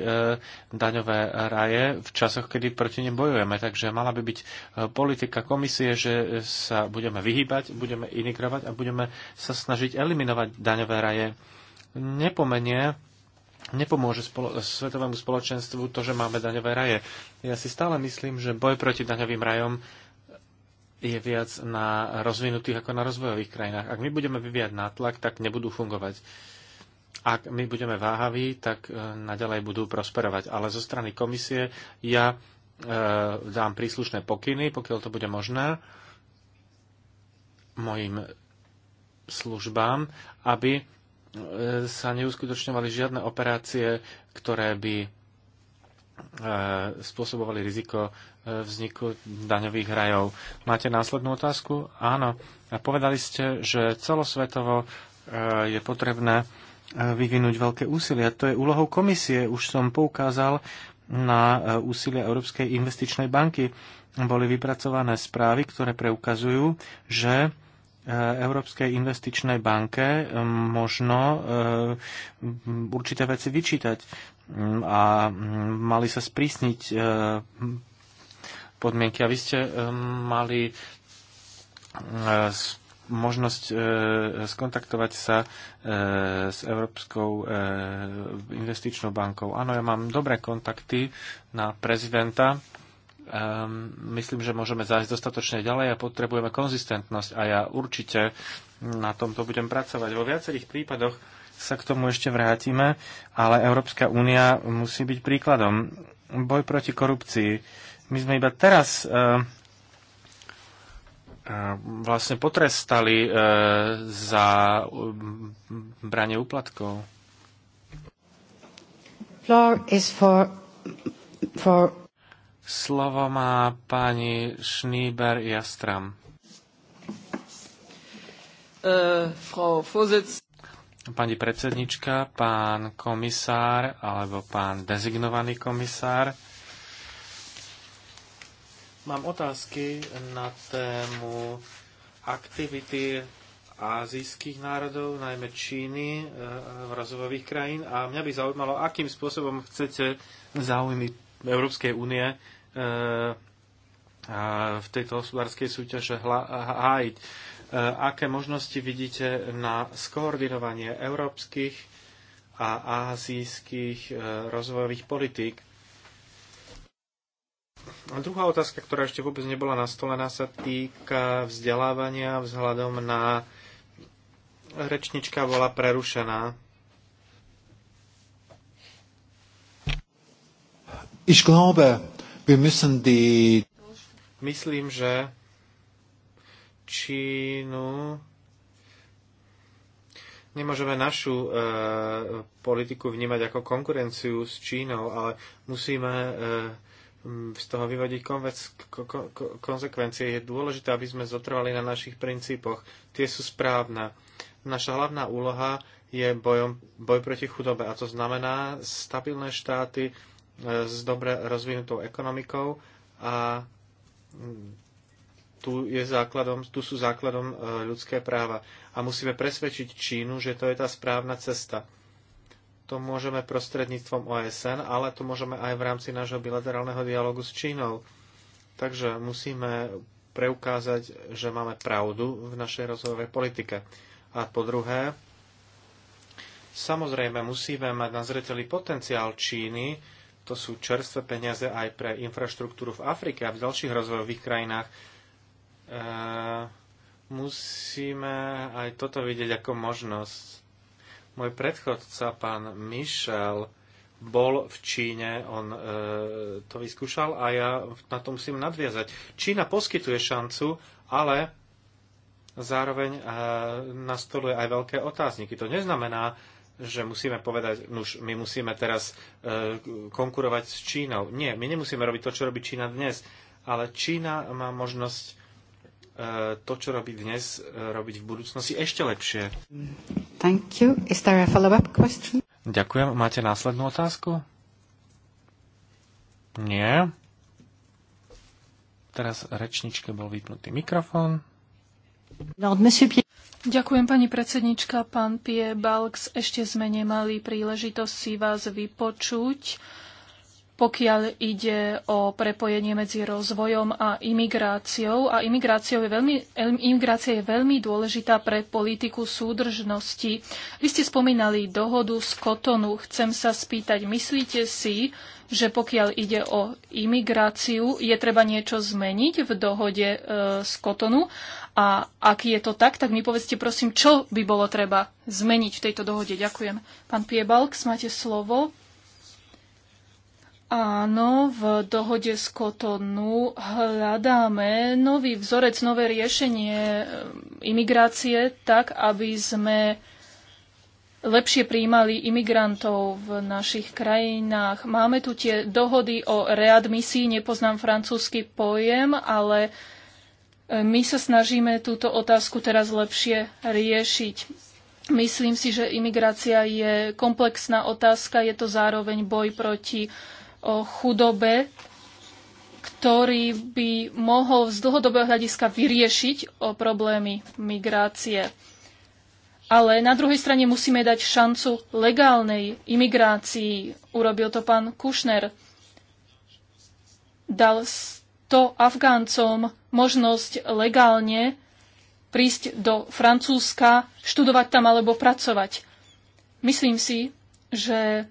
E: daňové raje v časoch, kedy proti nim bojujeme. Takže mala by byť e, politika komisie, že sa budeme vyhýbať, budeme inigrovať a budeme sa snažiť eliminovať daňové raje. Nepomenie nepomôže spolo- svetovému spoločenstvu to, že máme daňové raje. Ja si stále myslím, že boj proti daňovým rajom je viac na rozvinutých ako na rozvojových krajinách. Ak my budeme vyvíjať nátlak, tak nebudú fungovať. Uh, ak my budeme váhaví, tak e, naďalej budú prosperovať. Ale zo strany komisie ja e, dám príslušné pokyny, pokiaľ to bude možné, mojim službám, aby e, sa neuskutočňovali žiadne operácie, ktoré by spôsobovali riziko vzniku daňových rajov. Máte následnú otázku? Áno. Povedali ste, že celosvetovo je potrebné E, vyvinúť veľké úsilie. To je úlohou komisie. Už som poukázal na e, úsilie Európskej investičnej banky. Boli vypracované správy, ktoré preukazujú, že e, Európskej investičnej banke možno určité veci vyčítať mm, a mm, mali sa sprísniť podmienky. A vy ste mali možnosť e, skontaktovať sa e, s Európskou e, investičnou bankou. Áno, ja mám dobré kontakty na prezidenta. Um, myslím, že môžeme zájsť dostatočne ďalej a potrebujeme konzistentnosť a ja určite na tomto budem pracovať. Vo viacerých prípadoch sa k tomu ešte vrátime, ale Európska únia musí byť príkladom. Boj proti korupcii. My sme iba teraz uh, vlastne potrestali e, za branie úplatkov.
A: Floor is for,
E: for... Slovo má pani Schnieber Jastram. Uh, Frau Vorsitz. Pani predsednička, pán komisár alebo pán dezignovaný komisár, Mám otázky na tému aktivity azijských národov, najmä Číny, e, rozvojových krajín. A mňa by zaujímalo, akým spôsobom chcete záujmy Európskej únie e, v tejto hospodárskej súťaže hájiť. E, aké možnosti vidíte na skoordinovanie európskych a azijských rozvojových politík a druhá otázka, ktorá ešte vôbec nebola nastolená, sa týka vzdelávania vzhľadom na rečnička bola prerušená.
D: Ich glaube, wir müssen die...
E: Myslím, že Čínu nemôžeme našu e, politiku vnímať ako konkurenciu s Čínou, ale musíme e, Mm, z toho vyvodiť konsekvencie. Je dôležité, aby sme zotrvali na našich princípoch. Tie sú správne. Naša hlavná úloha je bojom, boj proti chudobe a to znamená stabilné štáty e, s dobre rozvinutou ekonomikou a mm, tu, je základom, tu sú základom e, ľudské práva. A musíme presvedčiť Čínu, že to je tá správna cesta. To môžeme prostredníctvom OSN, ale to môžeme aj v rámci nášho bilaterálneho dialogu s Čínou. Takže musíme preukázať, že máme pravdu v našej rozvojovej politike. A po druhé, samozrejme musíme mať na zreteli potenciál Číny, to sú čerstvé peniaze aj pre infraštruktúru v Afrike a v ďalších rozvojových krajinách. E, musíme aj toto vidieť ako možnosť. Môj predchodca, pán Michel, bol v Číne, on e, to vyskúšal a ja na to musím nadviazať. Čína poskytuje šancu, ale zároveň e, nastoluje aj veľké otázniky. To neznamená, že musíme povedať, nuž, my musíme teraz e, konkurovať s Čínou. Nie, my nemusíme robiť to, čo robí Čína dnes, ale Čína má možnosť E, to, čo robí dnes, e, robiť v budúcnosti ešte lepšie.
A: Thank you. Is there a follow-up question?
E: Ďakujem. Máte následnú otázku? Nie. Teraz rečničke bol vypnutý mikrofón.
B: Ďakujem, pani predsednička. Pán Pie Balks, ešte sme nemali príležitosť si vás vypočuť. Uh, pokiaľ ide o prepojenie medzi rozvojom a imigráciou. A imigráciou je veľmi, imigrácia je veľmi dôležitá pre politiku súdržnosti. Vy ste spomínali dohodu z Kotonu. Chcem sa spýtať, myslíte si, že pokiaľ ide o imigráciu, je treba niečo zmeniť v dohode e, z Kotonu? A ak je to tak, tak mi povedzte prosím, čo by bolo treba zmeniť v tejto dohode. Ďakujem. Pán Piebalks, máte slovo. Áno, v dohode z Kotonu hľadáme nový vzorec, nové riešenie um, imigrácie, tak aby sme lepšie prijímali imigrantov v našich krajinách. Máme tu tie dohody o readmisii, nepoznám francúzsky pojem, ale e, my sa snažíme túto otázku teraz lepšie riešiť. Myslím si, že imigrácia je komplexná otázka, je to zároveň boj proti uh, o chudobe, ktorý by mohol z dlhodobého hľadiska vyriešiť o problémy migrácie. Ale na druhej strane musíme dať šancu legálnej imigrácii. Urobil to pán Kušner. Dal to Afgáncom možnosť legálne prísť do Francúzska, študovať tam alebo pracovať. Myslím si, že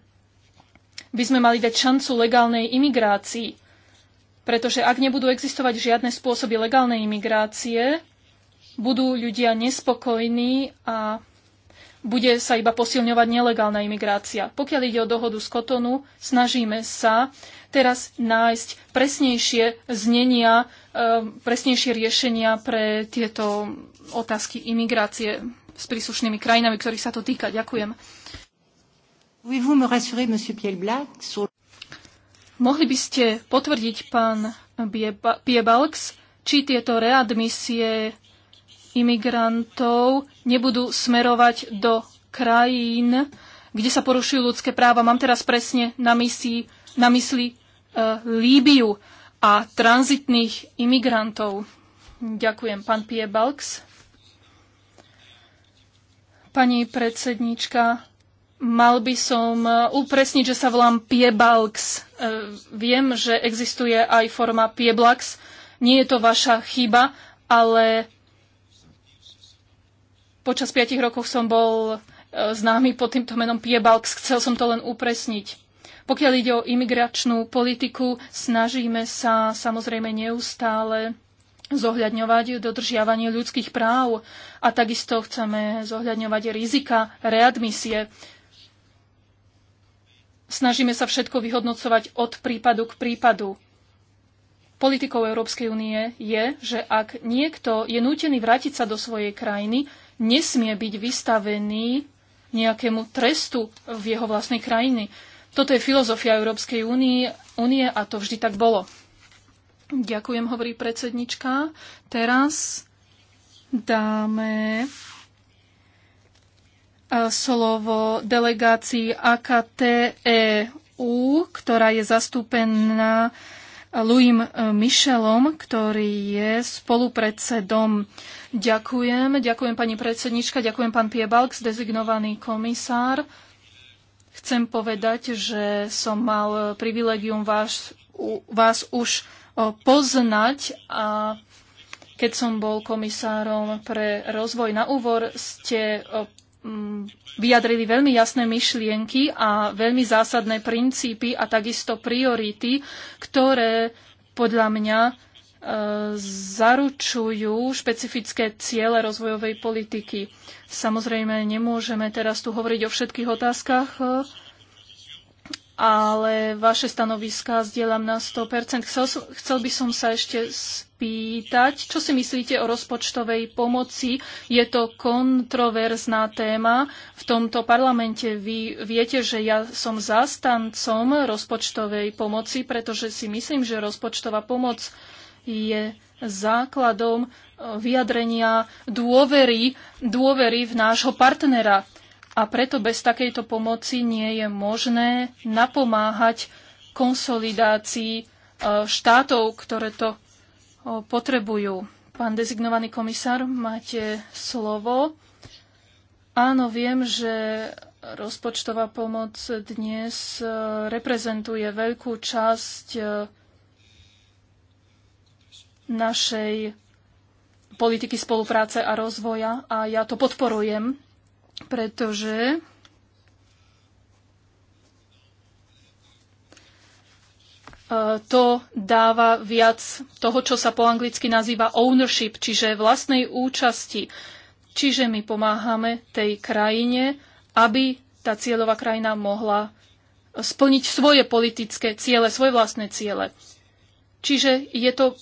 B: by sme mali dať šancu legálnej imigrácii. Pretože ak nebudú existovať žiadne spôsoby legálnej imigrácie, budú ľudia nespokojní a bude sa iba posilňovať nelegálna imigrácia. Pokiaľ ide o dohodu z Kotonu, snažíme sa teraz nájsť presnejšie znenia, eh, presnejšie riešenia pre tieto otázky imigrácie s príslušnými krajinami, ktorých sa to týka. Ďakujem. Mohli by ste potvrdiť, pán Piebalgs, či tieto readmisie imigrantov nebudú smerovať do krajín, kde sa porušujú ľudské práva. Mám teraz presne na, na mysli e, Líbiu a tranzitných imigrantov. Ďakujem, pán Piebalgs Pani predsednička, Mal by som e, upresniť, že sa volám Piebalx. E, viem, že existuje aj forma Pieblax. Nie je to vaša chyba, ale počas piatich rokov som bol e, známy pod týmto menom Piebalx, Chcel som to len upresniť. Pokiaľ ide o imigračnú politiku, snažíme sa samozrejme neustále zohľadňovať dodržiavanie ľudských práv a takisto chceme zohľadňovať rizika readmisie. Snažíme sa všetko vyhodnocovať od prípadu k prípadu. Politikou Európskej únie je, že ak niekto je nútený vrátiť sa do svojej krajiny, nesmie byť vystavený nejakému trestu v jeho vlastnej krajine. Toto je filozofia Európskej únie, únie a to vždy tak bolo. Ďakujem, hovorí predsednička. Teraz dáme E, slovo delegácii AKTEU, ktorá je zastúpená Louis e, Michelom, ktorý je spolupredsedom. Ďakujem, ďakujem pani predsednička, ďakujem pán Piebalks, dezignovaný komisár. Chcem povedať, že som mal privilegium vás, vás už e, poznať a keď som bol komisárom pre rozvoj na úvor, ste Mm, vyjadrili veľmi jasné myšlienky a veľmi zásadné princípy a takisto priority, ktoré podľa mňa e, zaručujú špecifické ciele rozvojovej politiky. Samozrejme, nemôžeme teraz tu hovoriť o všetkých otázkach, e, ale vaše stanoviská zdieľam na 100%. Chcel, chcel by som sa ešte spýtať, čo si myslíte o rozpočtovej pomoci? Je to kontroverzná téma v tomto parlamente. Vy viete, že ja som zastancom rozpočtovej pomoci, pretože si myslím, že rozpočtová pomoc je základom vyjadrenia dôvery, dôvery v nášho partnera a preto bez takejto pomoci nie je možné napomáhať konsolidácii e, štátov, ktoré to e, potrebujú. Pán dezignovaný komisár, máte slovo. Áno, viem, že rozpočtová pomoc dnes e, reprezentuje veľkú časť našej politiky spolupráce a rozvoja a ja to podporujem pretože e, to dáva viac toho, čo sa po anglicky nazýva ownership, čiže vlastnej účasti. Čiže my pomáhame tej krajine, aby tá cieľová krajina mohla splniť svoje politické ciele, svoje vlastné ciele. Čiže je to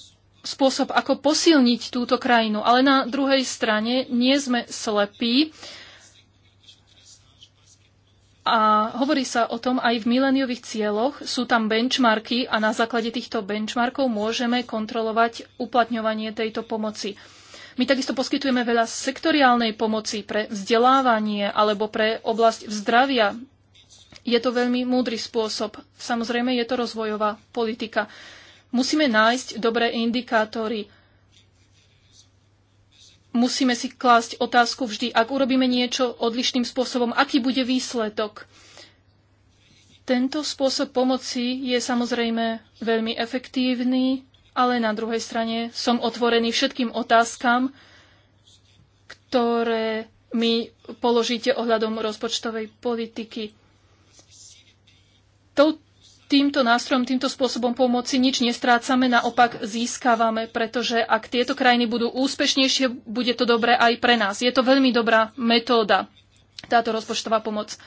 B: spôsob, ako posilniť túto krajinu. Ale na druhej strane nie sme slepí a hovorí sa o tom aj v mileniových cieľoch. Sú tam benchmarky a na základe týchto benchmarkov môžeme kontrolovať uplatňovanie tejto pomoci. My takisto poskytujeme veľa sektoriálnej pomoci pre vzdelávanie alebo pre oblasť zdravia. Je to veľmi múdry spôsob. Samozrejme, je to rozvojová politika. Musíme nájsť dobré indikátory, musíme si klásť otázku vždy, ak urobíme niečo odlišným spôsobom, aký bude výsledok. Tento spôsob pomoci je samozrejme veľmi efektívny, ale na druhej strane som otvorený všetkým otázkam, ktoré mi položíte ohľadom rozpočtovej politiky týmto nástrojom, týmto spôsobom pomoci nič nestrácame, naopak získavame, pretože ak tieto krajiny budú úspešnejšie, bude to dobré aj pre nás. Je to veľmi dobrá metóda, táto rozpočtová pomoc.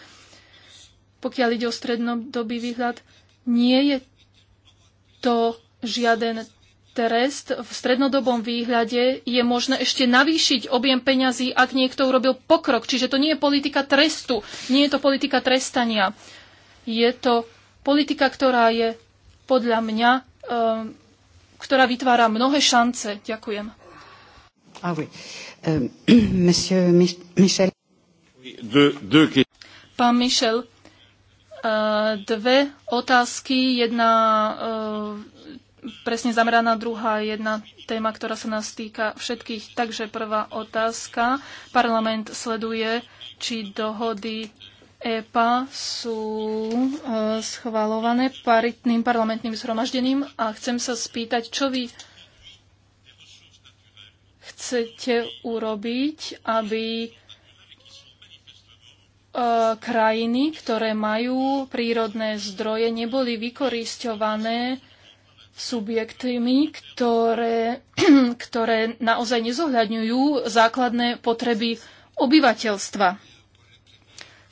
B: Pokiaľ ide o strednodobý výhľad, nie je to žiaden trest v strednodobom výhľade je možné ešte navýšiť objem peňazí, ak niekto urobil pokrok. Čiže to nie je politika trestu, nie je to politika trestania. Je to Politika, ktorá je podľa mňa, eh, ktorá vytvára mnohé šance. Ďakujem. Pán Michel, eh, dve otázky. Jedna eh, presne zameraná, druhá jedna téma, ktorá sa nás týka všetkých. Takže prvá otázka. Parlament sleduje, či dohody EPA sú e, schvalované paritným parlamentným zhromaždením a chcem sa spýtať, čo vy chcete urobiť, aby e, krajiny, ktoré majú prírodné zdroje, neboli vykorisťované subjektmi, ktoré, ktoré naozaj nezohľadňujú základné potreby obyvateľstva.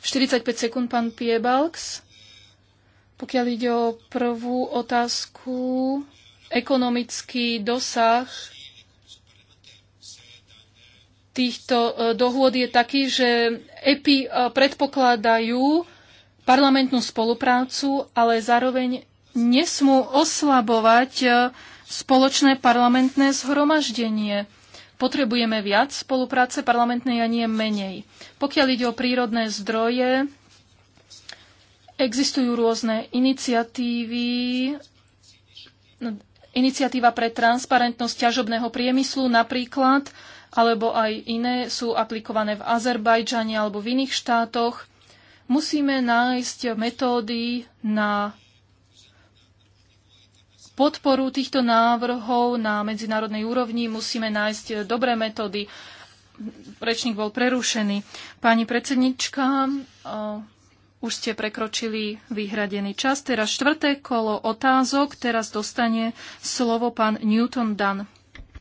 B: 45 sekúnd, pán Piebalks. Pokiaľ ide o prvú otázku, ekonomický dosah týchto e, dohôd je taký, že EPI e, predpokladajú parlamentnú spoluprácu, ale zároveň nesmú oslabovať e, spoločné parlamentné zhromaždenie. Potrebujeme viac spolupráce parlamentnej a nie menej. Pokiaľ ide o prírodné zdroje, existujú rôzne iniciatívy, no, iniciatíva pre transparentnosť ťažobného priemyslu napríklad, alebo aj iné sú aplikované v Azerbajdžane alebo v iných štátoch. Musíme nájsť metódy na podporu týchto návrhov na medzinárodnej úrovni. Musíme nájsť e, dobré metódy. Rečník bol prerušený. Pani predsednička, e, už ste prekročili vyhradený čas. Teraz štvrté kolo
C: otázok. Teraz dostane slovo pán Newton Dunn.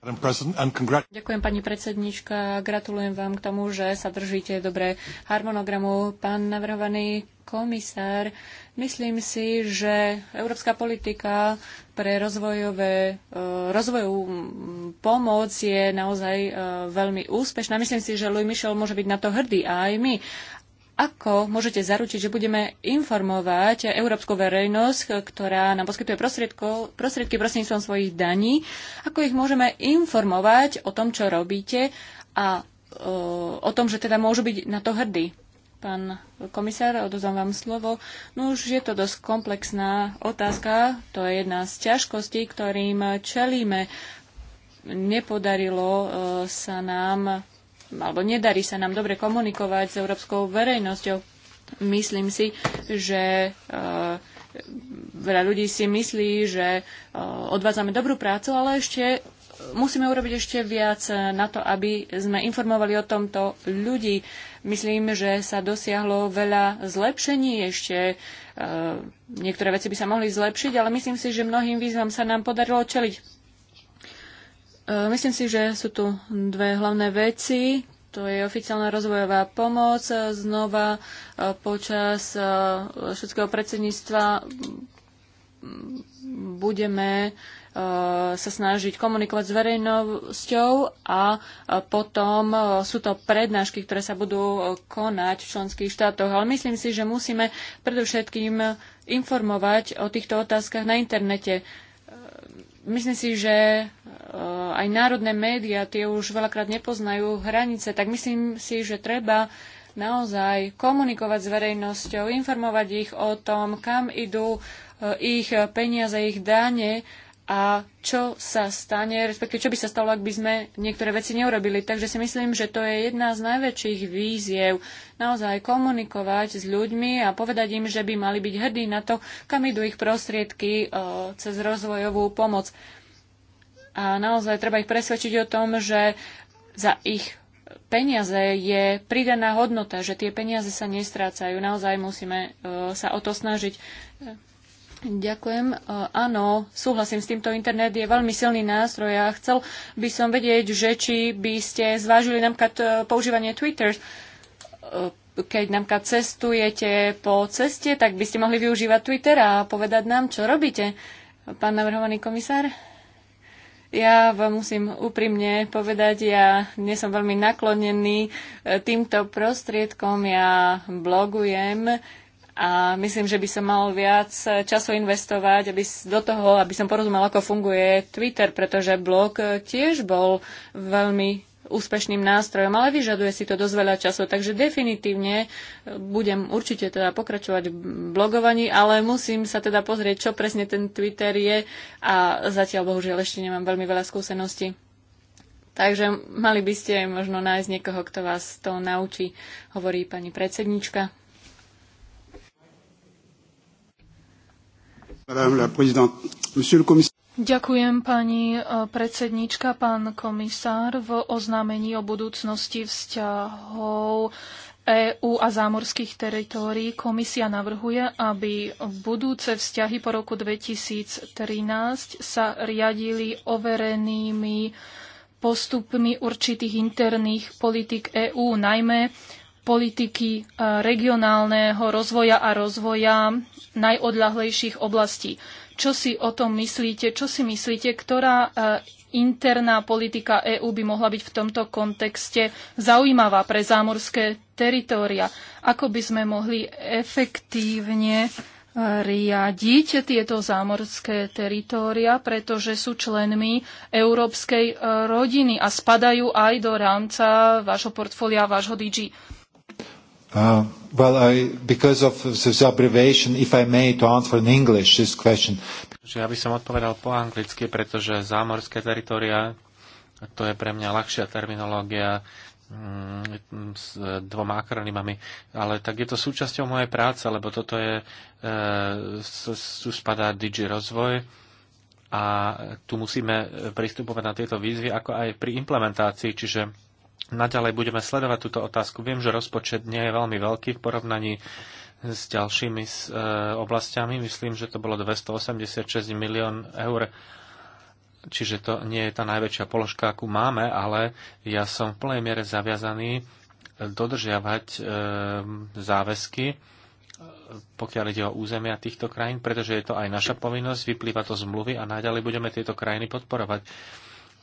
D: Ďakujem
C: pani predsednička, gratulujem vám k tomu, že sa držíte dobre harmonogramu. Pán navrhovaný komisár, myslím si, že európska politika pre rozvojové, e, rozvojovú mm, pomoc je naozaj e, veľmi úspešná. Myslím si, že Louis Michel môže byť na to hrdý a aj my. Ako môžete zaručiť, že budeme informovať európsku verejnosť, ktorá nám poskytuje prostriedky prostredníctvom svojich daní, ako ich môžeme informovať o tom, čo robíte a e, o, tom, že teda môžu byť na to hrdí? Pán komisár, odozvám vám slovo. No už je to dosť komplexná otázka. To je jedna z ťažkostí, ktorým čelíme. Nepodarilo e, sa nám alebo nedarí sa nám dobre komunikovať s európskou verejnosťou. Myslím si, že eh, veľa ľudí si myslí, že eh, odvádzame dobrú prácu, ale ešte musíme urobiť ešte viac na to, aby sme informovali o tomto ľudí. Myslím, že sa dosiahlo veľa zlepšení ešte. E, niektoré veci by sa mohli zlepšiť, ale myslím si, že mnohým výzvam sa nám podarilo čeliť. E, myslím si, že sú tu dve hlavné veci. To je oficiálna rozvojová pomoc. E, znova e, počas všetkého predsedníctva budeme sa snažiť komunikovať s verejnosťou a potom sú to prednášky, ktoré sa budú konať v členských štátoch. Ale myslím si, že musíme predovšetkým informovať o týchto otázkach na internete. Myslím si, že aj národné médiá, tie už veľakrát nepoznajú hranice, tak myslím si, že treba naozaj komunikovať s verejnosťou, informovať ich o tom, kam idú eh, ich peniaze, ich dane a čo sa stane, respektíve čo by sa stalo, ak by sme niektoré veci neurobili. Takže si myslím, že to je jedna z najväčších víziev naozaj komunikovať s ľuďmi a povedať im, že by mali byť hrdí na to, kam idú ich prostriedky eh, cez rozvojovú pomoc a naozaj treba ich presvedčiť o tom, že za ich peniaze je pridaná hodnota, že tie peniaze sa nestrácajú. Naozaj musíme e, sa o to snažiť. Ďakujem. E, áno, súhlasím s týmto. Internet je veľmi silný nástroj a chcel by som vedieť, že či by ste zvážili napríklad e, používanie Twitter. Keď napríklad cestujete po ceste, tak by ste mohli využívať Twitter a povedať nám, čo robíte. Pán navrhovaný komisár? Ja vám musím úprimne povedať, ja nie som veľmi naklonený e, týmto prostriedkom, ja blogujem a myslím, že by som mal viac času investovať aby, do toho, aby som porozumel, ako funguje Twitter, pretože blog e, tiež bol veľmi úspešným nástrojom, ale vyžaduje si to dosť veľa času, takže definitívne e, budem určite teda pokračovať v blogovaní, ale musím sa teda pozrieť, čo presne ten Twitter je a zatiaľ bohužiaľ ešte nemám veľmi veľa skúseností. Takže mali by ste možno nájsť niekoho, kto vás to naučí, hovorí pani predsednička.
D: Madame la présidente, monsieur le commissaire.
B: Ďakujem pani e, predsednička, pán komisár. V oznámení o budúcnosti vzťahov EÚ a zámorských teritórií komisia navrhuje, aby budúce vzťahy po roku 2013 sa riadili overenými postupmi určitých interných politik EÚ, najmä politiky e, regionálneho rozvoja a rozvoja najodľahlejších oblastí. Čo si o tom myslíte? Čo si myslíte, ktorá eh, interná politika EÚ by mohla byť v tomto kontexte zaujímavá pre zámorské teritória? Ako by sme mohli efektívne eh, riadiť tieto zámorské teritória, pretože sú členmi európskej eh, rodiny a spadajú aj do rámca vášho portfólia, vášho DG.
D: Uh, well, I, because of this abbreviation, if I may, to answer in English this question.
E: Ja by som odpovedal po anglicky, pretože zámorské teritoria, to je pre mňa ľahšia terminológia mm, s dvoma akronymami, ale tak je to súčasťou mojej práce, lebo toto je, e, tu spadá Digi rozvoj a tu musíme pristupovať na tieto výzvy, ako aj pri implementácii, čiže Naďalej budeme sledovať túto otázku. Viem, že rozpočet nie je veľmi veľký v porovnaní s ďalšími e, oblastiami. Myslím, že to bolo 286 milión eur, čiže to nie je tá najväčšia položka, akú máme, ale ja som v plnej miere zaviazaný dodržiavať e, záväzky, e, pokiaľ ide o územia týchto krajín, pretože je to aj naša povinnosť, vyplýva to z mluvy a naďalej budeme tieto krajiny podporovať.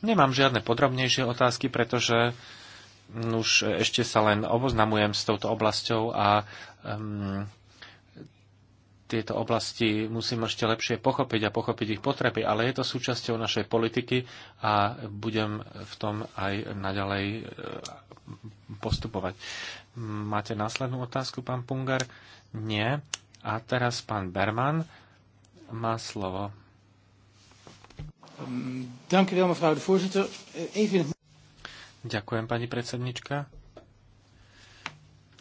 E: Nemám žiadne podrobnejšie otázky, pretože Nuž, ešte sa len oboznamujem s touto oblasťou a um, tieto oblasti musím ešte lepšie pochopiť a pochopiť ich potreby, ale je to súčasťou našej politiky a budem v tom aj naďalej e, postupovať. Máte následnú otázku, pán Pungar? Nie. A teraz pán Berman má slovo. Ehm,
B: dank u
E: Ďakujem, pani predsednička.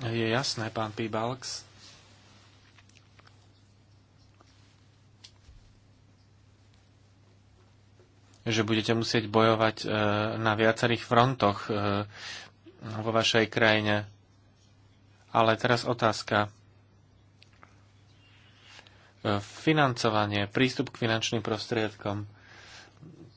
E: Je jasné, pán Pibalks. že budete musieť bojovať e, na viacerých frontoch e, vo vašej krajine. Ale teraz otázka. E, financovanie, prístup k finančným prostriedkom.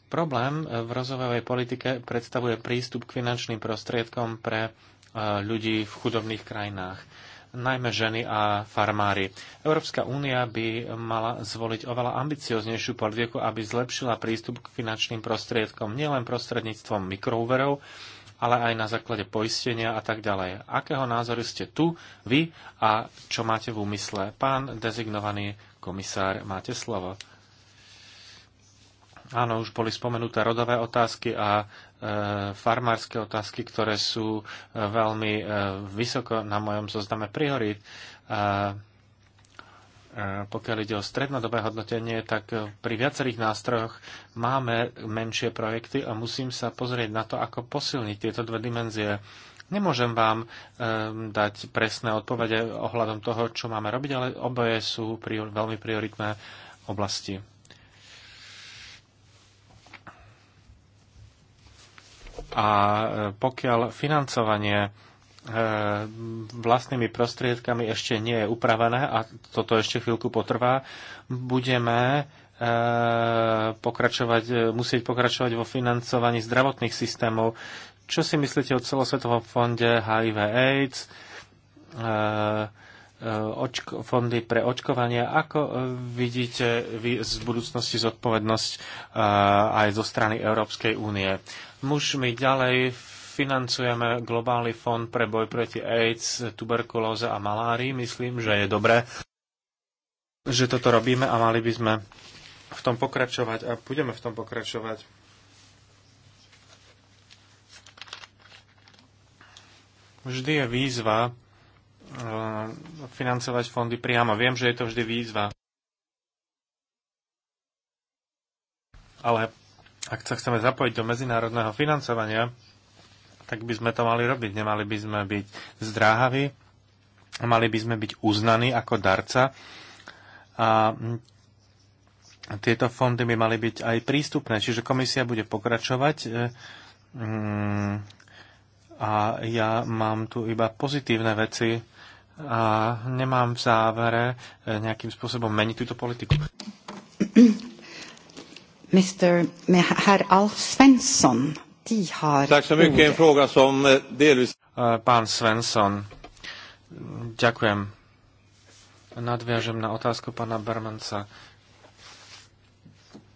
E: Problém eh, v rozvojovej politike predstavuje prístup k finančným prostriedkom pre eh, ľudí v chudobných krajinách najmä ženy a farmári. Európska únia by mala zvoliť oveľa ambicioznejšiu politiku, aby zlepšila prístup k finančným prostriedkom nielen prostredníctvom mikroúverov, ale aj na základe poistenia a tak ďalej. Akého názoru ste tu, vy a čo máte v úmysle? Pán dezignovaný komisár, máte slovo. Áno, už boli spomenuté rodové otázky a e, farmárske otázky, ktoré sú e, veľmi e, vysoko na mojom zozname priorít. e, pokiaľ ide o strednodobé hodnotenie, tak e, pri viacerých nástrojoch máme menšie projekty a musím sa pozrieť na to, ako posilniť tieto dve dimenzie. Nemôžem vám um, dať presné odpovede ohľadom toho, čo máme robiť, ale oboje sú veľmi prioritné oblasti. A e, pokiaľ financovanie e, vlastnými prostriedkami ešte nie je upravené a toto ešte chvíľku potrvá, budeme e, pokračovať, musieť pokračovať vo financovaní zdravotných systémov. Čo si myslíte o celosvetovom fonde HIV AIDS? Eh, očko, fondy pre očkovania. Ako eh, vidíte vy z budúcnosti zodpovednosť eh, aj zo strany Európskej únie? Muž my ďalej financujeme globálny fond pre boj proti AIDS, tuberkulóze a malárii. Myslím, že je dobré, že toto robíme a mali by sme v tom pokračovať a budeme v tom pokračovať. Vždy je výzva Eh, financovať fondy priamo. Viem, že je to vždy výzva. Ale ak sa chceme zapojiť do medzinárodného financovania, tak by sme to mali robiť. Nemali by sme byť zdráhaví, mali by sme byť uznaní ako darca a tieto fondy by mali byť aj prístupné. Čiže komisia bude pokračovať eh, mm, a ja mám tu iba pozitívne veci a nemám v závere e, nejakým spôsobom meniť túto politiku.
A: Mr. Herr Alf Svensson, de har mycket. En
E: fråga som eh, delvis... E, pán Svensson, ďakujem. Nadviažem na otázku pána Bermanca.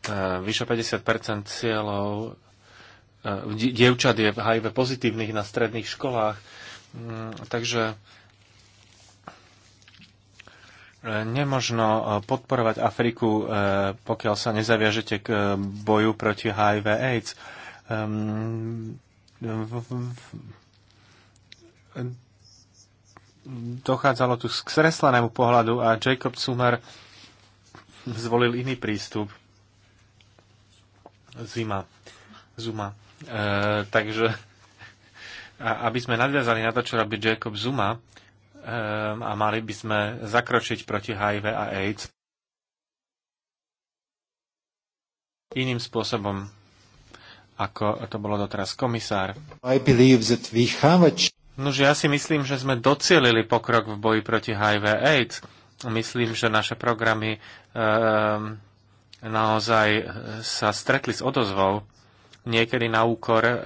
E: E, vyše 50 cieľov dievčat je v HIV pozitívnych na stredných školách, mm, takže Nemožno e, podporovať Afriku, e, pokiaľ sa nezaviažete k e, boju proti HIV AIDS. Ehm, dochádzalo tu k skreslanému pohľadu a Jacob Sumer zvolil iný prístup. Zima. Zuma. E, takže a, aby sme nadviazali na to, čo robí Jacob Zuma, Ehm, a mali by sme zakročiť proti HIV a AIDS iným spôsobom, ako to bolo doteraz komisár. Nože ja si myslím, že sme docielili pokrok v boji proti HIV AIDS. Myslím, že naše programy um, naozaj eh, sa stretli s odozvou niekedy na úkor uh,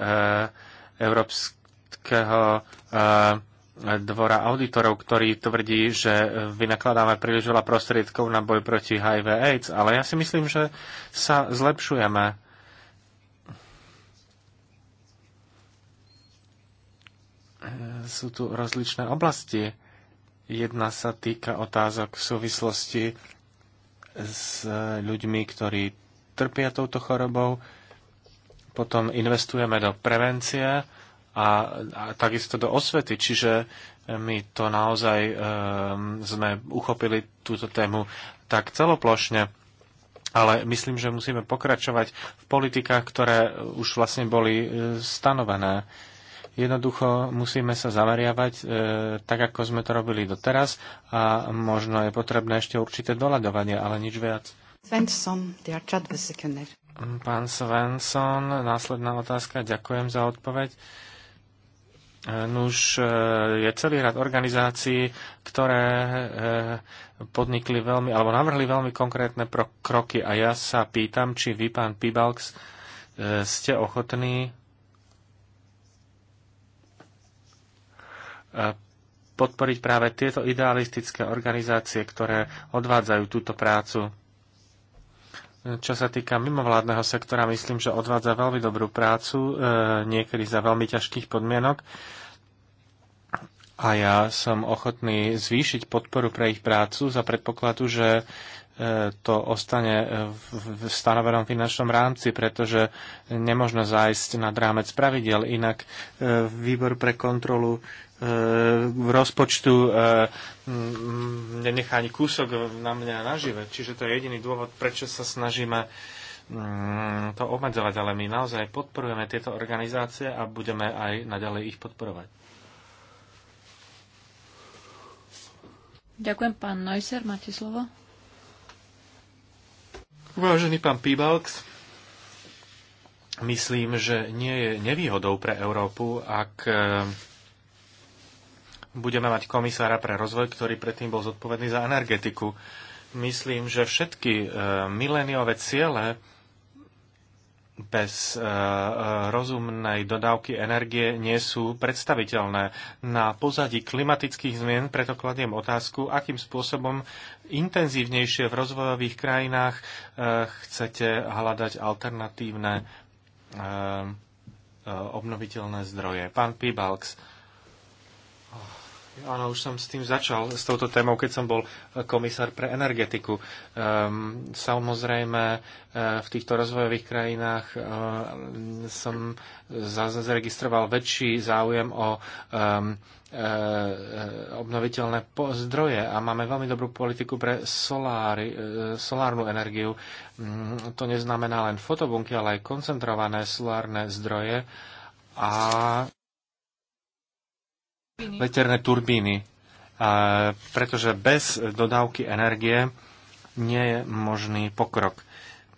E: európskeho uh, dvora auditorov, ktorý tvrdí, že vynakladáme príliš veľa prostriedkov na boj proti HIV AIDS, ale ja si myslím, že sa zlepšujeme. Sú tu rozličné oblasti. Jedna sa týka otázok v súvislosti s ľuďmi, ktorí trpia touto chorobou. Potom investujeme do prevencie a, a takisto do osvety. Čiže e, my to naozaj um, sme uchopili túto tému tak celoplošne. Ale myslím, že musíme pokračovať v politikách, ktoré už vlastne boli e, stanovené. Jednoducho musíme sa zameriavať e, tak, ako sme to robili doteraz a možno je potrebné ešte určité doľadovanie, ale nič viac.
A: Svensson,
E: Pán Svensson, následná otázka. Ďakujem za odpoveď. E, Nuž e, je celý rad organizácií, ktoré e, podnikli veľmi, alebo navrhli veľmi konkrétne pro kroky a ja sa pýtam, či vy, pán Pibalks, e, ste ochotní podporiť práve tieto idealistické organizácie, ktoré odvádzajú túto prácu. Čo sa týka mimovládneho sektora, myslím, že odvádza veľmi dobrú prácu, e, niekedy za veľmi ťažkých podmienok. A ja som ochotný zvýšiť podporu pre ich prácu za predpokladu, že e, to ostane v stanovenom finančnom rámci, pretože nemožno zájsť nad rámec pravidel. Inak e, výbor pre kontrolu v rozpočtu e, nenechá ani kúsok na mňa nažive. Čiže to je jediný dôvod, prečo sa snažíme mm, to obmedzovať, ale my naozaj podporujeme tieto organizácie a budeme aj naďalej ich podporovať.
C: Ďakujem, pán Neusser, máte slovo.
E: Vážený pán Pibalks, myslím, že nie je nevýhodou pre Európu, ak budeme mať komisára pre rozvoj, ktorý predtým bol zodpovedný za energetiku. Myslím, že všetky e, mileniové ciele bez e, e, rozumnej dodávky energie nie sú predstaviteľné. Na pozadí klimatických zmien preto kladiem otázku, akým spôsobom intenzívnejšie v rozvojových krajinách e, chcete hľadať alternatívne e, e obnoviteľné zdroje. Pán Pibalks. Áno, už som s tým začal, s touto témou, keď som bol komisár pre energetiku. Um, samozrejme, eh, v týchto rozvojových krajinách um, som zaregistroval väčší záujem o um, obnoviteľné zdroje a máme veľmi dobrú politiku pre solári, solárnu energiu. Mm, to neznamená len fotobunky, ale aj koncentrované solárne zdroje a veterné turbíny, a pretože bez dodávky energie nie je možný pokrok.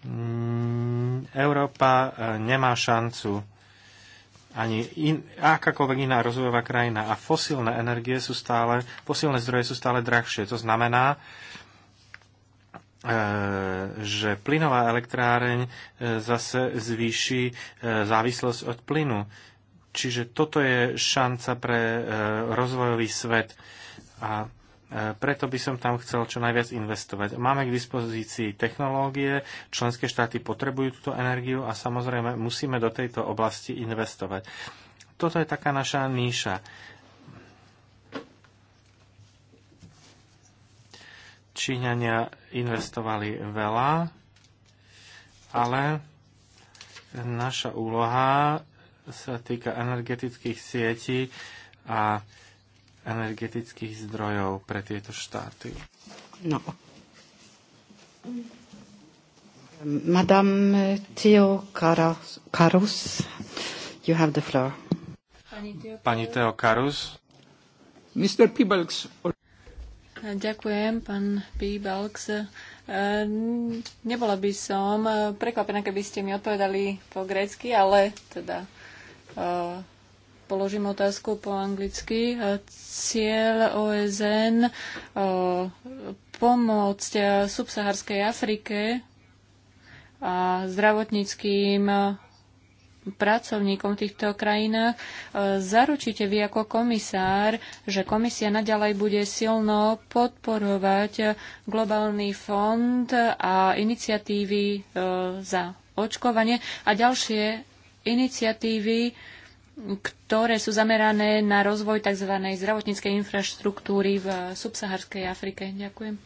E: Mm, Európa e, nemá šancu ani in, akákoľvek iná rozvojová krajina a fosílne energie sú stále, fosílne zdroje sú stále drahšie. To znamená, e, že plynová elektráreň e, zase zvýši závislosť od plynu. Čiže toto je šanca pre e, rozvojový svet a e, preto by som tam chcel čo najviac investovať. Máme k dispozícii technológie, členské štáty potrebujú túto energiu a samozrejme musíme do tejto oblasti investovať. Toto je taká naša níša. Číňania investovali veľa, ale naša úloha sa týka energetických sietí a energetických zdrojov pre tieto štáty.
A: No. Madame Theo Karus, you have the floor.
E: Pani Theo Karus. Mr. Peebles.
C: Ďakujem, pán Peebles. E, nebola by som prekvapená, keby ste mi odpovedali po grécky, ale teda položím otázku po anglicky. Cieľ OSN pomôcť subsaharskej Afrike a zdravotníckým pracovníkom v týchto krajinách. Zaručíte vy ako komisár, že komisia naďalej bude silno podporovať globálny fond a iniciatívy e, za očkovanie a ďalšie iniciatívy, ktoré sú zamerané na rozvoj tzv. zdravotníckej infraštruktúry v subsaharskej Afrike. Ďakujem.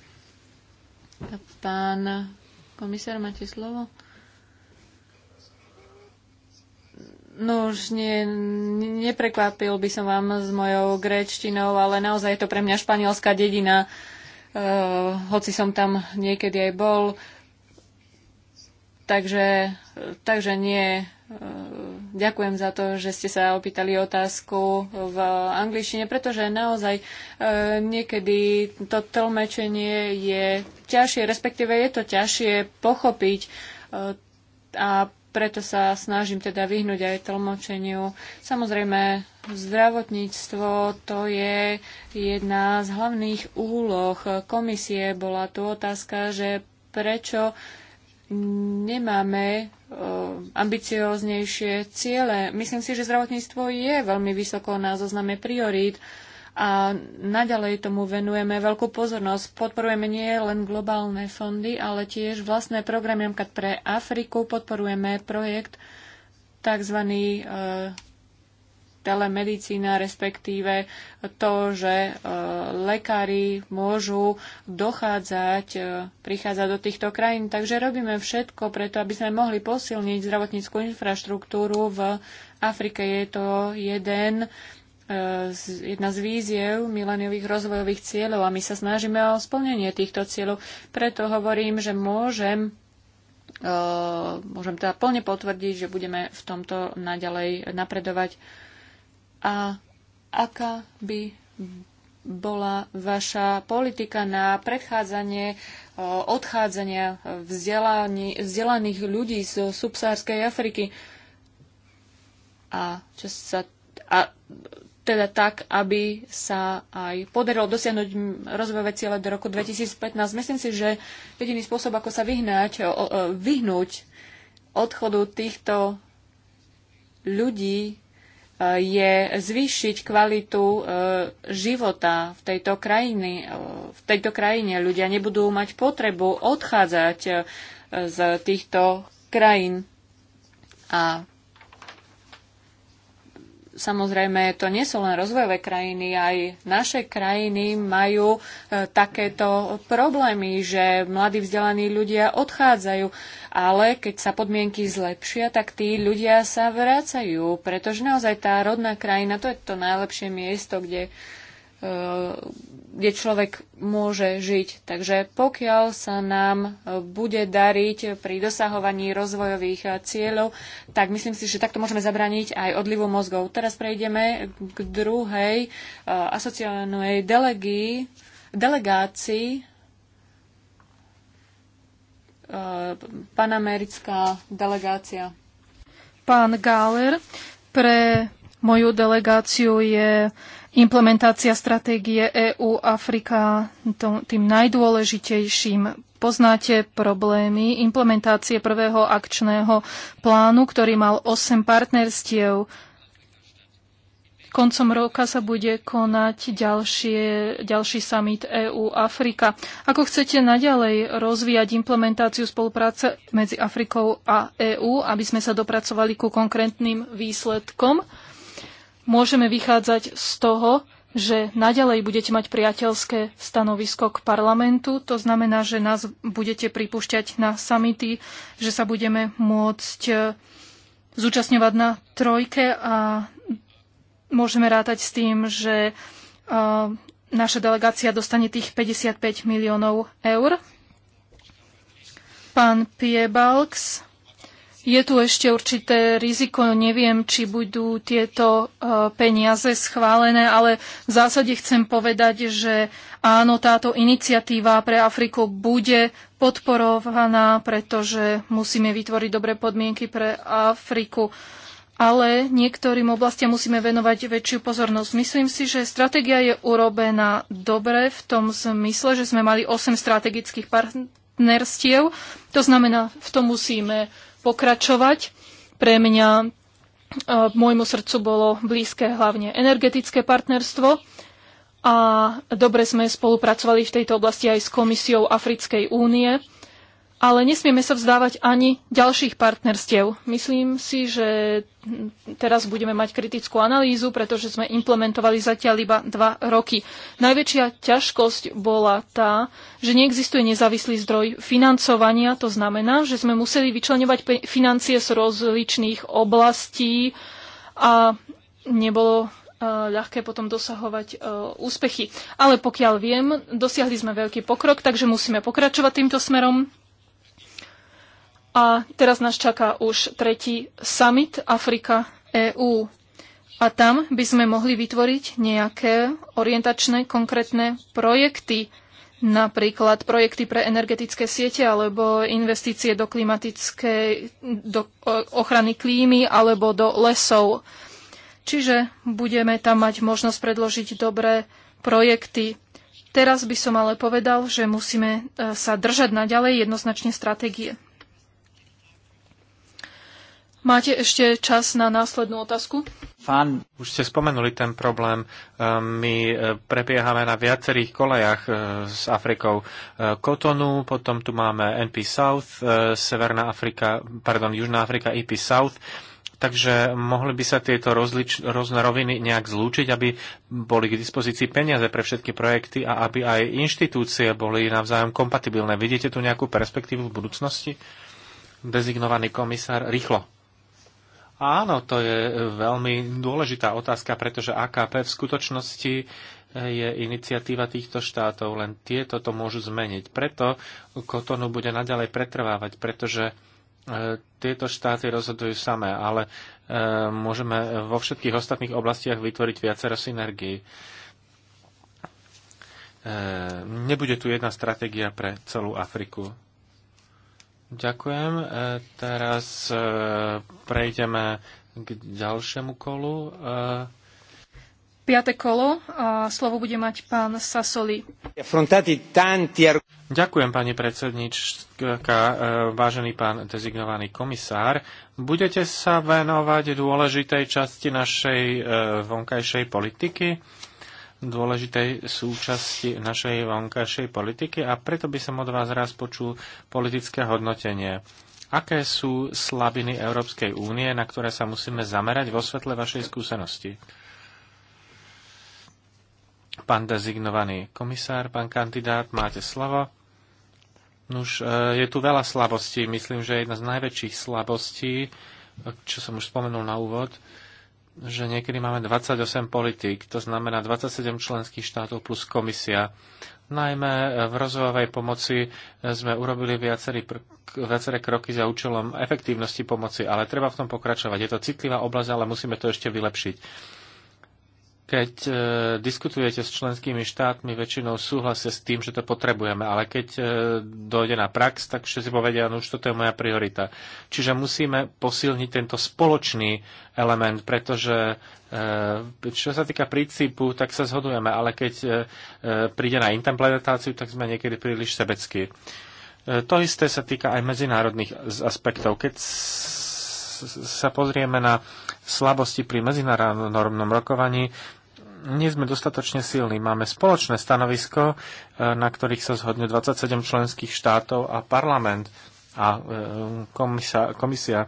C: Pán komisár, máte slovo? No už nie, neprekvapil by som vám s mojou gréčtinou, ale naozaj je to pre mňa španielská dedina, uh, hoci som tam niekedy aj bol. Takže, takže nie, Ďakujem za to, že ste sa opýtali otázku v angličtine, pretože naozaj e, niekedy to tlmečenie je ťažšie, respektíve je to ťažšie pochopiť e, a preto sa snažím teda vyhnúť aj tlmočeniu. Samozrejme, zdravotníctvo to je jedna z hlavných úloh komisie. Bola tu otázka, že prečo uh, nemáme e, ambicióznejšie ciele. Myslím si, že zdravotníctvo je veľmi vysoko na zozname priorít a naďalej tomu venujeme veľkú pozornosť. Podporujeme nie len globálne fondy, ale tiež vlastné programy, napríklad pre Afriku podporujeme projekt tzv telemedicína, respektíve to, že e, lekári môžu dochádzať, e, prichádzať do týchto krajín. Takže robíme všetko preto, aby sme mohli posilniť zdravotníckú infraštruktúru v Afrike. Je to jeden e, jedna z víziev mileniových rozvojových cieľov a my sa snažíme o splnenie týchto cieľov. Preto hovorím, že môžem, môžem teda plne potvrdiť, že budeme v tomto naďalej napredovať. A aká by bola vaša politika na predchádzanie e, odchádzania vzdelaných ľudí z subsárskej Afriky? A, čo sa, a teda tak, aby sa aj podarilo dosiahnuť rozvojové ciele do roku 2015. Myslím si, že jediný spôsob, ako sa vyhnať, vyhnúť odchodu týchto ľudí je zvýšiť kvalitu e, života v tejto, krajiny, e, v tejto krajine. Ľudia nebudú mať potrebu odchádzať e, z týchto krajín. A samozrejme, to nie sú len rozvojové krajiny, aj naše krajiny majú takéto problémy, že mladí vzdelaní ľudia odchádzajú ale keď sa podmienky zlepšia, tak tí ľudia sa vrácajú, pretože naozaj tá rodná krajina, to je to najlepšie miesto, kde, e, kde človek môže žiť. Takže pokiaľ sa nám bude dariť pri dosahovaní rozvojových cieľov, tak myslím si, že takto môžeme zabrániť aj odlivu mozgov. Teraz prejdeme k druhej e, asociálnej delegii, delegácii panamerická delegácia.
B: Pán Gáler, pre moju delegáciu je implementácia stratégie EU Afrika tým najdôležitejším. Poznáte problémy implementácie prvého akčného plánu, ktorý mal 8 partnerstiev Koncom roka sa bude konať ďalšie, ďalší summit EU-Afrika. Ako chcete naďalej rozvíjať implementáciu spolupráce medzi Afrikou a EÚ, aby sme sa dopracovali ku konkrétnym výsledkom? Môžeme vychádzať z toho, že naďalej budete mať priateľské stanovisko k parlamentu. To znamená, že nás budete pripúšťať na samity, že sa budeme môcť eh, zúčastňovať na trojke a môžeme rátať s tým, že e, naša delegácia dostane tých 55 miliónov eur. Pán Piebalgs, je tu ešte určité riziko, neviem, či budú tieto e, peniaze schválené, ale v zásade chcem povedať, že áno, táto iniciatíva pre Afriku bude podporovaná, pretože musíme vytvoriť dobré podmienky pre Afriku ale niektorým oblastiam musíme venovať väčšiu pozornosť. Myslím si, že stratégia je urobená dobre v tom zmysle, že sme mali 8 strategických partnerstiev. To znamená, v tom musíme pokračovať. Pre mňa e, môjmu srdcu bolo blízke hlavne energetické partnerstvo a dobre sme spolupracovali v tejto oblasti aj s Komisiou Africkej únie ale nesmieme sa vzdávať ani ďalších partnerstiev. Myslím si, že teraz budeme mať kritickú analýzu, pretože sme implementovali zatiaľ iba dva roky. Najväčšia ťažkosť bola tá, že neexistuje nezávislý zdroj financovania. To znamená, že sme museli vyčlenovať financie z rozličných oblastí a nebolo e, ľahké potom dosahovať e, úspechy. Ale pokiaľ viem, dosiahli sme veľký pokrok, takže musíme pokračovať týmto smerom. A teraz nás čaká už tretí summit Afrika EU. A tam by sme mohli vytvoriť nejaké orientačné konkrétne projekty, napríklad projekty pre energetické siete alebo investície do klimatickej do ochrany klímy alebo do lesov. Čiže budeme tam mať možnosť predložiť dobré projekty. Teraz by som ale povedal, že musíme e, sa držať naďalej jednoznačne stratégie. Máte ešte čas na následnú otázku?
E: Fán, už ste spomenuli ten problém. Ehm, my e, prebiehame na viacerých kolejach e, s Afrikou. E, Kotonu, potom tu máme NP South, Severná Afrika, pardon, Južná Afrika, EP South. Takže mohli by sa tieto rozlič, rôzne roviny nejak zlúčiť, aby boli k dispozícii peniaze pre všetky projekty a aby aj inštitúcie boli navzájom kompatibilné. Vidíte tu nejakú perspektívu v budúcnosti? Dezignovaný komisár, rýchlo. Áno, to je veľmi dôležitá otázka, pretože AKP v skutočnosti je iniciatíva týchto štátov, len tieto to môžu zmeniť. Preto Kotonu bude naďalej pretrvávať, pretože e, tieto štáty rozhodujú samé, ale e, môžeme vo všetkých ostatných oblastiach vytvoriť viacero synergií. E, nebude tu jedna stratégia pre celú Afriku Ďakujem. E, teraz e, prejdeme k ďalšiemu kolu. E,
B: Piate kolo a slovo bude mať pán Sasoli.
E: Ďakujem, pani predsednička, vážený pán dezignovaný komisár. Budete sa venovať dôležitej časti našej vonkajšej politiky? dôležitej súčasti našej vonkajšej politiky a preto by som od vás raz počul politické hodnotenie. Aké sú slabiny Európskej únie, na ktoré sa musíme zamerať vo svetle vašej skúsenosti? Pán dezignovaný komisár, pán kandidát, máte slovo. Nuž, e, je tu veľa slabostí. Myslím, že jedna z najväčších slabostí, čo som už spomenul na úvod, že niekedy máme 28 politik, to znamená 27 členských štátov plus komisia. Najmä v rozvojovej pomoci sme urobili viacerý, viaceré kroky za účelom efektívnosti pomoci, ale treba v tom pokračovať. Je to citlivá oblasť, ale musíme to ešte vylepšiť keď e, diskutujete s členskými štátmi, väčšinou súhlasia s tým, že to potrebujeme, ale keď e, dojde na prax, tak všetci povedia, no už toto je moja priorita. Čiže musíme posilniť tento spoločný element, pretože e, čo sa týka princípu, tak sa zhodujeme, ale keď e, e príde na implementáciu, tak sme niekedy príliš sebeckí. E, to isté sa týka aj medzinárodných aspektov. Keď sa pozrieme na slabosti pri medzinárodnom rokovaní. Nie sme dostatočne silní. Máme spoločné stanovisko, e, na ktorých sa zhodne 27 členských štátov a parlament a e, komisa, komisia.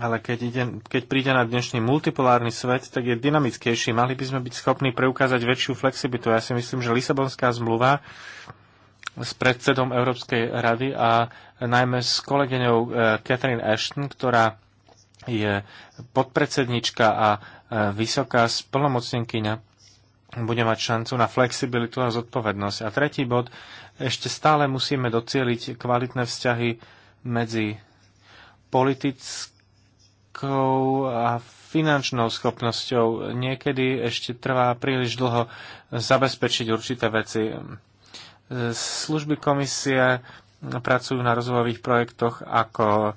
E: Ale keď, ide, keď príde na dnešný multipolárny svet, tak je dynamickejší. Mali by sme byť schopní preukázať väčšiu flexibilitu. Ja si myslím, že Lisabonská zmluva s predsedom Európskej rady a najmä s kolegyňou e, Catherine Ashton, ktorá je podpredsednička a e, vysoká splnomocnenkyňa bude mať šancu na flexibilitu a zodpovednosť. A tretí bod, ešte stále musíme docieliť kvalitné vzťahy medzi politickou a finančnou schopnosťou. Niekedy ešte trvá príliš dlho zabezpečiť určité veci. Služby komisie pracujú na rozvojových projektoch ako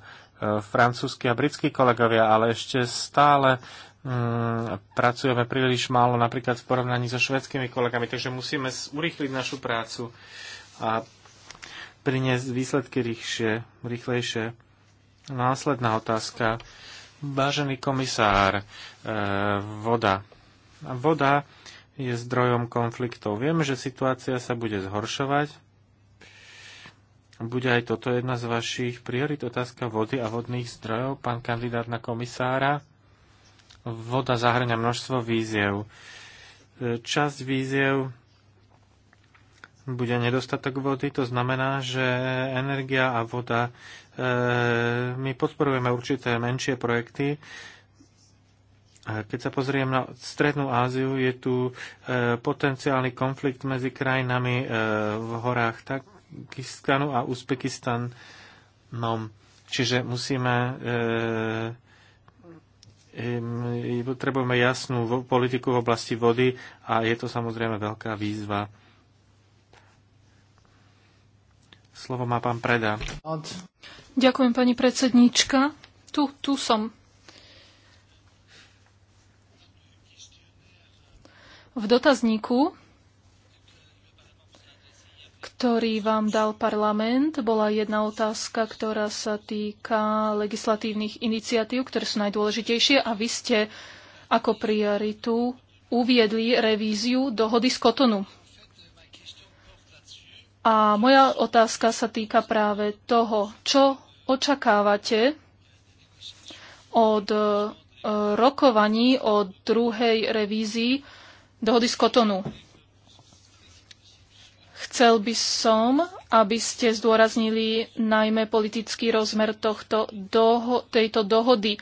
E: francúzski a britskí kolegovia, ale ešte stále mm, pracujeme príliš málo napríklad v porovnaní so švedskými kolegami, takže musíme urýchliť našu prácu a priniesť výsledky rýchšie, rýchlejšie. Následná otázka. Vážený komisár, e, voda. Voda je zdrojom konfliktov. Vieme, že situácia sa bude zhoršovať bude aj toto jedna z vašich priorit, otázka vody a vodných zdrojov, pán kandidát na komisára. Voda zahrňa množstvo víziev. Časť víziev bude nedostatok vody, to znamená, že energia a voda, e, my podporujeme určité menšie projekty. Keď sa pozriem na Strednú Áziu, je tu e, potenciálny konflikt medzi krajinami e, v horách tak, Kyrgyzstanu a Uzbekistanom. Čiže musíme e, potrebujeme jasnú politiku v oblasti vody a je to samozrejme veľká výzva. Slovo má pán Preda.
B: Ďakujem, pani predsedníčka. Tu, tu som. V dotazníku ktorý vám dal parlament, bola jedna otázka, ktorá sa týka legislatívnych iniciatív, ktoré sú najdôležitejšie a vy ste ako prioritu uviedli revíziu dohody z Kotonu. A moja otázka sa týka práve toho, čo očakávate od e, rokovaní o druhej revízii dohody z Kotonu Chcel by som, aby ste zdôraznili najmä politický rozmer tohto doho- tejto dohody.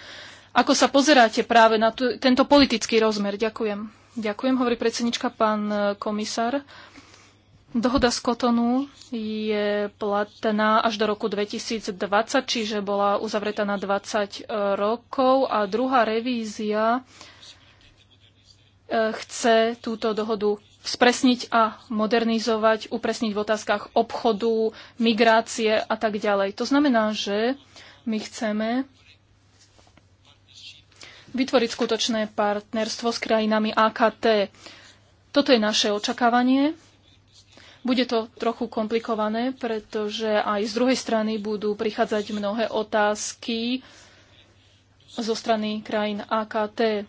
B: Ako sa pozeráte práve na tento politický rozmer? Ďakujem. Ďakujem, hovorí predsednička, pán e, komisár. Dohoda z Kotonu je platná až do roku 2020, čiže bola uzavretá na 20 e, rokov a druhá revízia e, chce túto dohodu spresniť a modernizovať, upresniť v otázkach obchodu, migrácie a tak ďalej. To znamená, že my chceme vytvoriť skutočné partnerstvo s krajinami AKT. Toto je naše očakávanie. Bude to trochu komplikované, pretože aj z druhej strany budú prichádzať mnohé otázky zo strany krajín AKT.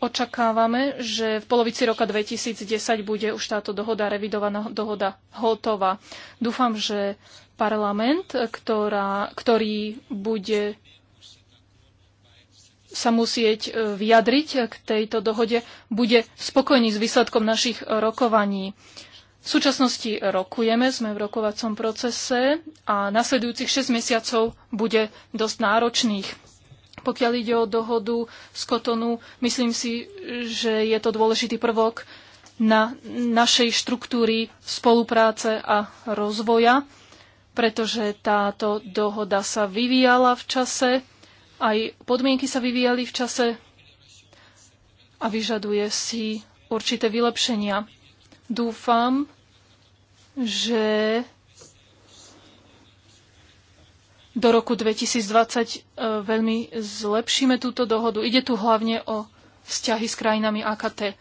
B: Očakávame, že v polovici roka 2010 bude už táto dohoda, revidovaná dohoda hotová. Dúfam, že parlament, ktorá, ktorý bude sa musieť e, vyjadriť k tejto dohode, bude spokojný s výsledkom našich rokovaní. V súčasnosti rokujeme, sme v rokovacom procese a nasledujúcich 6 mesiacov bude dosť náročných. Pokiaľ ide o dohodu z Kotonu, myslím si, že je to dôležitý prvok na našej štruktúry spolupráce a rozvoja, pretože táto dohoda sa vyvíjala v čase, aj podmienky sa vyvíjali v čase a vyžaduje si určité vylepšenia. Dúfam, že do roku 2020 e, veľmi zlepšíme túto dohodu. Ide tu hlavne o vzťahy s krajinami AKT.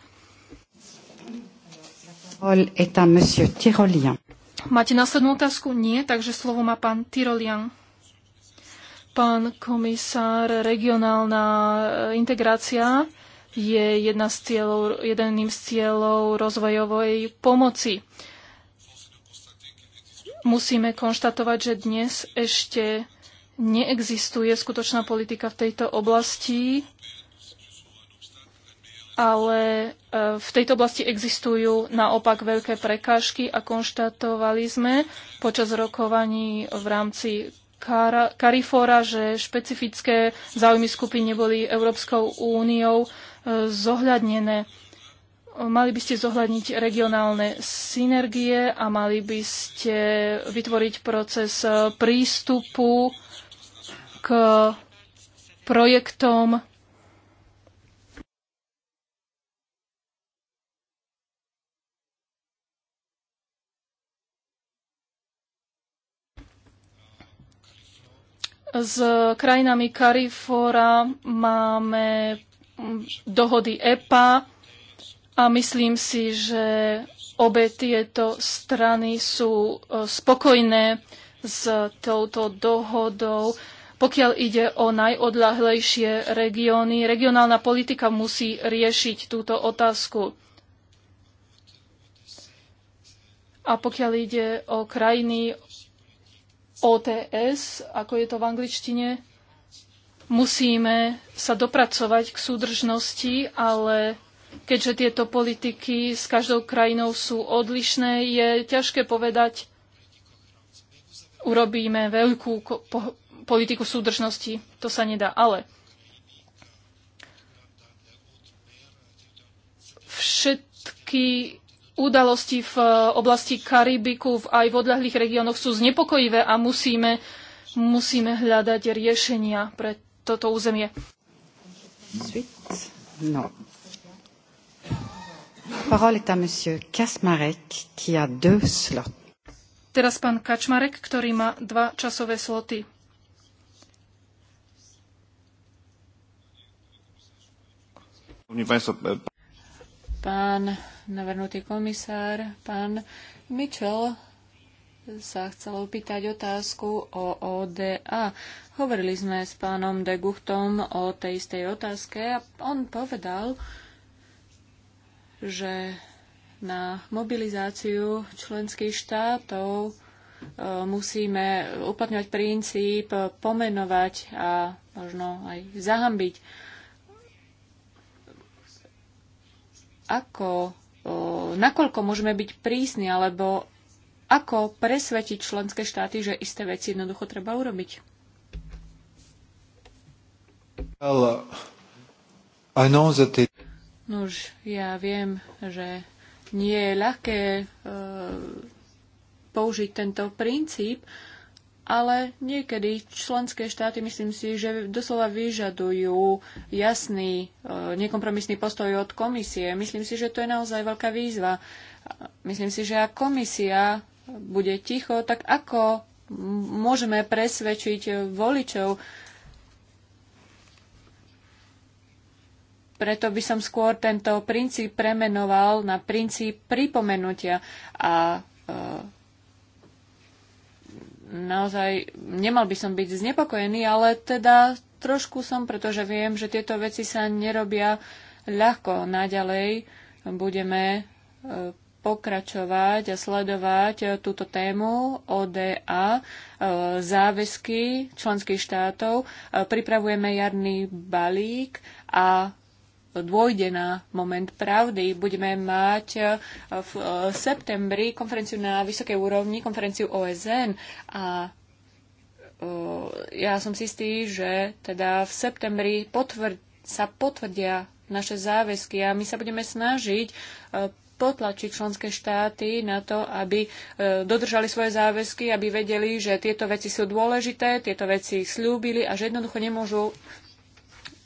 B: Máte následnú otázku? Nie, takže slovo má pán Tyrolian. Pán komisár, regionálna e, integrácia je jedna z cieľov, jedným z cieľov rozvojovej pomoci. Uh, musíme konštatovať, že dnes ešte neexistuje skutočná politika v tejto oblasti, ale e, v tejto oblasti existujú naopak veľké prekážky a konštatovali sme počas rokovaní v rámci Karifora, že špecifické záujmy skupín neboli Európskou úniou e, zohľadnené. Mali by ste zohľadniť regionálne synergie a mali by ste vytvoriť proces eh, prístupu k projektom S krajinami Karifora máme hm, dohody EPA, a myslím si, že obe tieto strany sú e, spokojné s touto dohodou. Pokiaľ ide o najodľahlejšie regióny, regionálna politika musí riešiť túto otázku. A pokiaľ ide o krajiny OTS, ako je to v angličtine, musíme sa dopracovať k súdržnosti, ale keďže tieto politiky s každou krajinou sú odlišné, je ťažké povedať, urobíme veľkú politiku súdržnosti. To sa nedá. Ale všetky udalosti v oblasti Karibiku aj v odľahlých regiónoch sú znepokojivé a musíme, musíme hľadať riešenia pre toto územie. Sweet.
A: No. Parole est à monsieur Kasmarek, qui a deux slots.
B: Teraz pán Kačmarek, ktorý má dva časové sloty.
E: E,
C: pán navrhnutý komisár, pán Mitchell sa chcel opýtať otázku o ODA. Hovorili sme s pánom Deguchtom o tej istej otázke a on povedal, že na mobilizáciu členských štátov e, musíme uplatňovať princíp pomenovať a možno aj zahambiť. Ako, e, nakoľko môžeme byť prísni, alebo ako presvetiť členské štáty, že isté veci jednoducho treba urobiť?
D: Well, uh, I know that it...
C: Nuž, ja viem, že nie je ľahké e, použiť tento princíp, ale niekedy členské štáty, myslím si, že doslova vyžadujú jasný, e, nekompromisný postoj od komisie. Myslím si, že to je naozaj veľká výzva. Myslím si, že ak komisia bude ticho, tak ako môžeme presvedčiť voličov, Preto by som skôr tento princíp premenoval na princíp pripomenutia a e, naozaj nemal by som byť znepokojený, ale teda trošku som, pretože viem, že tieto veci sa nerobia ľahko. Naďalej budeme e, pokračovať a sledovať e, túto tému ODA, záväzky členských štátov. Pripravujeme jarný balík a dôjde na moment pravdy. Budeme mať e, e, v septembri konferenciu na vysokej úrovni, konferenciu OSN a e, ja som si istý, že teda v septembri potvr- sa potvrdia naše záväzky a my sa budeme snažiť potlačiť členské štáty na to, aby dodržali svoje záväzky, aby vedeli, že tieto veci sú dôležité, tieto veci slúbili a že jednoducho nemôžu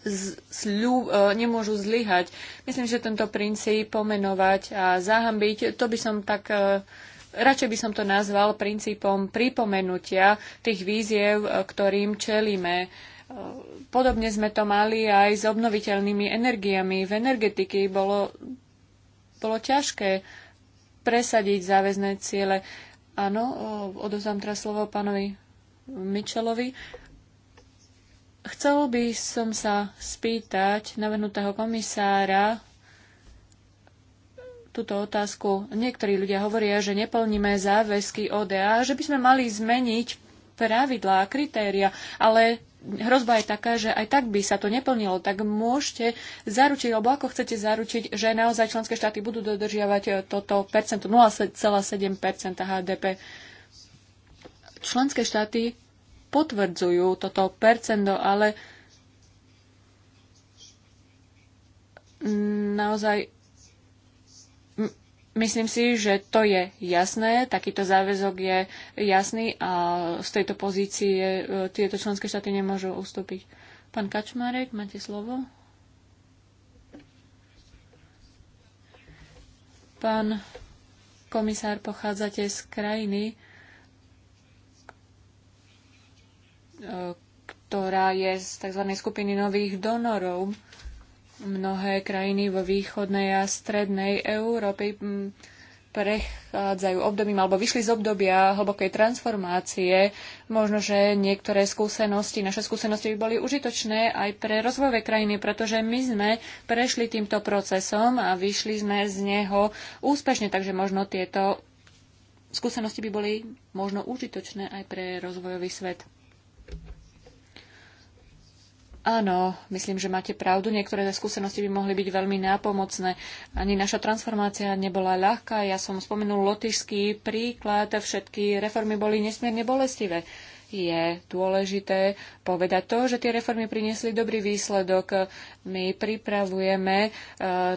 C: E, nemôžu zlyhať. Myslím, že tento princíp pomenovať a zahambiť, to by som tak e, radšej by som to nazval princípom pripomenutia tých víziev, e, ktorým čelíme. Podobne sme to mali aj s obnoviteľnými energiami. V energetiky bolo, bolo ťažké presadiť záväzné ciele. Áno, odozám teraz slovo pánovi Mičelovi. Chcel by som sa spýtať navrhnutého komisára túto otázku. Niektorí ľudia hovoria, že neplníme záväzky ODA, že by sme mali zmeniť pravidlá a kritéria, ale hrozba je taká, že aj tak by sa to neplnilo. Tak môžete zaručiť, alebo ako chcete zaručiť, že naozaj členské štáty budú dodržiavať e, toto percento, 0,7 HDP. Členské štáty potvrdzujú toto percento, ale naozaj myslím si, že to je jasné, takýto záväzok je jasný a z tejto pozície e, tieto členské štáty nemôžu ustúpiť. Pán Kačmarek, máte slovo? Pán komisár, pochádzate z krajiny, ktorá je z tzv. skupiny nových donorov. Mnohé krajiny vo východnej a strednej Európy mm, prechádzajú obdobím alebo vyšli z obdobia hlbokej transformácie. Možno, že niektoré skúsenosti, naše skúsenosti by boli užitočné aj pre rozvojové krajiny, pretože my sme prešli týmto procesom a vyšli sme z neho úspešne, takže možno tieto skúsenosti by boli možno užitočné aj pre rozvojový svet. Áno, myslím, že máte pravdu. Niektoré skúsenosti by mohli byť veľmi nápomocné. Ani naša transformácia nebola ľahká. Ja som spomenul lotišský príklad. Všetky reformy boli nesmierne bolestivé. Je dôležité povedať to, že tie reformy priniesli dobrý výsledok. My pripravujeme e,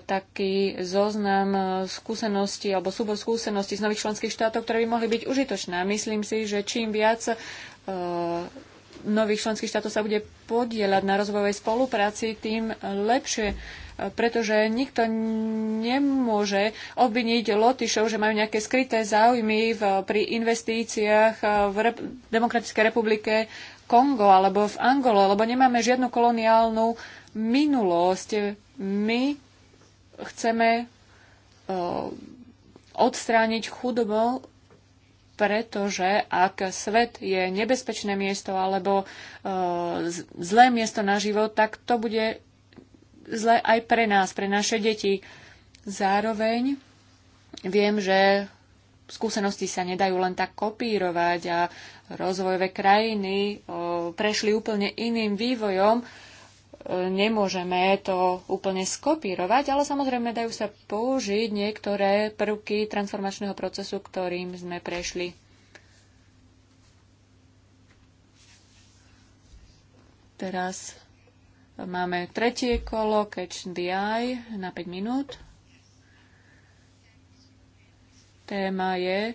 C: taký zoznam e, skúseností alebo súbor skúseností z nových členských štátov, ktoré by mohli byť užitočné. Myslím si, že čím viac e, nových členských štátov sa bude podielať na rozvojovej spolupráci, tým lepšie e, pretože nikto nemôže obviniť Lotyšov, že majú nejaké skryté záujmy v, pri investíciách e, v Rep- Demokratickej republike Kongo alebo v Angole, lebo nemáme žiadnu koloniálnu minulosť. My chceme o, e, odstrániť chudobu pretože ak svet je nebezpečné miesto alebo e, zlé miesto na život, tak to bude zlé aj pre nás, pre naše deti. Zároveň viem, že skúsenosti sa nedajú len tak kopírovať a rozvojové krajiny prešli úplne iným vývojom nemôžeme to úplne skopírovať, ale samozrejme dajú sa použiť niektoré prvky transformačného procesu, ktorým sme prešli. Teraz máme tretie kolo, catch the eye na 5 minút. Téma je e,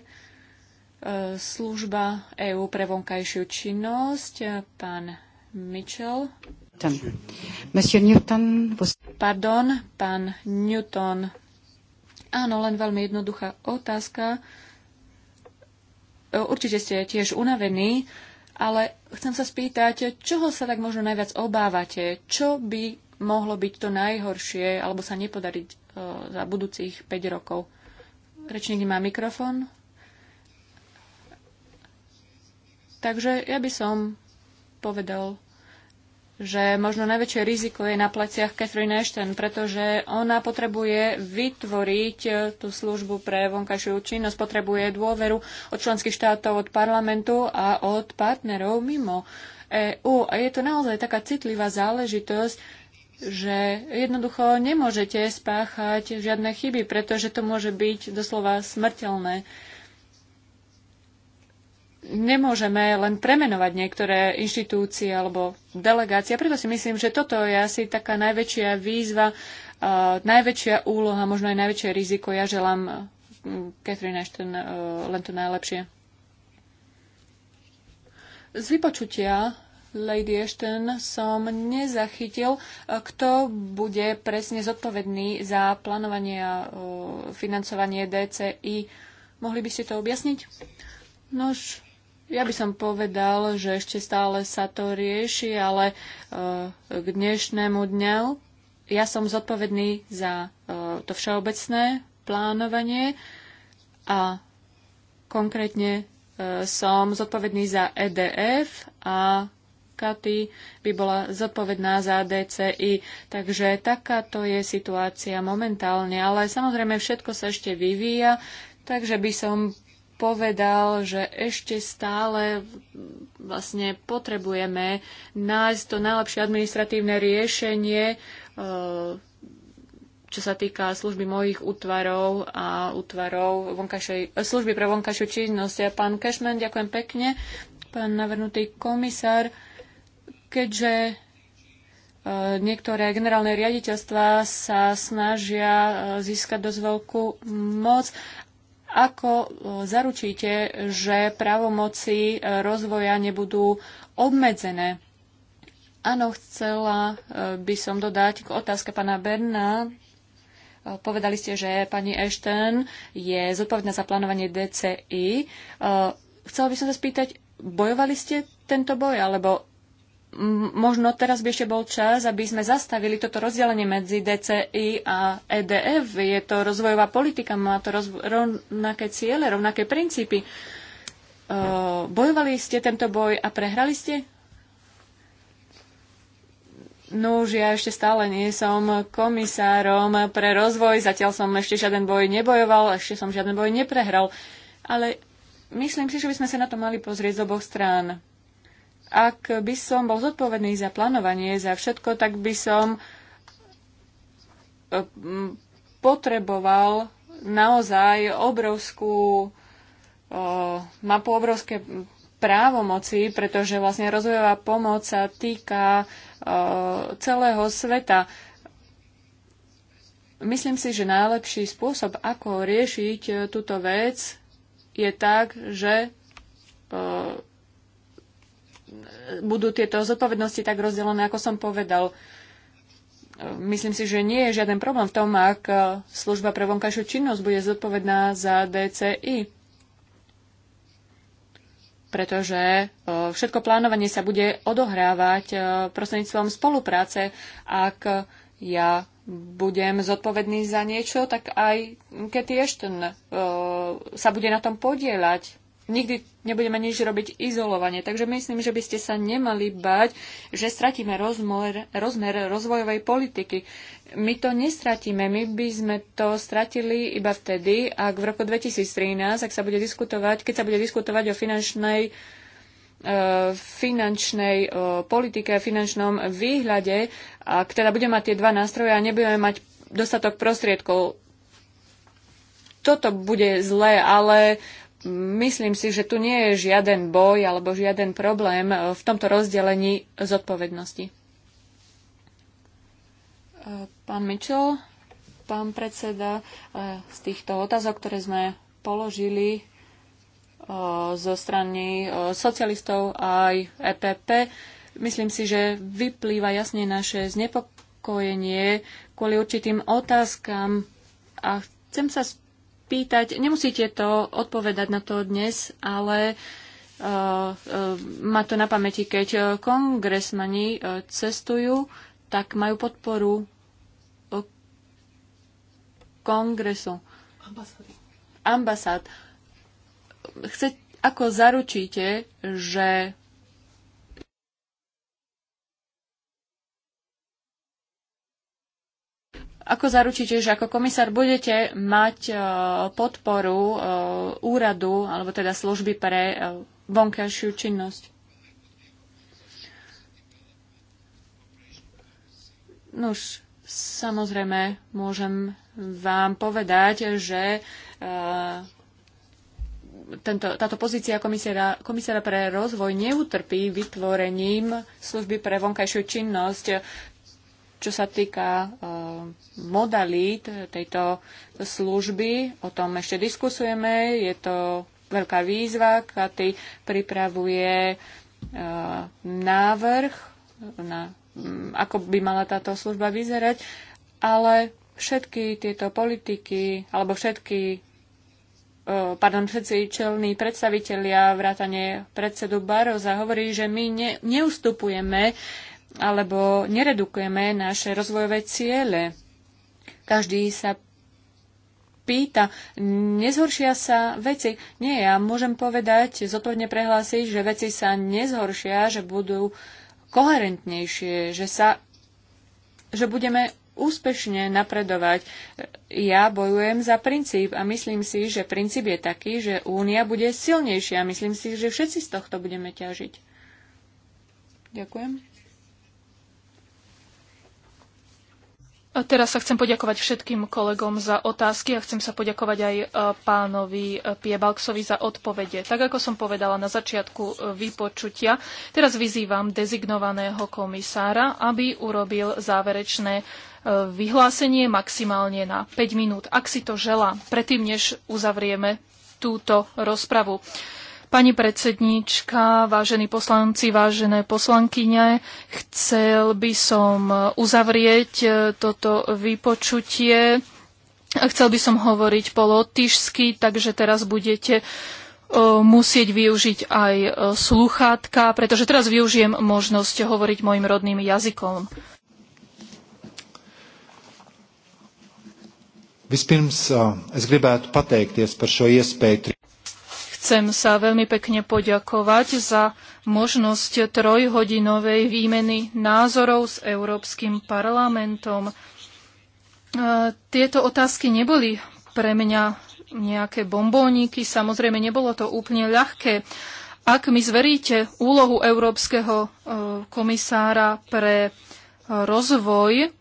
C: služba EÚ pre vonkajšiu činnosť. Pán Mitchell.
A: Newton. Monsieur Newton...
C: Pardon, pán Newton. Áno, len veľmi jednoduchá otázka. E, určite ste tiež unavení, ale chcem sa spýtať, čoho sa tak možno najviac obávate? Čo by mohlo byť to najhoršie, alebo sa nepodariť e, za budúcich 5 rokov? Rečník má mikrofón. Takže ja by som povedal že možno najväčšie riziko je na pleciach Catherine Ashton, pretože ona potrebuje vytvoriť e, tú službu pre vonkajšiu činnosť, potrebuje dôveru od členských štátov, od parlamentu a od partnerov mimo EÚ. A je to naozaj taká citlivá záležitosť, že jednoducho nemôžete spáchať žiadne chyby, pretože to môže byť doslova smrteľné nemôžeme len premenovať niektoré inštitúcie alebo delegácie. Preto si myslím, že toto je asi taká najväčšia výzva, uh, najväčšia úloha, možno aj najväčšie riziko. Ja želám Catherine Ashton uh, len to najlepšie. Z vypočutia Lady Ashton som nezachytil, e, kto bude presne zodpovedný za plánovanie a e, financovanie DCI. Mohli by ste to objasniť? Nož, ja by som povedal, že ešte stále sa to rieši, ale e, k dnešnému dňu ja som zodpovedný za e, to všeobecné plánovanie a konkrétne e, som zodpovedný za EDF a Katy by bola zodpovedná za DCI. Takže takáto je situácia momentálne, ale samozrejme všetko sa ešte vyvíja, takže by som povedal, že ešte stále vlastne potrebujeme nájsť to najlepšie administratívne riešenie, e, čo sa týka služby mojich útvarov a útvarov vonkašej, služby pre vonkajšiu činnosť. Ja pán Cashman, ďakujem pekne, pán navrhnutý komisár, keďže e, niektoré generálne riaditeľstva sa snažia e, získať dosť veľkú moc ako e, zaručíte, že právomoci e, rozvoja nebudú obmedzené? Áno, chcela e, by som dodať k otázke pána Berna. Povedali ste, že pani Ashton je zodpovedná za plánovanie DCI. Chcela by som sa spýtať, bojovali ste tento boj, alebo možno teraz by ešte bol čas, aby sme zastavili toto rozdelenie medzi DCI a EDF. Je to rozvojová politika, má to rovnaké ciele, rovnaké princípy. E, bojovali ste tento boj a prehrali ste? No už ja ešte stále nie som komisárom pre rozvoj, zatiaľ som ešte žiaden boj nebojoval, ešte som žiaden boj neprehral, ale myslím si, že by sme sa na to mali pozrieť z oboch strán ak by som bol zodpovedný za plánovanie, za všetko, tak by som eh, potreboval naozaj obrovskú eh, mapu, obrovské právomoci, pretože vlastne rozvojová pomoc sa týka eh, celého sveta. Myslím si, že najlepší spôsob, ako riešiť túto vec, je tak, že budú tieto zodpovednosti tak rozdelené, ako som povedal. Myslím si, že nie je žiaden problém v tom, ak služba pre vonkajšiu činnosť bude zodpovedná za DCI, pretože e, všetko plánovanie sa bude odohrávať e, prostredníctvom spolupráce. Ak ja budem zodpovedný za niečo, tak aj keď Ashton e, sa bude na tom podielať nikdy nebudeme nič robiť izolovane. Takže myslím, že by ste sa nemali bať, že stratíme rozmer, rozmer rozvojovej politiky. My to nestratíme, my by sme to stratili iba vtedy, ak v roku 2013, ak sa bude diskutovať, keď sa bude diskutovať o finančnej e, finančnej e, politike, finančnom výhľade, ak teda budeme mať tie dva nástroje a nebudeme mať dostatok prostriedkov. Toto bude zlé, ale myslím si, že tu nie je žiaden boj alebo žiaden problém e, v tomto rozdelení zodpovednosti. E, pán Mitchell, pán predseda, e, z týchto otázok, ktoré sme položili zo strany socialistov aj EPP, myslím si, že vyplýva jasne naše znepokojenie kvôli určitým otázkam a chcem sa spýtať, spýtať. Nemusíte to odpovedať na to dnes, ale uh, uh, má to na pamäti, keď e, kongresmani uh, cestujú, tak majú podporu uh, kongresu. Ambasády. Ambasád. Chce, ako zaručíte, že Ako zaručíte, že ako komisár budete mať e, podporu e, úradu alebo teda služby pre e, vonkajšiu činnosť? Nuž, samozrejme môžem vám povedať, že tento, táto pozícia komisára, komisára pre rozvoj neutrpí vytvorením služby pre vonkajšiu činnosť. Čo sa týka e, modalít tejto služby, o tom ešte diskusujeme. Je to veľká výzva. Katy pripravuje e, návrh na ako by mala táto služba vyzerať, ale všetky tieto politiky, alebo všetky, e, pardon, všetci čelní predstavitelia, vrátane predsedu Baroza hovorí, že my ne, neustupujeme alebo neredukujeme naše rozvojové ciele. Každý sa pýta, nezhoršia sa veci. Nie, ja môžem povedať, zodpovedne prehlásiť, že veci sa nezhoršia, že budú koherentnejšie, že, sa, že budeme úspešne napredovať. Ja bojujem za princíp a myslím si, že princíp je taký, že únia bude silnejšia. Myslím si, že všetci z tohto budeme ťažiť. Ďakujem.
B: A teraz sa chcem poďakovať všetkým kolegom za otázky a chcem sa poďakovať aj e, pánovi e, Piebalksovi za odpovede. Tak ako som povedala na začiatku e, vypočutia, teraz vyzývam dezignovaného komisára, aby urobil záverečné vyhlásenie maximálne na 5 minút, ak si to želá, predtým než uzavrieme túto rozpravu. Pani predsedníčka, vážení poslanci, vážené poslankyne, chcel by som uzavrieť e, toto vypočutie. Chcel by som hovoriť po lotyšsky, takže teraz budete e, musieť využiť aj e, sluchátka, pretože teraz využijem možnosť hovoriť mojim rodným jazykom.
D: Vispirms es gribētu pateikties par šo iespēju.
B: Chcem sa veľmi pekne poďakovať za možnosť trojhodinovej výmeny názorov s Európskym parlamentom. E, tieto otázky neboli pre mňa nejaké bombóniky, samozrejme nebolo to úplne ľahké. Ak mi zveríte úlohu Európskeho e, komisára pre e, rozvoj,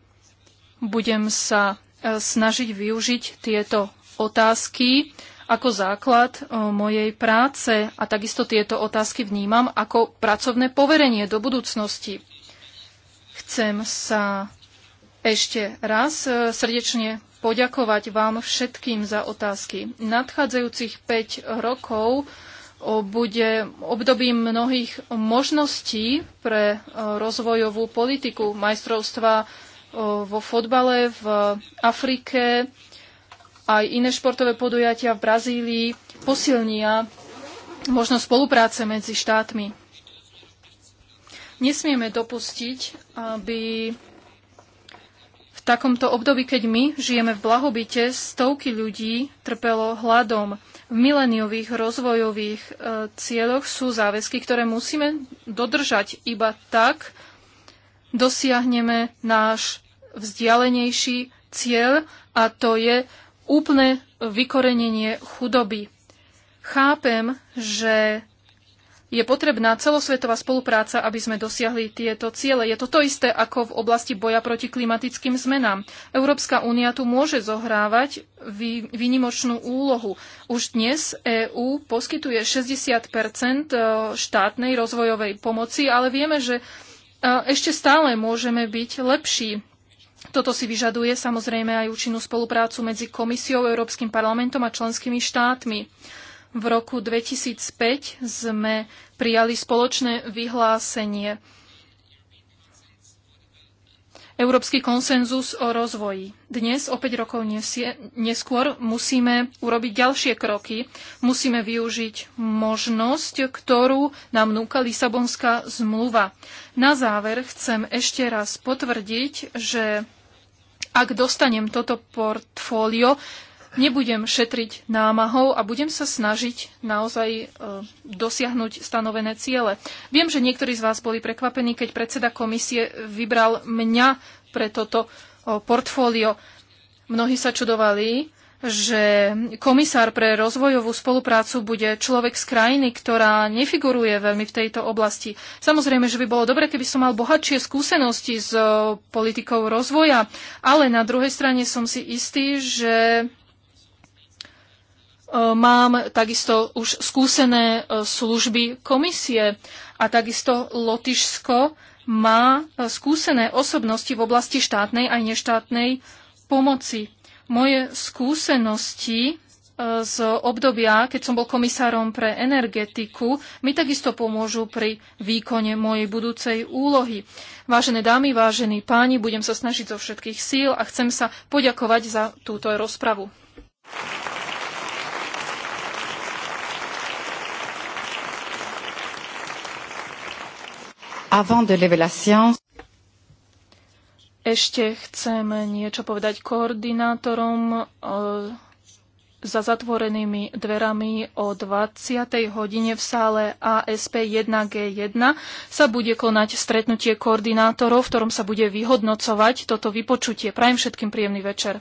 B: budem sa snažiť využiť tieto otázky ako základ e, mojej práce a takisto tieto otázky vnímam ako pracovné poverenie do budúcnosti. Chcem sa ešte raz e, srdečne poďakovať vám všetkým za otázky. Nadchádzajúcich 5 rokov e, bude obdobím mnohých možností pre rozvojovú politiku majstrovstva vo fotbale v Afrike, aj iné športové podujatia v Brazílii posilnia možnosť spolupráce medzi štátmi. Nesmieme dopustiť, aby v takomto období, keď my žijeme v blahobite, stovky ľudí trpelo hladom. V mileniových rozvojových e, cieľoch sú záväzky, ktoré musíme dodržať. Iba tak dosiahneme náš vzdialenejší cieľ a to je úplné vykorenenie chudoby. Chápem, že je potrebná celosvetová spolupráca, aby sme dosiahli tieto ciele. Je to to isté ako v oblasti boja proti klimatickým zmenám. Európska únia tu môže zohrávať výnimočnú úlohu. Už dnes EÚ poskytuje 60 e, štátnej rozvojovej pomoci, ale vieme, že e, ešte stále môžeme byť lepší. Toto si vyžaduje samozrejme aj účinnú spoluprácu medzi Komisiou, Európskym parlamentom a členskými štátmi. V roku 2005 sme prijali spoločné vyhlásenie európsky konsenzus o rozvoji. Dnes, o 5 rokov neskôr, musíme urobiť ďalšie kroky. Musíme využiť možnosť, ktorú nám núka Lisabonská zmluva. Na záver chcem ešte raz potvrdiť, že ak dostanem toto portfólio, Nebudem šetriť námahou a budem sa snažiť naozaj e, dosiahnuť stanovené ciele. Viem, že niektorí z vás boli prekvapení, keď predseda komisie vybral mňa pre toto e, portfólio. Mnohí sa čudovali, že komisár pre rozvojovú spoluprácu bude človek z krajiny, ktorá nefiguruje veľmi v tejto oblasti. Samozrejme, že by bolo dobre, keby som mal bohatšie skúsenosti s e, politikou rozvoja, ale na druhej strane som si istý, že E, mám takisto už skúsené e, služby komisie a takisto Lotyšsko má e, skúsené osobnosti v oblasti štátnej aj neštátnej pomoci. Moje skúsenosti z obdobia, keď som bol komisárom pre energetiku, mi takisto pomôžu pri výkone mojej budúcej úlohy. Vážené dámy, vážení páni, budem sa snažiť zo všetkých síl a chcem sa poďakovať za túto rozpravu.
A: avant de lever la
B: Ešte chcem niečo povedať koordinátorom e, za zatvorenými dverami o 20. hodine v sále ASP 1G1 sa bude konať stretnutie koordinátorov, v ktorom sa bude vyhodnocovať toto vypočutie. Prajem všetkým príjemný večer.